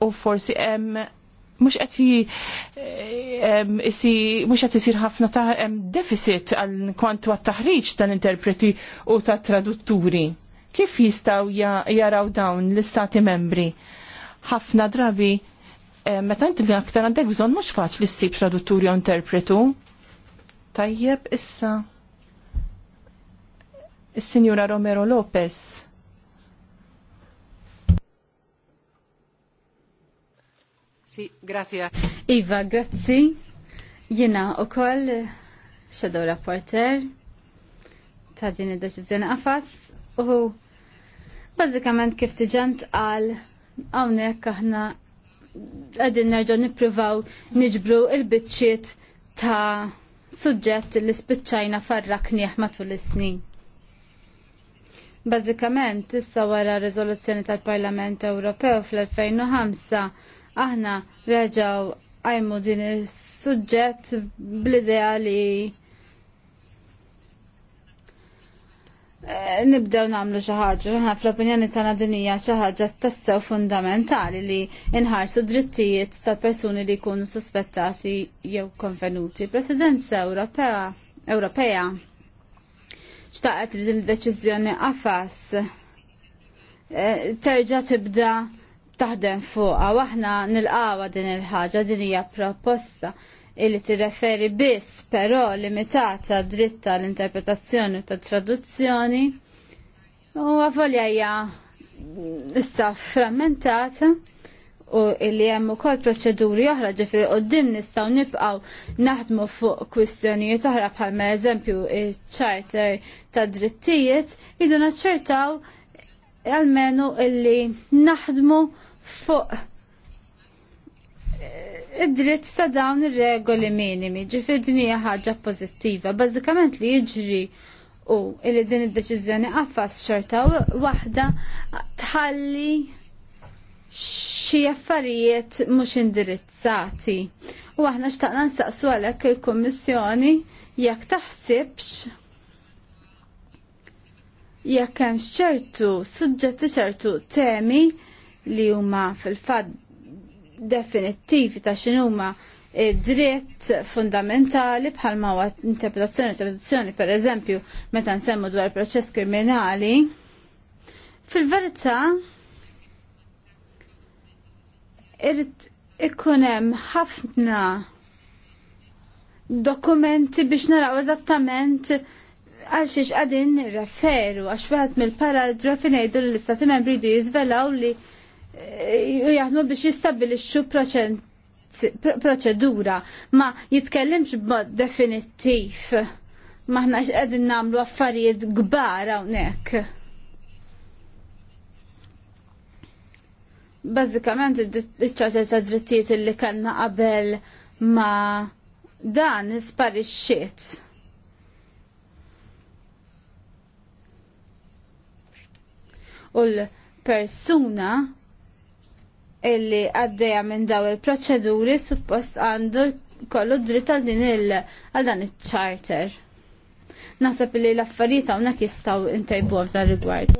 u forsi hemm mhux qed isi mhux qed isir ħafna ta' deficit għal kwantu għat-taħriġ tal-interpreti u tat-tradutturi. Kif jistgħu jaraw dawn l-istati membri? ħafna drabi Eh, meta inti li aktar għandek bżonn mhux faċli ssib traduttur jew interpretu. Tajjeb issa. Is-Sinjura Romero Lopez. Si, grazie. Iva, grazzi. Jena u koll xedaw rapporter ta' din id-deċizjoni qafas u bazzikament kif tiġant għal hawnhekk aħna għadin nerġaw nippruvaw niġbru il-biċċiet ta' suġġett li spiċċajna farraknieħ matul is-snin. Bażikament, issa wara r riżoluzzjoni tal-Parlament Ewropew fl-2005, aħna reġaw għajmu din is-suġġett bl-idea li Eh, nibdew namlu xi ħaġa aħna fl-opinjoni tagħna din hija xi ħaġa tassew fundamentali li nħarsu drittijiet tal-persuni li jkunu suspettati jew konvenuti. Presidenza Ewropea Ewropea xtaqet li din id-deċiżjoni qafas eh, terġa' tibda taħdem fuqha waħna nilqawa din il-ħaġa din hija proposta illi tirreferi biss però limitata dritt tal-interpretazzjoni u tat-traduzzjoni u għafolja hija issa frammentata u illi hemm ukoll proċeduri oħra ġifri dim nistgħu nibqgħu naħdmu fuq kwistjonijiet oħra bħal mereżempju iċ-charter ta' drittijiet jidu naċċertaw għalmenu illi naħdmu fuq id-dritt ta' dawn ir-regoli minimi, ġifidni ħaġa pożittiva. Bażikament li jiġri u li din id-deċiżjoni qaffas xorta waħda tħalli xi affarijiet mhux indirizzati. U aħna xtaqna nsaqsu għalhekk il-Kummissjoni jekk taħsibx jekk hemm ċertu suġġetti ċertu temi li huma fil-fatt definittivi ta' x'inhuma dritt fundamentali bħalma huwa interpretazzjoni traduzzjoni per eżempju meta nsemmu dwar proċess kriminali fil-verità irrid ikun hemm ħafna dokumenti biex naraw eżattament għal xiex qegħdin nirreferu għax waħed mill-paragrafi ngħidu li l-istati membri jdu jiżvelaw li u eh, jaħdmu biex jistabilixxu proċedura ma jitkellimx b'mod definittiv. Maħna qegħdin nagħmlu affarijiet kbar hawnhekk. Bażikament iċ-ċarta ta' drittijiet li kellna qabel ma dan sparixxiet. U l-persuna illi għaddeja minn daw il-proċeduri suppost għandu kollu dritt għal din il għal dan il-charter. Naħseb li l-affarijiet hawnhekk jistgħu intajbu f'dan rigward.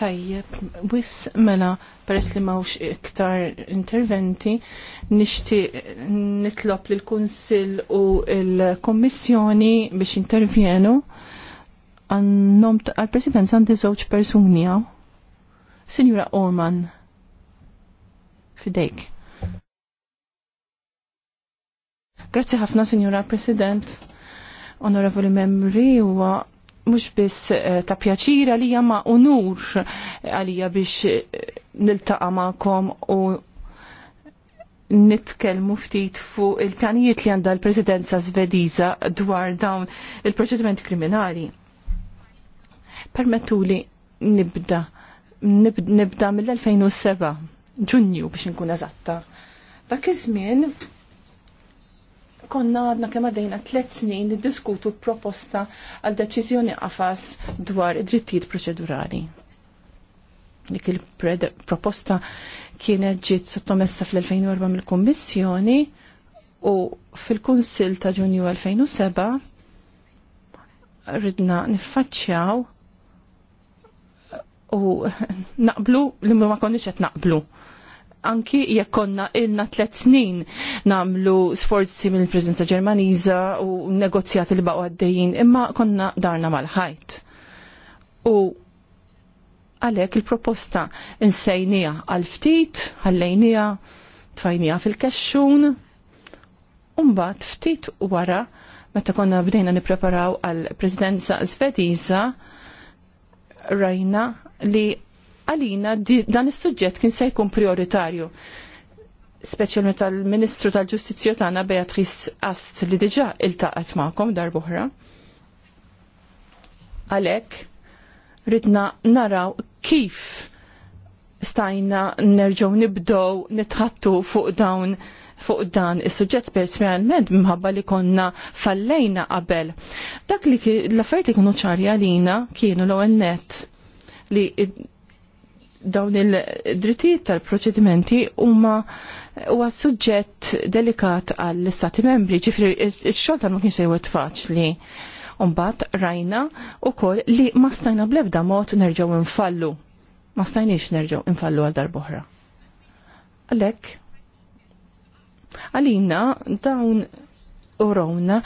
Tajjeb, wis mela peress li mawx iktar interventi, nixtieq nitlob lill kunsill u l-Kommissjoni biex intervjenu għannom għal-President għandi żewġ persuni għaw. Sinjura Orman, fidejk. Grazzi ħafna, Sinjura President, Onorevoli Membri, u mhux biss eh, ta' pjaċir għalija ma unur għalija biex eh, niltaqa' ma'kom u nitkellmu ftit fuq il-pjanijiet li għandha l-Presidenza Svediża dwar dawn il-proċedimenti kriminali Permettuli nibda nibda mill-2007 ġunju biex nkun eżatta. Dak iż-żmien konna għadna kemm għaddejna tliet snin niddiskutu proposta għal deċiżjoni qafas dwar id-drittijiet proċedurali. Dik il-proposta kienet ġiet sottomessa fl-2004 mill-Kummissjoni u fil-Kunsil ta' Ġunju 2007 ridna niffaċċjaw u naqblu li ma konniex qed naqblu. Anki jekk konna ilna tliet snin namlu sforzi mill preżenza Ġermaniża u negozjati li baqgħu għaddejjin, imma konna darna mal-ħajt. U għalhekk il-proposta insejnija għal ftit, ħallejnija, tfajnija fil-kexxun, u mbagħad ftit wara meta konna bdejna nippreparaw għal Presidenza Svediża rajna li għalina dan is-suġġett kien se jkun prioritarju. Speċjalment tal-Ministru tal-Ġustizzju tagħna Beatrice Ast li diġà iltaqgħet magħkom darb'oħra. Għalhekk ridna naraw kif stajna nerġgħu nibdow nitħattu fuq dawn fuq dan is-suġġett speċjalment minħabba li konna fallejna qabel. Dak li l-affarijiet li kienu ċari għalina kienu l-ewwel nett li dawn il-drittijiet tal-proċedimenti huma huwa suġġett delikat għall-istati membri, ġifri x-xogħol tal ma kienx sejwet faċli. Umbat rajna u koll li ma stajna blebda mod nerġaw infallu. Ma stajniex nerġaw infallu għal darbohra. Għalek, għalina dawn urawna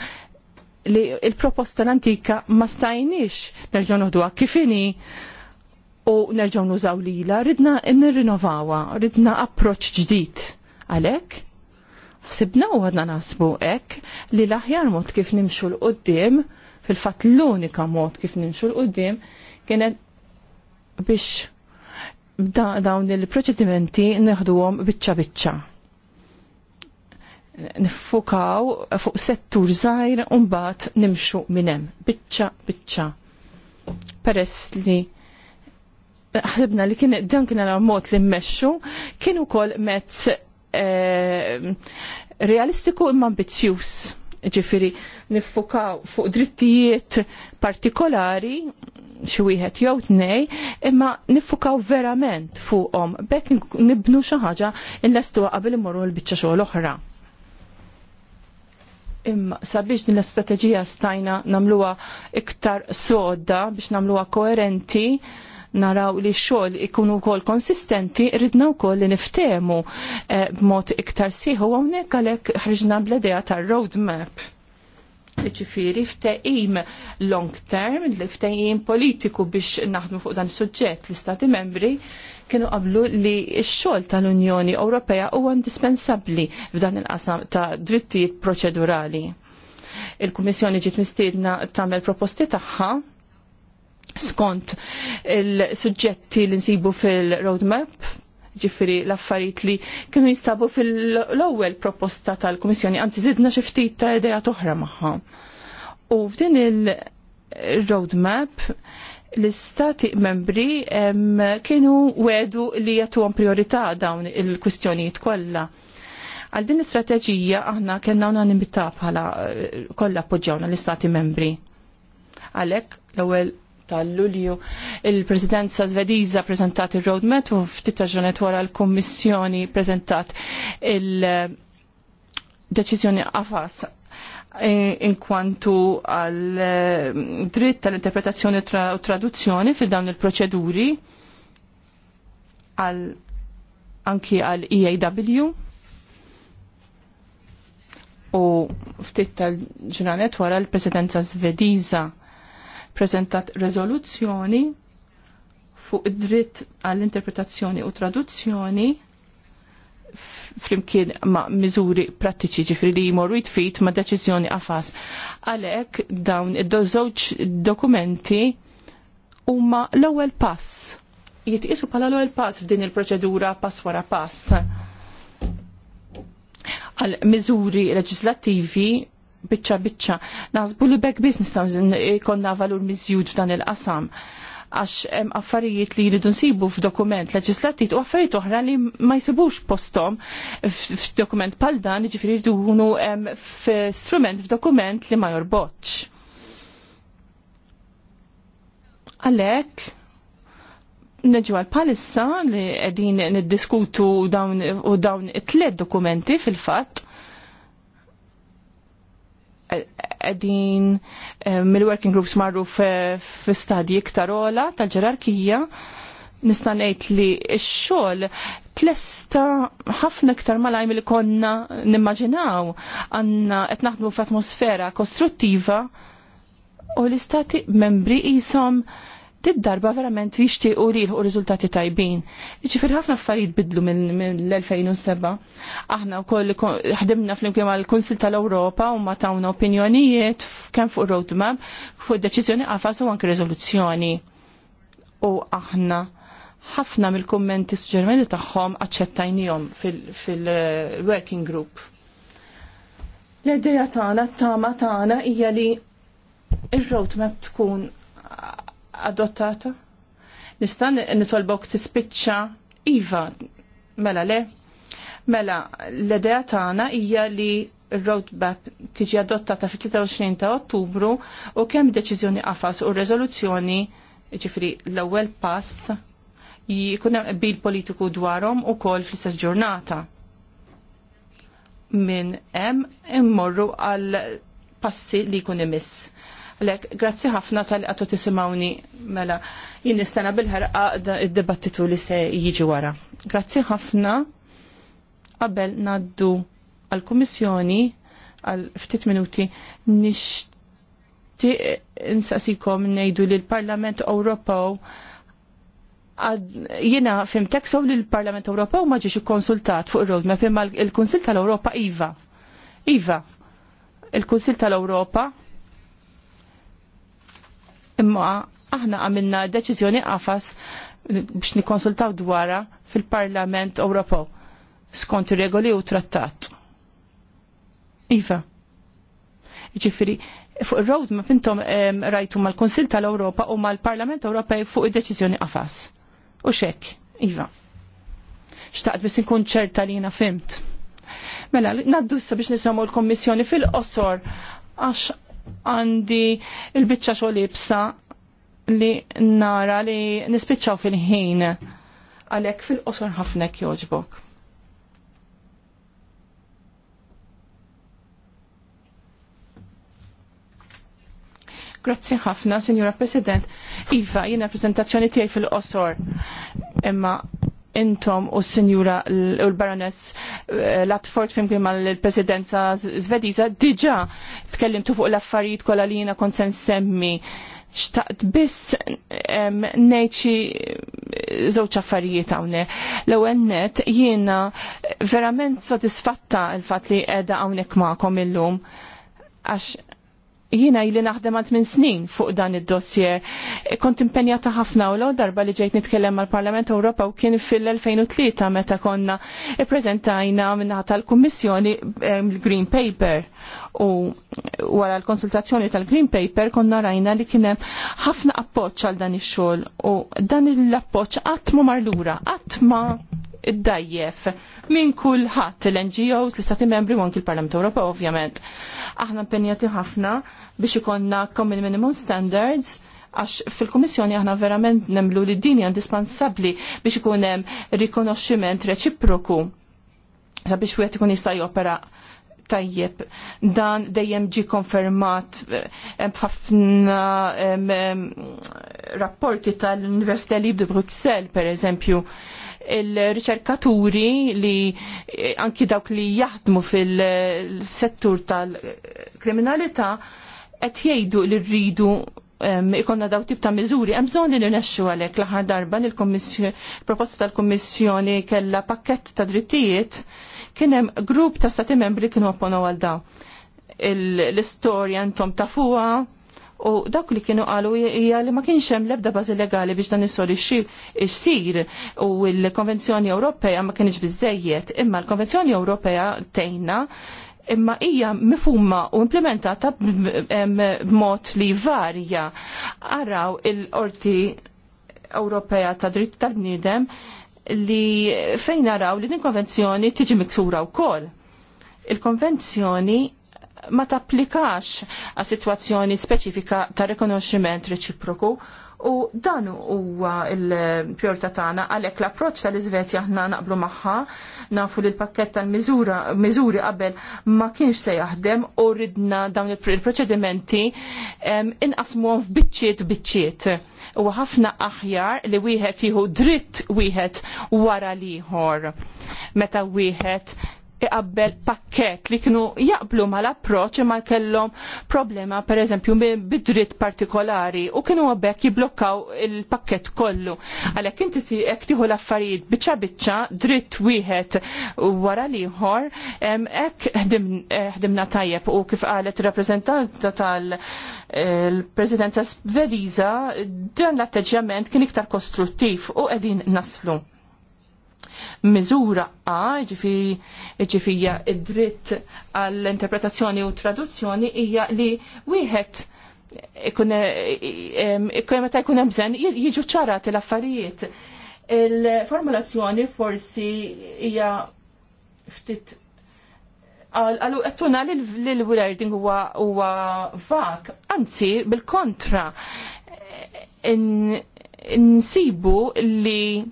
li il-proposta l-antika ma stajniex nerġaw noħduha kifini u nerġaw nużaw lila, ridna n-rinnovawa, ridna approċ ġdid għalek. Sibna u għadna nasbu ek li l-aħjar mod kif nimxu l-qoddim, fil-fat l-unika mod kif nimxu l-qoddim, kienet biex dawn il-proċedimenti għom biċċa biċċa. Nifukaw fuq settur zaħir un-bat nimxu minem, biċċa biċċa. Peress li ħsibna li kien dan kien mod li mmexxu kien ukoll mezz eh, realistiku imma ambizzjuż. Ġifiri, niffukaw fuq drittijiet partikolari xi wieħed jew tnej, imma niffukaw verament fuqhom bekk nibnu xi ħaġa lestu qabel imorru l-biċċa xogħol oħra. Imma sabiex din l strategija stajna nagħmluha iktar soda biex nagħmluha koerenti, naraw li xogħol ikunu wkoll konsistenti, ridna wkoll li niftehmu eh, b'mod iktar sieħu hawnhekk għalhekk ħriġna bl-idea tar-roadmap. Ġifiri, ftehim long term, li ftehim politiku biex naħdmu fuq dan is-suġġett l-istati membri, kienu qablu li x-xogħol tal-Unjoni Ewropea huwa indispensabbli f'dan il-qasam ta' drittijiet proċedurali. Il-Kummissjoni ġiet mistiedna tagħmel proposti tagħha skont il-suġġetti li nsibu fil-roadmap ġifiri l-affarijiet li kienu jistabu fil-ewwel proposta tal-Kummissjoni, anzi zidna xi ftit ta' idea toħra magħha. U f'din il-roadmap l-istati membri kienu wedu li jagħtuhom priorità dawn il-kwistjonijiet kollha. Għal din l-istrateġija aħna kellna nimbita bħala kollha appoġġjawna l-istati membri. Għalhekk l-ewwel tal-Lulju. Il-Presidenza Svediża preżentat il-roadmap u ftit ġranet wara l-Kummissjoni prezentat il-deċiżjoni qafas eh, kwantu għal eh, dritt tal-interpretazzjoni u traduzzjoni fil dawn il-proċeduri għal anki għal EAW u ftit tal-ġranet wara l-Presidenza Svediża prezentat rezoluzzjoni fuq id-dritt għall-interpretazzjoni u traduzzjoni flimkien ma' miżuri prattiċi ġifri li jimorru jitfit ma' deċiżjoni għafas. Għalhekk dawn id dożoċ dokumenti huma l-ewwel pass. Jitqisu bħala l-ewwel pass f'din il-proċedura pass wara pass. Għal miżuri leġislattivi biċċa biċċa. Nasbu li back business konna valur miżjud f'dan il-qasam għax hemm affarijiet li jridu nsibu f'dokument leġislatit u affarijiet oħra li ma jsibux postom f'dokument bħal dan, jiġifieri jridu jkunu f'strument f'dokument li ma jorboċ. Għalhekk neġu għal palissa li qegħdin niddiskutu dawn u dawn it tlet dokumenti fil-fatt qegħdin eh, mill-working groups marru fi-stadji iktar ola tal-ġerarkija nista' ngħid li x-xogħol tlesta ħafna iktar malajm li konna nimmaġinaw għanna qed naħdmu f'atmosfera kostruttiva u l-istati membri jisom Tid-darba verament jixtiequ li u riżultati tajbin. Ġifir ħafna affarijiet bidlu mill-2007. Aħna wkoll ħdimna flimkien mal konsil tal-Ewropa u matawna opinjonijiet kemm fuq roadmap fuq deċizjoni qafas u anke riżoluzzjoni. U aħna ħafna mill-kummenti suġġermenti tagħhom aċċettajnihom fil-working group. L-idea tagħna t-tama tagħna hija li ir-roadmap tkun adottata? Nista' nitolbok tispiċċa iva mela le? Mela, l-idea tagħna hija li roadmap tiġi adottata fit-23 ta' Ottubru u kemm deċiżjoni qafas u r-reżoluzzjoni ġifri l-ewwel pass jkun hemm qbil politiku dwarhom ukoll fl-istess ġurnata. Minn hemm immorru għal passi li jkun imiss. Lek, grazzi ħafna tal qatu tisimawni mela. Jien nistana bil-ħarqa id debattitu li se jiġi wara. Grazzi ħafna qabel naddu għal komissjoni għal ftit minuti nixtieq insaqsikom ngħidu li l-Parlament Ewropew jiena fim teksu li l-Parlament Ewropew ma ġiex ikkonsultat fuq il roadmap imma l-Kunsil tal-Ewropa iva. Iva, il-Kunsil tal-Ewropa Imma aħna għamilna deċiżjoni għafas biex nikonsultaw dwara fil-Parlament Ewropew skont regoli u trattat. Iva. Ġifiri, fuq il ma' fintom rajtu mal-Konsil tal-Europa u mal-Parlament Ewropej fuq id-deċiżjoni għafas. U xek, Iva. Xtaqt biss nkun ċerta li jina fimt. Mela, naddu biex nisomu l-Kommissjoni fil-qosor għax għandi il-bicċa xogħol li nara li nispiċċaw fil-ħin għalhekk fil-qosor ħafnek jogħġbok. Grazzi ħafna, Signora President. Iva, jiena prezentazzjoni tiegħi fil-qosor. Imma intom u s-senjura u l-baroness eh, Latford fimkien mal l-presidenza svediza diġa tkellimtu fuq l-affarijiet kolla li jina konsen semmi. Xtaqt biss nejċi zoċ affarijiet għawne. l għennet jina jiena verament sodisfatta il-fat li edha għawnek ma'kom illum. Għax jina jili naħdem għal minn snin fuq dan id-dossier. Kont impenjata ħafna u darba li ġejt nitkellem mal parlament Ewropa u kien fil-2003 meta konna prezentajna minna tal-Kummissjoni ehm, l-Green Paper. U wara l-konsultazzjoni tal-Green Paper konna rajna li kienem ħafna appoċ għal dan ix-xogħol u dan l-appoċ qatt ma marlura, qatt ma D-dajjef minn kulħadd l-NGOs, l-Istati Membri u anki l-Parlament Ewropew ovvjament. Aħna impenjati ħafna biex ikonna common minimum standards għax fil-Komissjoni aħna verament nemlu li din hija indispensabbli biex ikun hemm rikonoxximent reċiproku sabiex wieħed ikun jista' jopera tajjeb. Dan dejjem ġi konfermat eh, ħafna eh, eh, rapporti tal-Università Libre Bruxelles, per eżempju, il-riċerkaturi li eh, anki dawk li jaħdmu fil-settur tal-kriminalità qed jgħidu li rridu ikonna daw tip ta' miżuri, hemm bżonn li nirnexxu għalhekk l-aħħar darba li l-proposta tal-Kummissjoni kellha pakkett ta' drittijiet kien hemm grupp ta' stati membri kienu opponaw għal daw. L-istorja ntom ta' fuqha U dak li kienu għalu hija li ma kienx hemm l-ebda bażi legali biex dan is-sor issir u l-Konvenzjoni Ewropea ma kienx biżejjed, imma l-Konvenzjoni Ewropea tejna imma hija mifhuma u implementata b'mod li varja. Araw il-Qorti Ewropea ta' dritt tal-bniedem li fejn araw li din konvenzjoni tiġi miksura wkoll. Il-konvenzjoni ma tapplikax a situazzjoni speċifika ta' rikonoxximent reċiproku u dan huwa l-pjorta tagħna għalhekk l-approċċ tal-Iżvezja aħna naqblu magħha nafu li l-pakkett tal-miżura miżuri qabel ma kienx se jaħdem u ridna dawn il-proċedimenti inqasmuhom f'biċċiet biċċiet u ħafna aħjar li wieħed jieħu dritt wieħed wara l-ieħor meta wieħed iqabbel pakket li kienu jaqblu mal-approċ ma kellhom problema per eżempju bidrit partikolari u kienu għabbek jiblokkaw il-pakket kollu. Għalhekk inti jekk tieħu l-affarijiet biċċa biċċa dritt wieħed wara liħor hekk eh, ħdimna tajjeb u kif qalet rappreżentanta tal-Presidenza eh, Svediza dan l-atteġġament kien iktar kostruttiv u qegħdin naslu. Miżura A, ġifija id-dritt għall-interpretazzjoni u traduzzjoni hija li wieħed ikun meta jkun hemm bżonn jiġu ċarat l-affarijiet. Il-formulazzjoni forsi hija ftit għallu għattuna l-wording huwa vak, anzi bil-kontra nsibu li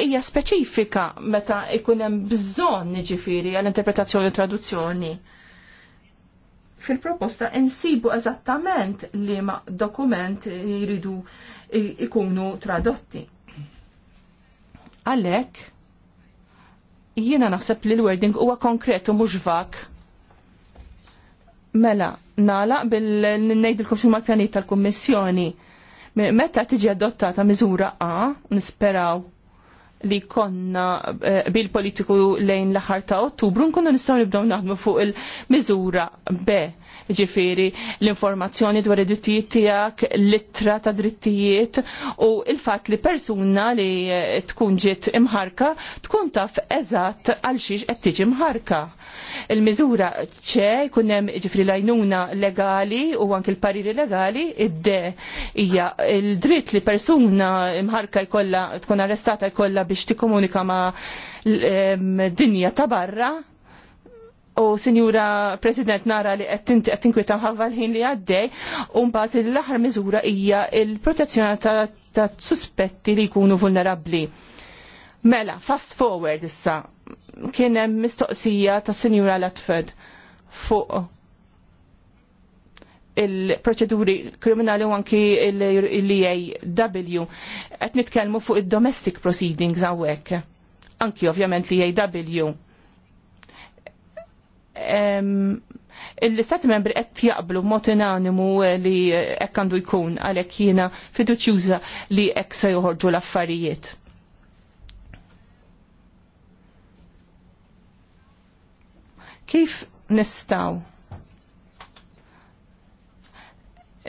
hija speċifika meta ikun hemm bżonn jiġifieri għall-interpretazzjoni u traduzzjoni. Fil-proposta insibu eżattament li ma dokument jridu ikunu tradotti. Għalhekk jiena naħseb li l-wording huwa konkret u mhux vak. Mela, nala bil-nejdilkom xumma mal pjanit tal-Kommissjoni. Meta tiġi adottata miżura A, nisperaw li konna eh, bil politiku lejn l-aħħar ta' Ottubru nkunu nistgħu nibdew naħdmu fuq il-miżura B ġifiri l-informazzjoni dwar id-drittijiet tiegħek, l-ittra ta' drittijiet u il-fatt li persuna li eh, tkun ġiet imħarka tkun taf eżatt għal xiex qed tiġi imħarka. Il-miżura ċe jkun hemm ġifri lajnuna legali u anke l-pariri legali id-de hija il-dritt li persuna imħarka jkollha tkun arrestata jkollha biex tikkomunika ma' dinja ta' barra u Sinjura President nara li qed tinkwita mħabba ħin li għaddej, u mbagħad l-aħħar miżura hija l-protezzjoni ta' suspetti li jkunu vulnerabbli. Mela, fast forward issa, kien hemm mistoqsija ta' Sinjura Latford fuq il-proċeduri kriminali u anki l-EAW. Qed nitkellmu fuq id domestic proceedings hawnhekk. Anki ovvjament l-EAW il-istati membri qed jaqblu mod inanimu eh, li eh, hekk għandu jkun għalhekk jiena fiduċjuża li hekk se joħorġu l-affarijiet. Kif nistgħu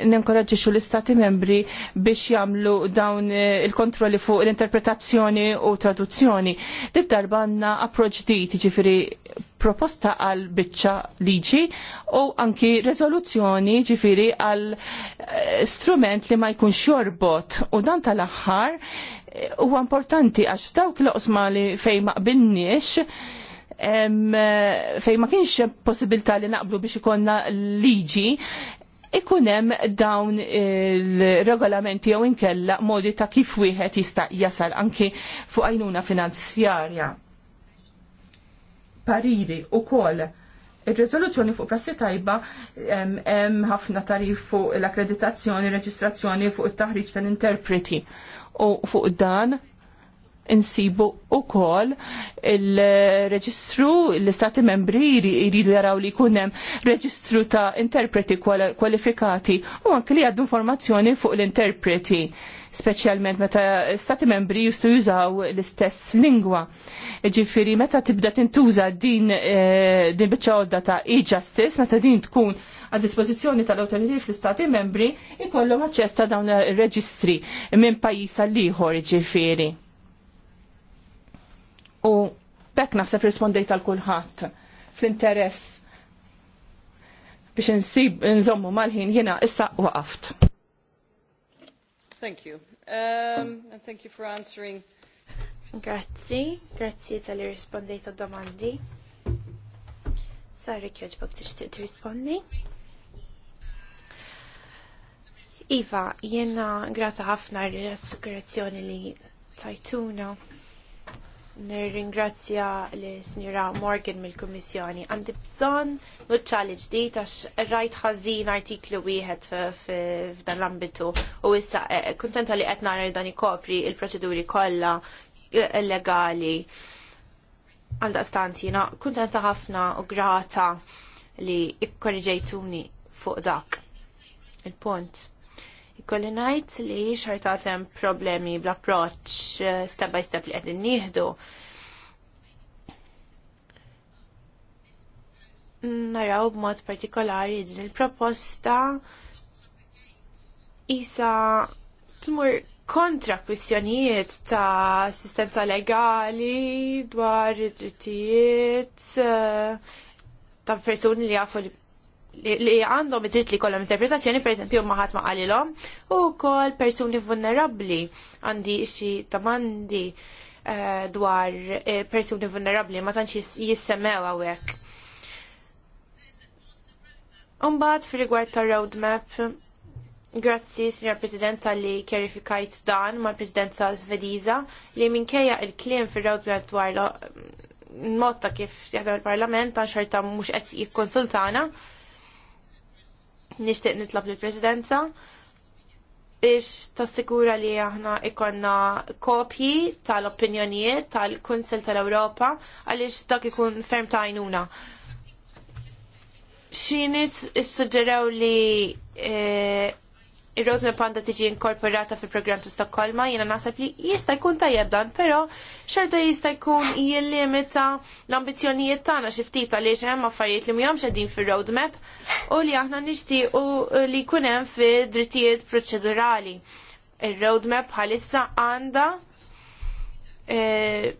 ninkoraġġixxu l-istati membri biex jagħmlu dawn eh, il-kontrolli fuq l-interpretazzjoni u traduzzjoni. Dit darba għandna approċ ġdid, ġifieri proposta għal biċċa liġi u anki rezoluzzjoni ġifiri għal eh, strument li ma jkunx jorbot u dan tal-aħħar eh, huwa importanti għax f'dawk l li fejn ma qbilniex fej ma kienx possibilità li naqblu biex ikonna liġi, ikun hemm dawn il-regolamenti jew inkella modi ta' kif wieħed jista' jasal anki fuq għajnuna finanzjarja. Pariri u ir Il-rezoluzzjoni fuq prassi tajba hemm ħafna tarif fuq l-akkreditazzjoni, reġistrazzjoni fuq it-taħriġ tal-interpreti. U fuq dan insibu wkoll il-reġistru l-istati membri jridu jaraw li jkun hemm reġistru ta' interpreti kwalifikati u anke li għaddu informazzjoni fuq l-interpreti speċjalment meta stati membri jistu jużaw l-istess lingwa. Ġifiri, meta tibda tintuża din, eh, din bieċa ta' e-justice, meta din tkun għad dispożizzjoni tal-autoriti fl-istati membri, ikollhom aċċess ta' dawn il-reġistri minn pajjiż għall ieħor ġifiri. U bekk naħseb rispondejt għal kulħadd fl-interess biex nsib nżommu mal-ħin jiena issa waqaft. Thank you. Um, and thank you for answering. Grazzi, grazzi tal-li rispondejt għad domandi. Sari kjoġbok tixtieq tirrispondi. Iva, jiena grata ħafna r-assikurazzjoni li tajtuna Nirringrazzja li signora Morgan mill-Kummissjoni. Għandi bżonn nuċċali ġdid għax rajt ħażin artiklu wieħed f'dan l-ambitu u issa e, e, kuntenta li qed nara dan ikopri il-proċeduri kollha e, legali għal daqstant jiena kuntenta ħafna u grata li ikkorriġejtuni fuq dak il-punt Ikolli najt li xartatem problemi bl-approċ eh, step by step li għedin nieħdu. Naraw b'mod partikolari din il-proposta isa tmur kontra kwistjonijiet ta' assistenza legali dwar id-drittijiet eh, ta' persuni li jafu li li għandhom id-dritt li kollhom interpretazzjoni, per eżempju, maħat ma qalilhom, u wkoll persuni vulnerabbli għandi xi domandi eh, dwar eh, persuni vulnerabbli ma tantx jissemmew hawnhekk. Umbagħad fir-rigward tar-roadmap, Grazzi, Signor President, tal-li kjerifikajt dan mal presidenza Svediza li minkejja il-kliem fir-roadmap dwar l ta' kif jaħdem il-Parlament għan xorta mhux qed jikkonsultana. Nixtieq nitlob lill-Presidenza biex tassigura li aħna ikonna kopji tal-opinjonijiet tal-Kunsel tal-Ewropa għaliex dak ikun ferm ta' għajnuna. Xinis suġġeraw li eh, ir-roadmap għandha tiġi inkorporata fil-programm ta' Stokkolma, jiena naħseb li jista' jkun tajjeb dan, però xorta jista' jkun jillimita l-ambizzjonijiet tagħna xi ftit għaliex hemm affarijiet li mhomx qegħdin fir-roadmap u li aħna nixtiequ li jkun hemm fid-drittijiet proċedurali. Ir-roadmap bħalissa għandha e,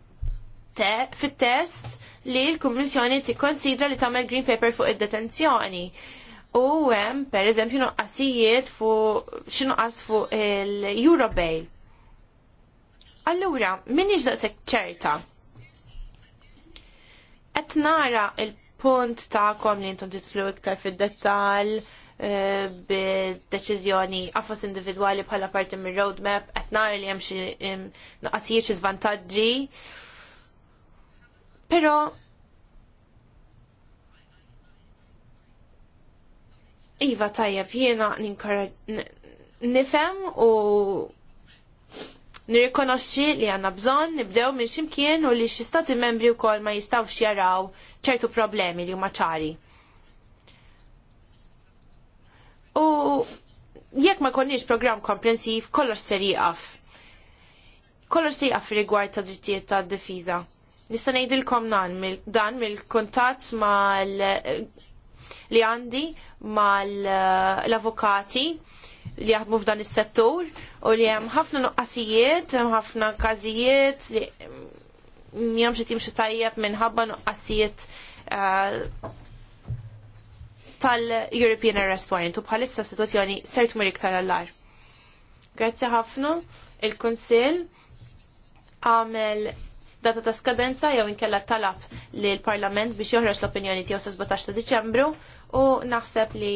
fit-test li l-Kummissjoni tikkonsidra li tagħmel green paper fuq id-detenzjoni U hemm pereżempju noqqasijiet fuq x'inqas fuq il-Eurobail. Allura, min iġda ċerta? Qed nara il-punt tagħkom li intom titlu iktar fid-dettall eh, bid-deċiżjoni qafas individwali bħala parti mir roadmap qed nara li hemm xi noqqasijiet xi żvantaġġi. Però Iva tajjeb jiena nifhem u nirrikonoxxi li għandna bżonn nibdew minn ximkien u li xi stati membri wkoll ma jistgħux jaraw ċertu problemi li huma ċari. U jekk ma konniex programm komprensiv, kollox ser jieqaf. Kollox se jieqaf rigward ta' drittijiet tad difiża. Nista' ngħidilkom dan mill-kuntatt mal li għandi mal-avukati li jaħdmu f'dan is-settur u li hemm ħafna nuqqasijiet, hemm ħafna każijiet li jemx qed jimxu tajjeb minħabba nuqqasijiet uh, tal-European Arrest Warrant u bħalissa situazzjoni ser tmur iktar allar. Grazzi ħafna il-Kunsill għamel data ta' skadenza jew inkella talab li l-Parlament biex joħroġ l-opinjoni tiegħu sa 17 ta' Diċembru u naħseb li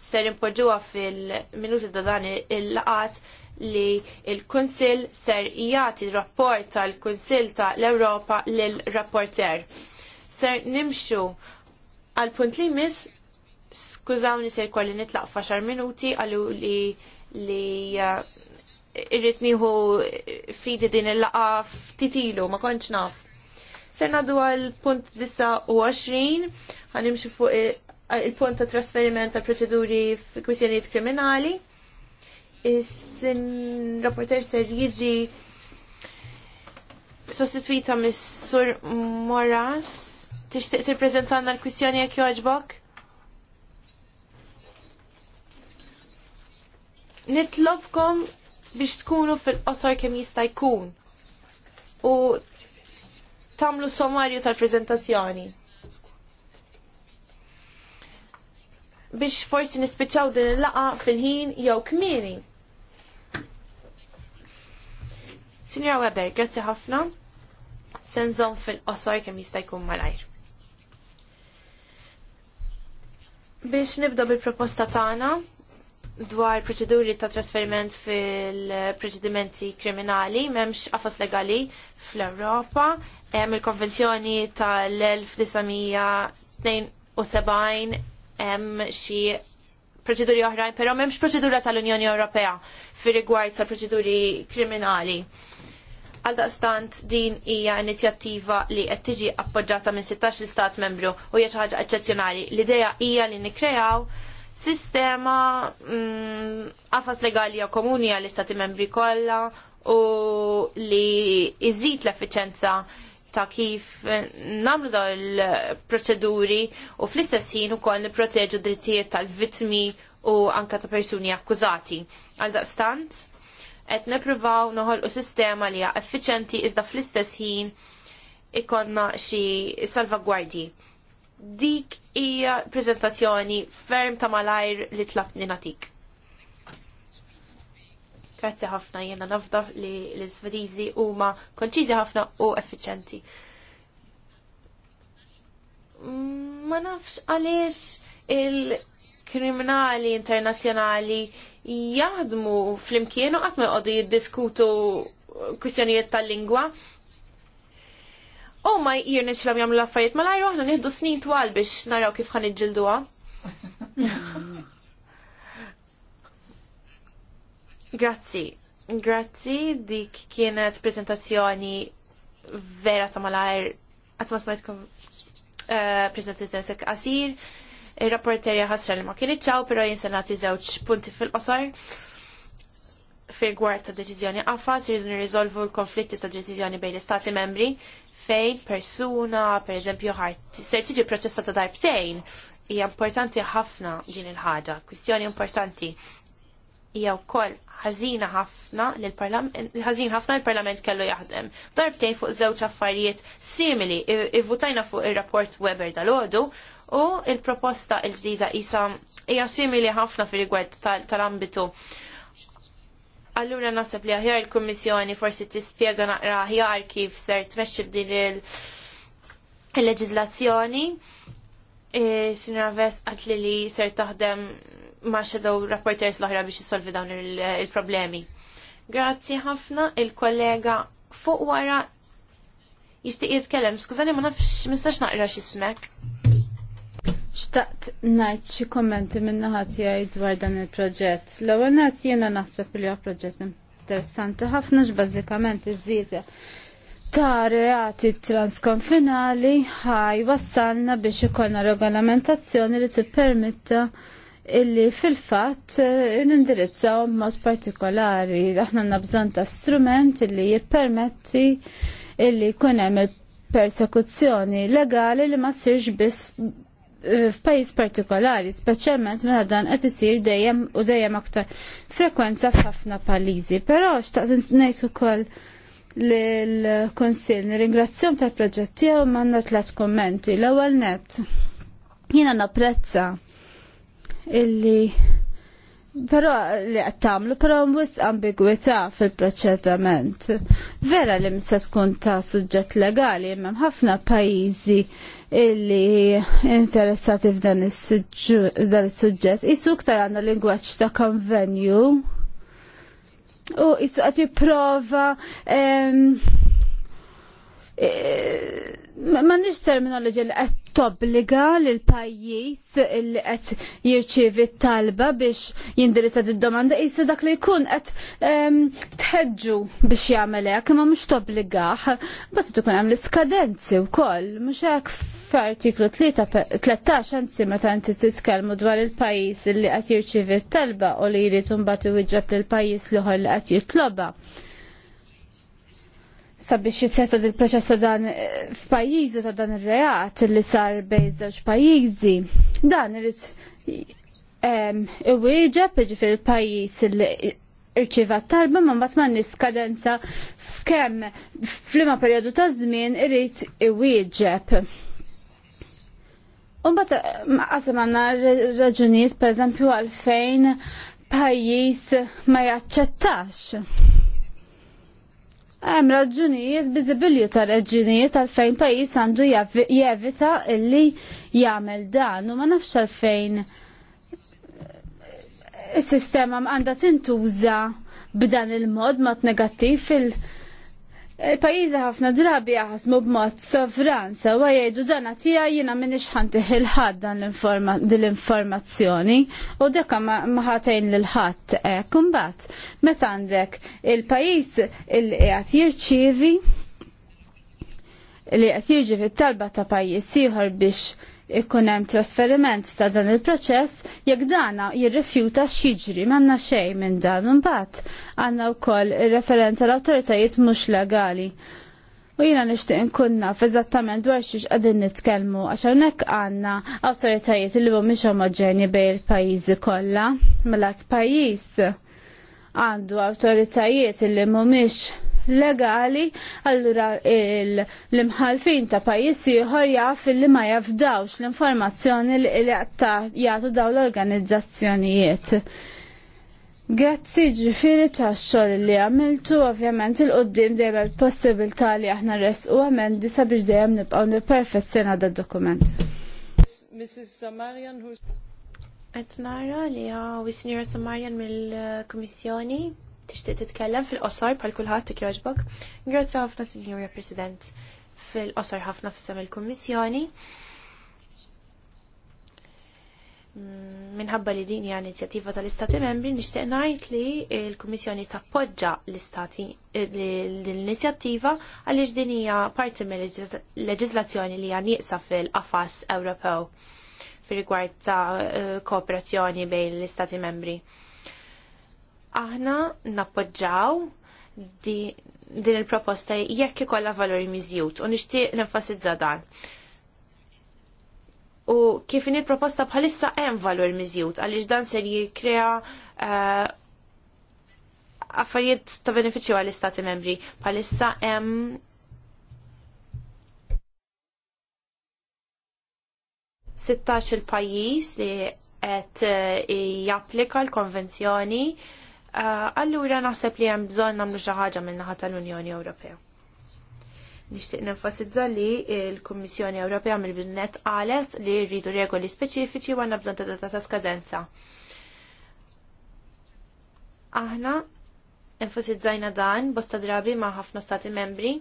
ser impoġġuha fil-minuti ta' dan il-laqat li il-Kunsill ser jagħti rapport tal-Kunsill ta' l-Ewropa lil rapporter. Ser nimxu għal punt li mis skużawni ser kolli nitlaq faxar minuti għallu li li uh, irrit nieħu fidi din il-laqa titilu, ma kontx naf. Ser nadu għal punt 29, ħanimxu fuq il-punt ta' trasferiment ta' proċeduri fi kwistjonijiet kriminali. Is-rapporter ser jiġi sostituita mis-sur Moras. Tixtieq tippreżentanna l-kwistjoni jekk joġbok? Nitlobkom biex tkunu fil-qosor kemm jista' jkun u tamlu sommarju tal-prezentazzjoni. Biex forsi nispiċċaw din il-laqa fil-ħin jew kmieni. Signora Weber, grazzi ħafna. Senżon fil-qosor kemm jista' jkun malajr. Biex nibda bil-proposta tagħna, dwar proċeduri ta' trasferiment fil-proċedimenti kriminali, memx qafas legali fl-Europa, hemm il-konvenzjoni tal-1972 hemm xi proċeduri oħrajn, però memx proċedura tal-Unjoni Ewropea fir rigward tal proċeduri kriminali. Għaldaqstant din hija inizjattiva li qed tiġi appoġġata minn 16 stat membru u hija xi ħaġa eċċezzjonali. L-idea hija li nikkreaw sistema mm, għafas legali ja komuni għall-istati membri kollha u li iżid l-effiċenza ta' kif namlu daw proċeduri u fl-istess ħin ukoll nipproteġu drittijiet tal-vittmi u anka ta' persuni akkużati. Għal daqstant, qed nippruvaw noħolqu sistema li hija effiċenti iżda fl-istess ħin ikonna xi salvagwardji dik hija prezentazzjoni ferm ta' malajr li tlabni natik. Grazzi ħafna jena nafda li l-Svedizi huma konċiżi ħafna u effiċenti. Ma nafx għaliex il-kriminali internazzjonali jaħdmu fl-imkienu għatma jgħodu jiddiskutu kwistjonijiet tal-lingwa U oh ma jirni xlam jamlu laffajiet ma lajru għahna nħiddu snin twal biex naraw kif ħan iġilduwa. Grazzi. Grazzi dik kienet prezentazzjoni vera ta' malajr għatma smajtkom eh, prezentazzjoni sekk qasir. Il-rapporterja ħasra li ma kienieċaw, pero jinsenati zewċ punti fil qosar fil-gwart ta' deċizjoni għafas jridu nirriżolvu l-konflitti ta' deċizjoni bejn l-istati membri fejn persuna, per eżempju, ħart, ser tiġi ta' darbtejn, hija importanti ħafna din il-ħaġa, kwistjoni importanti. Hija wkoll ħażina ħafna lill-Parlament, ħażin ħafna l-Parlament kellu jaħdem. Darbtejn fuq żewġ affarijiet simili ivvutajna fuq ir-rapport Weber dal-għodu u il-proposta l-ġdida isa hija simili ħafna fir tal-ambitu tal ambitu Allura naħseb li aħjar il-Kummissjoni forsi tispjega naqra aħjar kif ser tmexxi b'din il-leġiżlazzjoni. E, Sinra Ves għat li li ser taħdem ma' xedow rapporters l-oħra biex jissolvi dawn il-problemi. Grazzi ħafna il-kollega fuq wara jishtiq jitkellem. Skużani ma nafx mistax naqra x'ismek. Xtaqt najt xi kommenti minna ħatijaj dwar dan il-proġett. L-ewwel najt jiena naħseb li huwa proġett interessanti ħafna x'bażikament iż ta' reati transkonfinali ħaj wassalna biex ikollna regolamentazzjoni li tippermetta illi fil-fatt eh, nindirizzaw mod partikolari. Aħna nabżon ta' strument illi jippermetti illi jkun hemm il persekuzzjoni legali li ma ssirx biss f'pajjiż partikolari, speċjalment meta dan qed isir dejjem u dejjem aktar frekwenza f'ħafna palizi. Però xtaqt ngħid ukoll lill-Kunsill nirringrazzjom tal-proġett tiegħu m'għandna tliet kommenti. L-ewwel nett jiena napprezza illi Però li qed tagħmlu però mwis ambigwità fil-proċedament. Vera li mista tkun ta' suġġett legali imma ħafna pajjiżi illi interessati f'dan is-suġġett. Isu ktar għandna lingwaġġ ta' konvenju u issu qed jipprova e, ma nix terminoloġi li qed tobbliga lil pajjiż li qed jirċievi t-talba biex jindirizza id-domanda issa dak li jkun qed ehm, tħeġġu biex jagħmel hekk imma mhux tobbligah, bad tkun hemm l-iskadenzi wkoll mhux hekk f'artiklu 13 anzi meta inti titkellmu dwar il-pajjiż li qed jirċievi t-talba u li jrid imbagħad iwieġeb lill pajjiż l-oħor li qed jitlobha sabiex jisseta il proċess ta' dan eh, f'pajjiżu ta' dan ir-reat li sar bejn żewġ pajjiżi. Dan irid iwieġeb jiġifier pajjiż li irċiva talba ma mbagħad m'għandni skadenza f'kemm f'liema perjodu ta' żmien irid iwieġeb. U mbagħad eh, qasam għandna raġunijiet pereżempju għalfejn pajjiż ma jaċċettax Hemm raġunijiet biżibilju ta' raġunijiet għalfejn pajjiż għandu jevita illi jagħmel dan u ma nafx għalfejn eh, il sistema għandha tintuża b'dan il-mod mat negattiv fil- il-pajizi ħafna drabi jaħasmu b'mod sovran, sewa jgħidu Dana tija jina minni xħan tiħil ħad dan l-informazzjoni u dekka maħatajn l ħad kumbat. Meta għandek il pajiz il-għat jirċivi li qed jiġi fit-talba ta' pajjiż ieħor biex ikun hemm trasferiment ta' dan il-proċess jekk dana jirrifjuta x'jiġri m'għandna xejn minn dan imbagħad għandna wkoll ir-referent tal-awtoritajiet mhux legali. U jina nishtiq nkun naf eżattament dwar xiex qegħdin nitkellmu għax hawnhekk għandna awtoritajiet li mhumiex omoġeni bejn il-pajjiżi kollha. Mela pajjiż għandu awtoritajiet li mhumiex legali, allura l-imħalfin ta' pajjiżi ieħor jaf li ma jafdawx l-informazzjoni li jagħtu daw l-organizzazzjonijiet. Grazzi ġifiri ta' xogħol li għamiltu, ovvjament il-qoddim dejjem il-possibilità li aħna resqu għamendi sabiex dejjem nibqgħu nipperfezzjona da' dokument. Mrs. Samarian, who's... Etnara li għaw is-Sinjora Samarian mill-Komissjoni tixtieq titkellem fil-qosor bħal kulħadd jogħġbok. Grazzi ħafna Sinjura President fil-qosor ħafna fisem il-Kummissjoni. Mm, minħabba li din hija inizjattiva tal-Istati Membri nixtieq ngħid li l-Kummissjoni tappoġġa l-Istati eh, l-inizjattiva għaliex din hija parti mill-leġiżlazzjoni li hija nieqsa fil-qafas Ewropew fir rigward ta' eh, kooperazzjoni bejn l-Istati Membri. Aħna nappoġġaw di, din il-proposta jekk ikollha valori miżjud u nixtieq nenfasizza dan. U kif in il-proposta bħalissa hemm valur miżjud għaliex dan se jikkrea uh, eh, affarijiet ta' benefiċċju għall-istati membri bħalissa hemm sittax il-pajjiż li qed eh, japplika l-konvenzjoni Eh, allura naħseb li hemm bżonn nagħmlu xi ħaġa min-naħa tal-Unjoni Ewropea. Nixtieq nenfasizza li l-Kummissjoni Ewropea mill-Binnet qalet li rridu regoli speċifiċi u għandna bżonn ta' data ta' skadenza. Aħna enfasizzajna dan bosta drabi ma' ħafna stati membri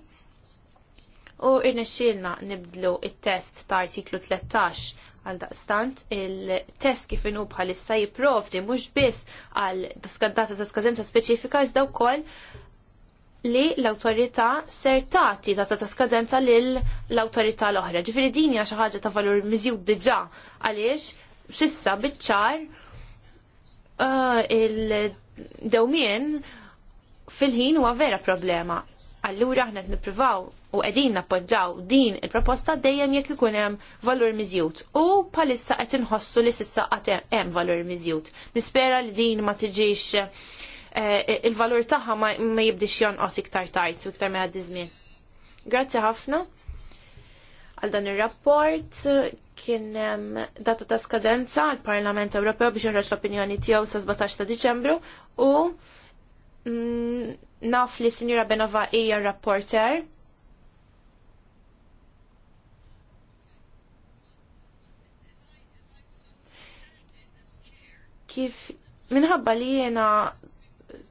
u irnexxielna nibdlu it-test ta' artiklu 13 għal daqstant il-test kif inu bħalissa jipprovdi mhux biss għal data ta' skazenza speċifika iżda wkoll li l-autorità ser tagħti data ta' skadenza li l-autorità l-oħra. Ġifieri din hija xi ħaġa ta' valur miżjud diġà għaliex s'issa biċ-ċar uh, il-dewmien fil-ħin huwa vera problema. Allura aħna nippruvaw u qegħdin nappoġġaw din il-proposta dejjem jekk ikun hemm valur miżjud. U palissa qed inħossu li s'issa qatt hemm valur miżjud. Nispera li din ma tiġix eh, il-valur tagħha ma jibdix jonqos iktar tajt u iktar meħad żmien. Grazzi ħafna għal dan ir-rapport kien data ta' skadenza għal Parlament Ewropew biex joħroġ l-opinjoni tiegħu sa' 17 ta' Diċembru u mm, naf li Sinjura Benova hija rapporter kif minħabba li jena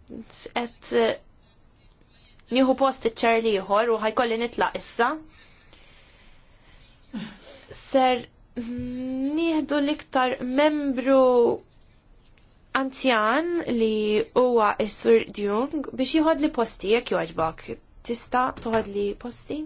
qed eh, nieħu post iċ-ċar liħor u ħajkolli nitlaq issa. Ser nieħdu l-iktar membru anzjan li huwa s-sur Djung biex jieħod li posti jekk jogħġbok. Tista' tuħad li posti?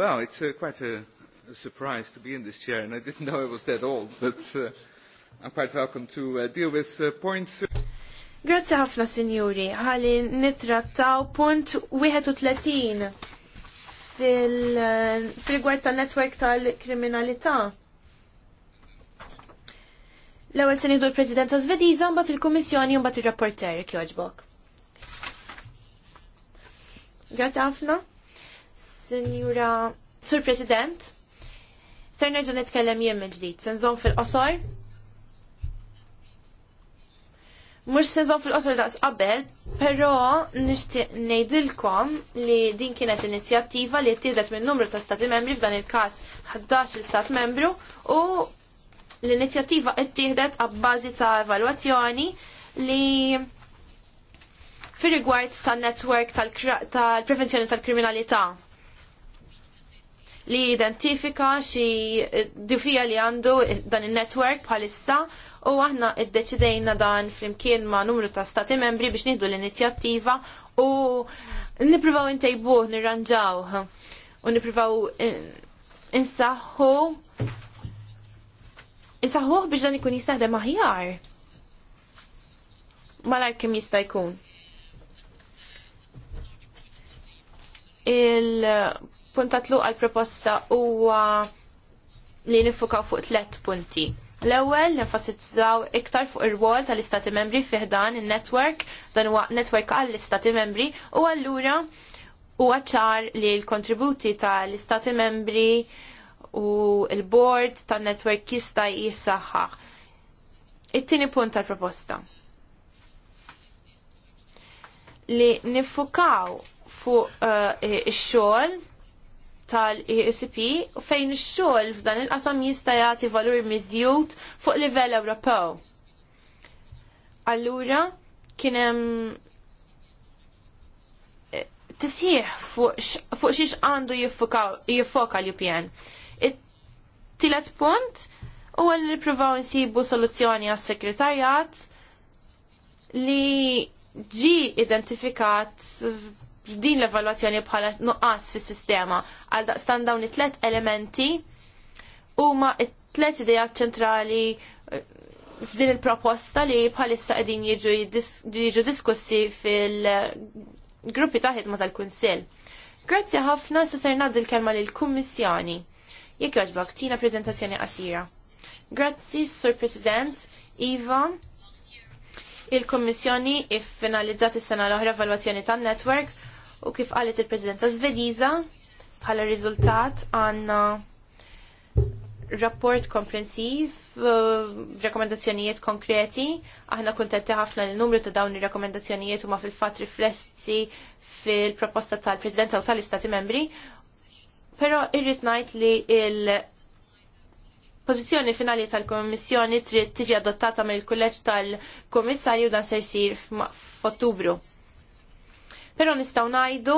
Well, it's uh, quite a, a surprise to be in this chair, and I didn't know I was that old, but uh, I'm quite welcome to uh, deal with uh, points. Grazie ħafna, signori, Ħalli nitrattaw punt 31 fil-rigward uh, tal netwerk tal-kriminalità. L-ewwel se l-Presidenta Zvediza mbagħad il-Kummissjoni u mbagħad ir-rapporter kjoġbok. Grazie ħafna. Signora Sur President, ser nerġa' nitkellem jien il-ġdid, se nżomm fil-qosor. Mhux se fil-qosor daqs qabel, però nixtieq ngħidilkom li din kienet inizjattiva li ttiedet minn numru ta' stati membri f'dan il-każ 11 stat membru u l-inizjattiva ttieħdet għabbazi ta' evalwazzjoni li fir rigward tan netwerk tal-prevenzjoni tal-kriminalità. tal prevenzjoni tal kriminalità li identifika xi eh, dufija li għandu dan il-network bħalissa u aħna id-deċidejna dan flimkien ma' numru ta' stati membri biex nieħdu l-inizjattiva u nipruvaw intejbuh, nirranġaw u nipruvaw insaħħu Insaħħuħ biex dan ikun jistaħdem aħjar. Malaj kem jista' jkun. il puntatlu għal-proposta huwa li nifukaw fuq tlet punti. L-ewwel nenfasizzaw iktar fuq ir wol tal-Istati Membri fih dan in-network, dan huwa network għall-Istati Membri, u allura huwa ċar li l-kontributi tal-Istati Membri u l-board tan-network jista' jissaħħa. It-tieni punt tal-proposta. Li nifukaw fuq eh, ix-xogħol tal-ECP fejn ix-xogħol f'dan il-qasam jista' jagħti valur miżjud fuq livell Ewropew. Allura kien hemm eh, tisħiħ fuq xiex għandu jiffoka l-UPN. Tilet punt u għal nipruvaw nsibu soluzzjoni għas sekretarjat li ġi identifikat din l-evalwazzjoni bħala nuqqas fis-sistema għal daqstan dawn it-tlet elementi huma t-tlet idea ċentrali eh, f'din il-proposta li bħalissa qegħdin jiġu diskussi fil-gruppi ta' ħidma tal-Kunsill. Grazzi ħafna se ser ngħaddi l-kelma lill-Kummissjoni. Jekk jogħġbok tina preżentazzjoni qasira. Grazzi, Sur President, Iva, il-Kommissjoni if-finalizzat is-sena l-oħra evalwazzjoni tan-network u kif qalet il-Presidenza Svediża bħala riżultat għandna rapport komprensiv, uh, rekomendazzjonijiet konkreti. Aħna kuntenti ħafna li numru ta' dawn il rekomendazzjonijiet huma fil-fatt riflessi fil-proposta tal-Presidenza u tal-Istati membri. Però irrid ngħid li il pożizzjoni finali tal-Kommissjoni trid tiġi adottata mill-kulleġġ tal-Kummissarju dan se jsir f'Ottubru. Però nistgħu ngħidu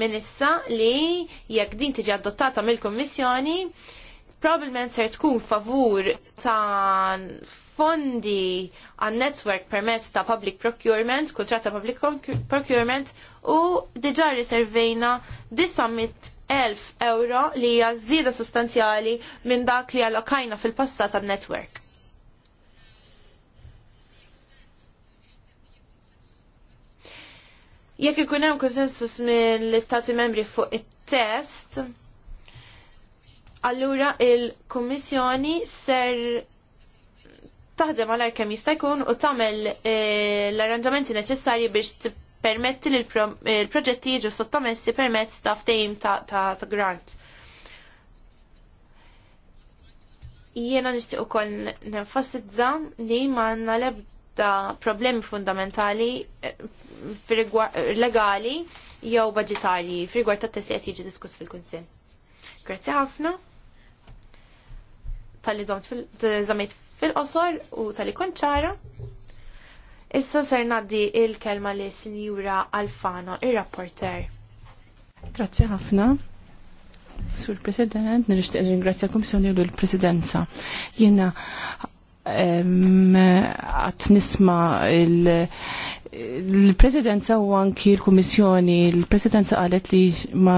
minn issa li jekk din tiġi adottata mill-Kummissjoni, probablement ser tkun favur ta' fondi għan network permezz ta' public procurement, kontrat ta' public procurement u diġa riservejna 900.000 euro li hija żieda sostanzjali minn dak li allokajna fil-passat għan network. jekk ikun hemm konsensus mill-Istati membri fuq it-test, allura il-Kummissjoni ser taħdem għal kemm jista' jkun u tagħmel eh, l-arranġamenti neċessarji biex tippermetti li l-proġetti jiġu sottomessi permezz ta' ftehim ta' grant. Jiena nixtieq ukoll nenfasizza li m'għandna l-ebda ta' problemi fundamentali eh, legali jew budgetari f'rigward ta' test li qed jiġi diskuss fil-Kunsill. Grazzi ħafna tal-li domt fil-żamiet fil-qosor u tal-li konċara. Issa ser naddi il-kelma li Sinjura Alfano, il-rapporter. Grazie ħafna. Sur President, nirixtieq ringrazzja l-Kummissjoni u l-Presidenza. Jiena għat nisma il-presidenza u anki l-komissjoni, l-presidenza għalet li ma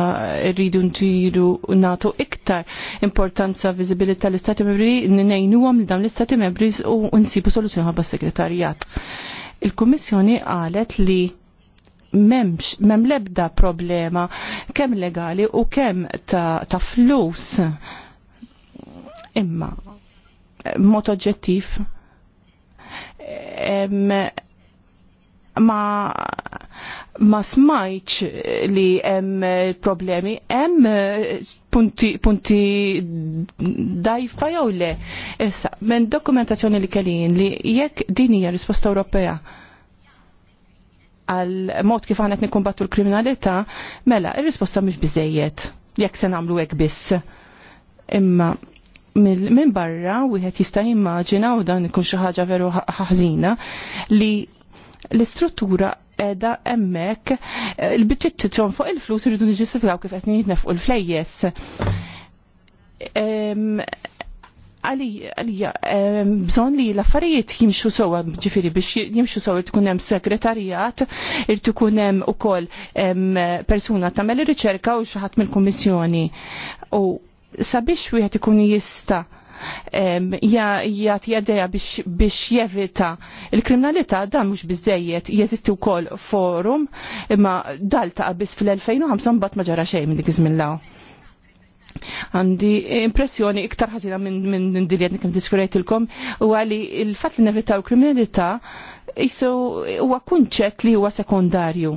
rridu ntiru natu iktar importanza vizibilita l-istati membri, n-nejnu għam l-dam l-istati membri u nsibu soluzjoni għabba segretarjat. Il-komissjoni għalet li memx, mem lebda problema kem legali u kem ta, ta flus. Imma, mod oġġettiv ma ma smajċ li hemm problemi, hemm punti, punti dajfa jew le. Issa, minn dokumentazzjoni li kellin li jekk din hija risposta Ewropea għal mod kif għanet nikumbattu l-kriminalità, mela, ir risposta mhux biżejjed jekk se nagħmlu hekk biss. Imma minn barra wieħed jista' jimmaġina u dan ikun xi ħaġa veru ħażina li l-istruttura edha emmek eh, il-bidġet titron fuq il-flus irridu niġġistifikaw kif qed nitnefqu l-flejjes. Għalija, bżon li l-affarijiet jimxu sowa, ġifiri biex jimxu sowa tkun hemm segretarijat, irtu kun hemm ukoll persuna tagħmel ir-riċerka u xi ħadd mill-kummissjoni. U sabiex wieħed ikun jista' jagħti għadeja biex jevita il-kriminalità dan mhux biżejjed jeżisti wkoll forum imma dal ta' biss fl-2005 mbagħad ma ġara xejn minn dik iżmillaw. Għandi impressjoni iktar ħażina minn min diljet nikem diskurajtilkom u għali il-fat li nevitaw kriminalità jisu huwa kunċett li huwa sekundarju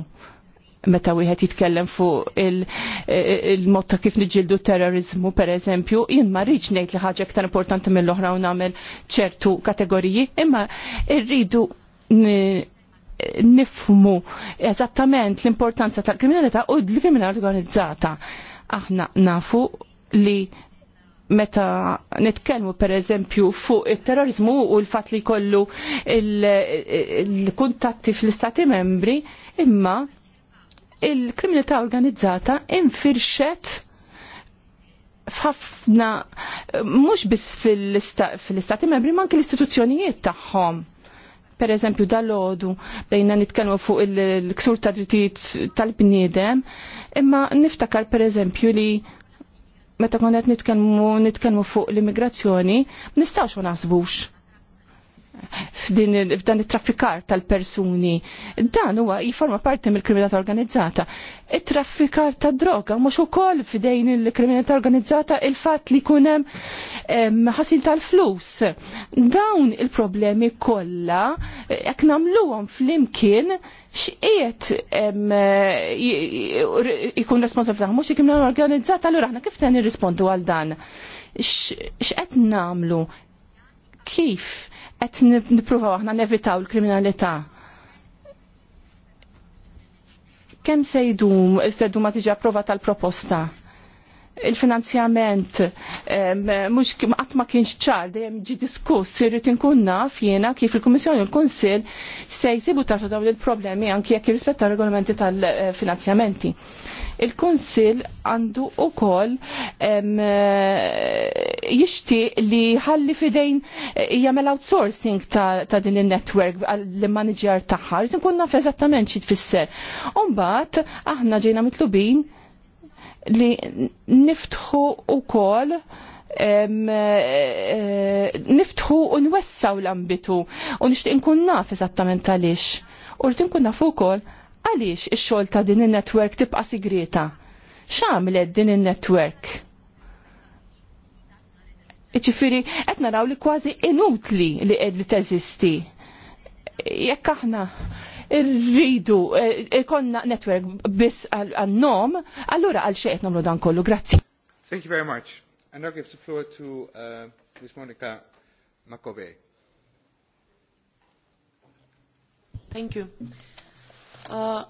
meta wieħed jitkellem fuq il-mod ta' kif niġġieldu terrorizmu pereżempju, jien ma rridx ngħid li ħaġa aktar importanti mill-oħra u nagħmel ċertu kategoriji, imma rridu nifmu eżattament l-importanza tal-kriminalità u l-kriminalità organizzata. Aħna nafu li meta nitkellmu per eżempju fuq il-terrorizmu u l-fat li kollu il-kuntatti fl-istati membri, imma il-kriminalità organizzata infirxet f'ħafna mhux biss fil-istati membri ma anke l-istituzzjonijiet tagħhom. Per eżempju dal-ħodu bejna nitkellmu fuq il-ksur ta' drittijiet tal-bniedem, imma niftakar per eżempju li meta kont qed nitkellmu nitkellmu fuq l-immigrazzjoni, nistgħux ma naħsbux f'dan it-traffikar tal-persuni. Dan huwa jiforma parti mill-kriminalità organizzata. It-traffikar ta' droga mhux ukoll f'dejn il-kriminalità organizzata il-fatt li jkun hemm ħasin tal-flus. Dawn il-problemi kollha jekk nagħmluhom flimkien x'qiegħed ikun responsabbli mhux il-kriminalità organizzata, allura aħna kif tani nirrispondu għal dan? x'qed namlu kif qed nippruvaw aħna nevitaw il-kriminalità. Kemm se jdum, il jdum ma tiġi approva tal-proposta? il-finanzjament mhux qatt ma kienx ċar dejjem ġi diskuss irrid inkun naf jiena kif il-Kummissjoni u l-Kunsill se jsibu tartu dawn il-problemi anki jekk jirrispetta regolamenti tal-finanzjamenti. Il-Kunsill għandu ukoll jixti li ħalli fidejn eh, jagħmel outsourcing ta' din il-network l-manager tagħha, rid inkun naf eżattament xi tfisser. U aħna ġejna mitlubin li niftħu wkoll eh, niftħu u nwessaw l-ambitu u nishtiq nkun naf eżattament għaliex. U rrid nkun naf ukoll għaliex ix-xogħol ta' din in-netwerk tibqa' sigrita. X'għamlet din in-netwerk? Iċifiri, qed naraw li kważi inutli li qed li teżisti. Jekk aħna rridu eh, ikonna network biss għal-nom, allura għal xejn nomlu dan kollu. Grazzi. Thank you very much. And now give the floor to uh, Ms. Monica Makove. Thank you. Uh,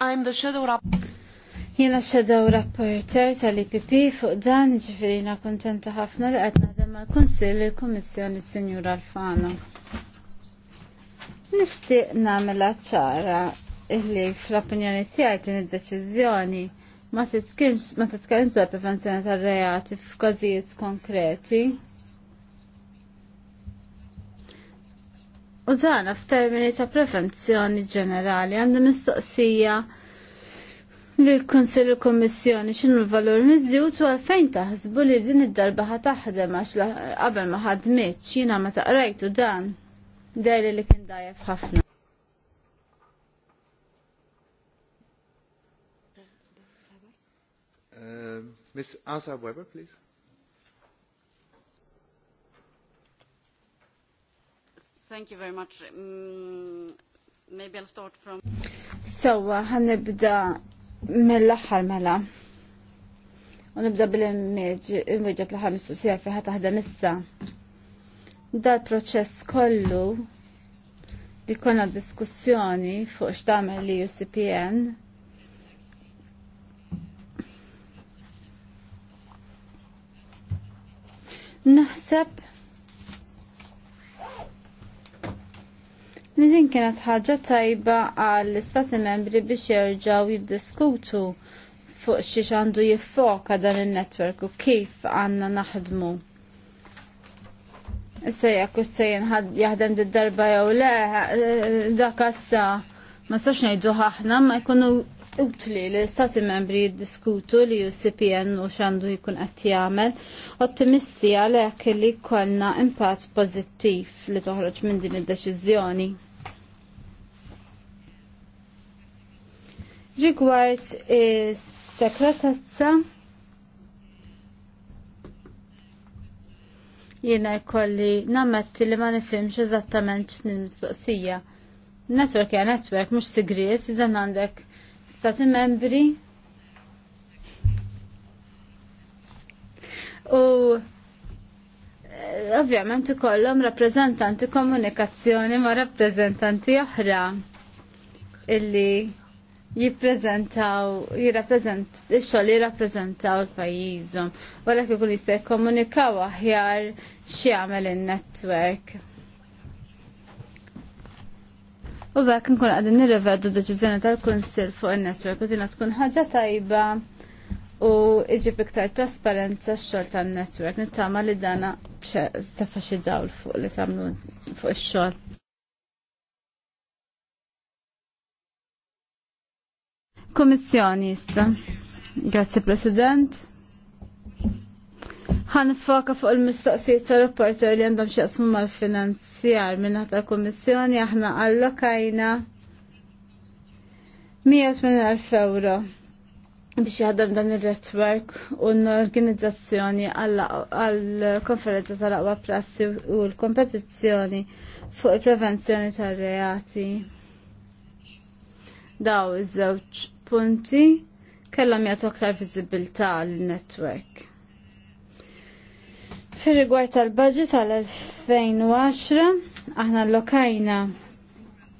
I'm the shadow rapporteur. Jena xedaw rapporter tal-IPP fuq dan ġifirina kontenta ħafna li għetna demma konsil il-Komissjoni Senjura Alfano. Nishtiq namela ċara illi fl-opinjoni tiegħi din id-deċiżjoni ma titkinx ma prevenzjoni tar-reati f'każijiet konkreti. U żana f'termini ta' prevenzjoni ġenerali għandhom mistoqsija li l konsilju Kommissjoni x'inhu l-valur miżjud u għalfejn taħsbu li din id-darba ħataħdem taħdem għax qabel ma ħadmitx jiena ma taqrajtu dan. Dejli li kien dajef ħafna. Uh, Miss Asa Weber, please. Thank you very much. Mm, maybe I'll start from... So, so, uh, ħanibda mill-axar mela. U nibda bil-imieġ, imieġa bl-ħar mistoqsija fi ħata ħda nissa dal proċess kollu li konna diskussjoni fuq x'tagħmel li UCPN naħseb li din kienet ħaġa tajba għall istati membri biex jerġgħu jiddiskutu fuq xi għandu jiffoka dan il-netwerk u kif għandna naħdmu. Issa jekk sejn jaħdem darba jew le, dak issa ma sax ngħidu ħaħna ma jkunu utli li l-istati membri jiddiskutu li CPN u x'għandu jkun qed jagħmel. Ottimisti għalhekk li kollna impatt pożittiv li toħroġ minn din id-deċiżjoni. Rigward is-sekretezza Jiena jkolli nammetti li ma nifimx eżattament x'nil Network ja network mhux sigriet dan għandek stati membri u eh, ovvjament ikollhom rappreżentanti komunikazzjoni ma' rappreżentanti oħra illi jippreżentaw, jirrappreżent, ix-xogħol jirrappreżentaw l-pajjiżhom, wara kif ikun jista' jikkomunikaw aħjar għamel in-netwerk. U bħak nkun għadin nirrevedu deċiżjoni tal-Kunsill fuq in-netwerk u dinha tkun ħaġa tajba u iġib iktar trasparenza x-xogħol tan-netwerk nittama li dana tefaxxi dawl fuq li samlu fuq ix Kommissjoni issa. Grazie President. Ħan foka fuq il-mistoqsijiet ta' rapporter li għandhom xaqsmu mal-finanzjar minna ta' kommissjoni aħna allokajna 180.000 euro biex jaħdem dan il retwork u l-organizzazzjoni għall-konferenza tal-aqwa prassi u l-kompetizzjoni fuq il-prevenzjoni tal-reati. Daw iż-żewġ punti kellhom jagħtu aktar viżibilità lin-netwerk. Fir-rigward tal-budget għal 2010 aħna lokajna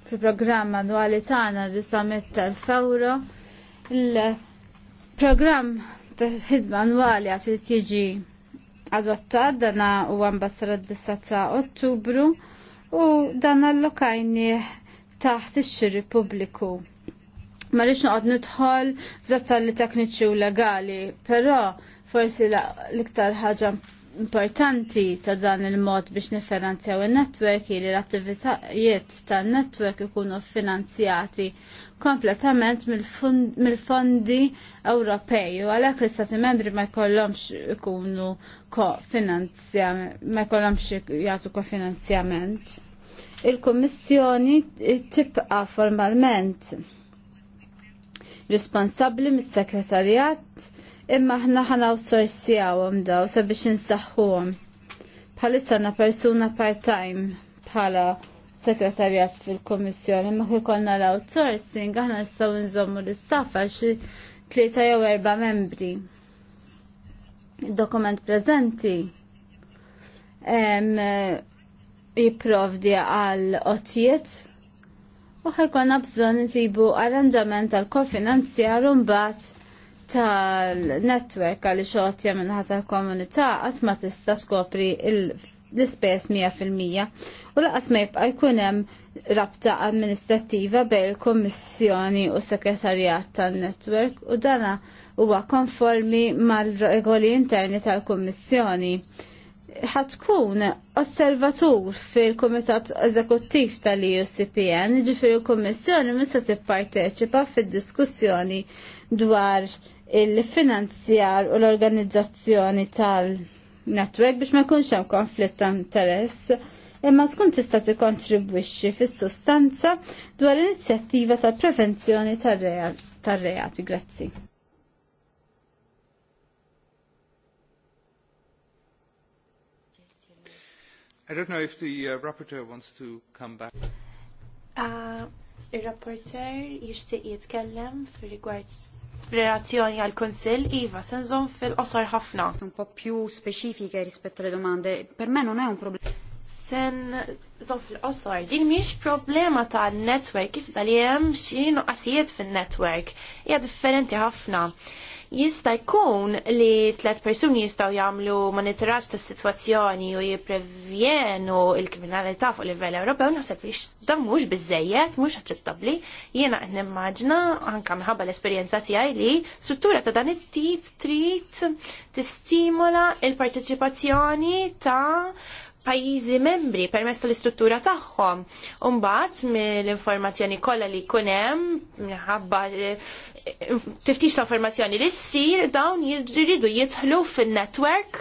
fil programm dwali tagħna li samet tal-fawro il-programm ta' ħidma annwali għat li tiġi adottat dana u ambassarat bissa ta' Ottubru u dan għall-lokajni taħt ix-xiri pubbliku ma rix noqgħod nidħol li tekniċi u legali, però forsi l-iktar ħaġa importanti ta' dan il-mod biex nifinanzjaw il-network li l-attivitajiet tan-network ikunu finanzjati kompletament mill-fondi Ewropej u għalhekk l-istati membri ma jkollhomx ikunu ma jkollhomx jagħtu kofinanzjament. Il-Kummissjoni tibqa' formalment responsabbli mis-sekretarjat imma aħna ħana outsourcjawhom daw sabiex insaħħuhom. Bħalissa na persuna part-time bħala sekretarjat fil komissjoni imma kikolna l-outsourcing aħna nistaw nżommu l-istaff għax tlieta jew erba' membri. Dokument preżenti jiprovdi għal otijiet u ħajkonna bżon nsibu arranġament tal-kofinanzjar un bat tal-network għal xogħol minnħata tal-komunità qatt ma tista' skopri l-ispess 100% u laqas ma jibqa' jkun hemm rabta amministrattiva bejn il kommissjoni u s-Sekretarjat tal-network u dana huwa konformi mal-regoli interni tal-Kummissjoni ħatkun osservatur fil-Kumitat Eżekuttiv tal-EUCPN, ġifir il-Kummissjoni mista tipparteċipa fil-diskussjoni dwar il-finanzjar u l-organizzazzjoni tal-netwerk biex ma jkunx hemm konflitt ta' interess imma tkun tista' tikkontribwixxi fis-sustanza dwar l-inizjattiva tal-prevenzjoni tar-reati. Grazzi. I don't know if the uh, rapporteur wants to come back. Uh, Il-rapporter jishtiq jitkellem fil-rigward relazzjoni għal konsil Iva, senżon fil-qosor ħafna. Un po' più specifiche rispetto alle domande, per me non è un problema. Sen, zon fil-qosor, din miex problema ta' network, jisda li jem xie fil-network, hija differenti ħafna. Jista' jkun li tliet persuni jistgħu jagħmlu monitoraġġ tas-sitwazzjoni u jipprevjenu l-kriminalità fuq livell Ewropew naħseb li dan mhux biżejjed, mhux aċċettabbli. Jiena qed nimmaġna anke minħabba l-esperjenza tiegħi li struttura ta' dan it-tip trid tistimola l-parteċipazzjoni ta' pajjiżi membri permess tal-istruttura tagħhom. mbagħad mill-informazzjoni kollha li jkun hemm ħabba eh, tiftix ta' informazzjoni li ssir dawn jridu jidħlu fin-netwerk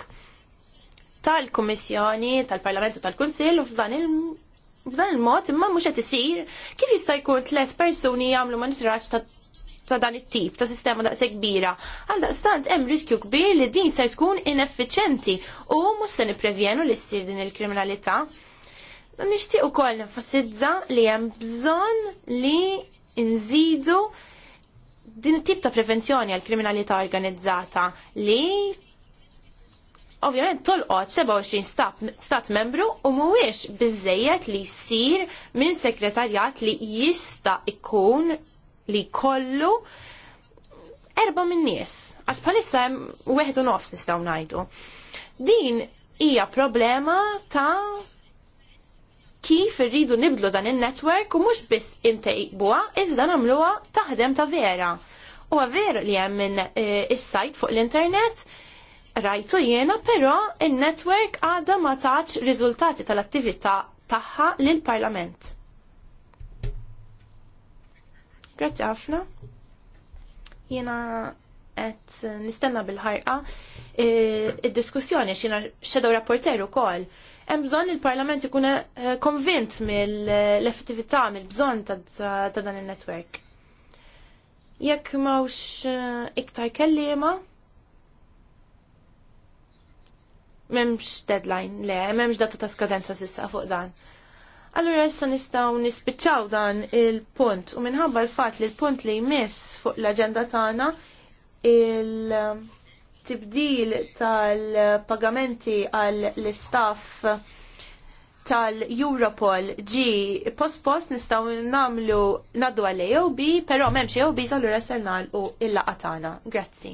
tal-Kummissjoni, tal-Parlamentu, tal-Kunsill u f'dan il b'dan il-mod imma mhux qed isir kif jista' jkun tliet persuni jagħmlu monitoraġġ ta' ta' dan it-tip ta' sistema daqse kbira. Għal stant hemm riskju kbir li din ser tkun ineffiċenti u mhux se niprevjenu li ssir din il-kriminalità. Nixtieq ukoll nenfasizza li hemm bżonn li nżidu din it-tip ta' prevenzjoni għal kriminalità organizzata li ovvjament tolqot 27 stat, stat membru u mhuwiex biżejjed li jsir minn sekretarjat li jista' ikun li kollu erba minn nies. Għax palissa wieħed u nofs nistgħu ngħidu. Din hija problema ta' kif irridu nibdlu dan il-network u mhux biss intejbuha iżda nagħmluha taħdem ta' vera. U veru li hemm minn eh, is-sajt fuq l-internet rajtu jiena, però il-network għadha ma taċ riżultati tal-attività tagħha lill-Parlament. Grazzi ħafna. Jena qed nistenna bil-ħarqa e, id-diskussjoni xina xedaw rapporter kol. Hemm bżonn il-Parlament ikun e, konvint mill-effettività mill-bżonn ta' dan il-netwerk. Jekk mawx e, iktar kellima, memx deadline, le, memx data ta' skadenza sissa fuq dan. Allura issa nistgħu nispiċċaw dan il-punt u minħabba l-fatt li l-punt li jmiss fuq l-aġenda tagħna il-tibdil tal-pagamenti għall-istaff tal-Europol ġi post-post nistaw namlu naddu għal-EOB, pero memx EOB zal-ura ser nalqu il-laqatana. Grazzi.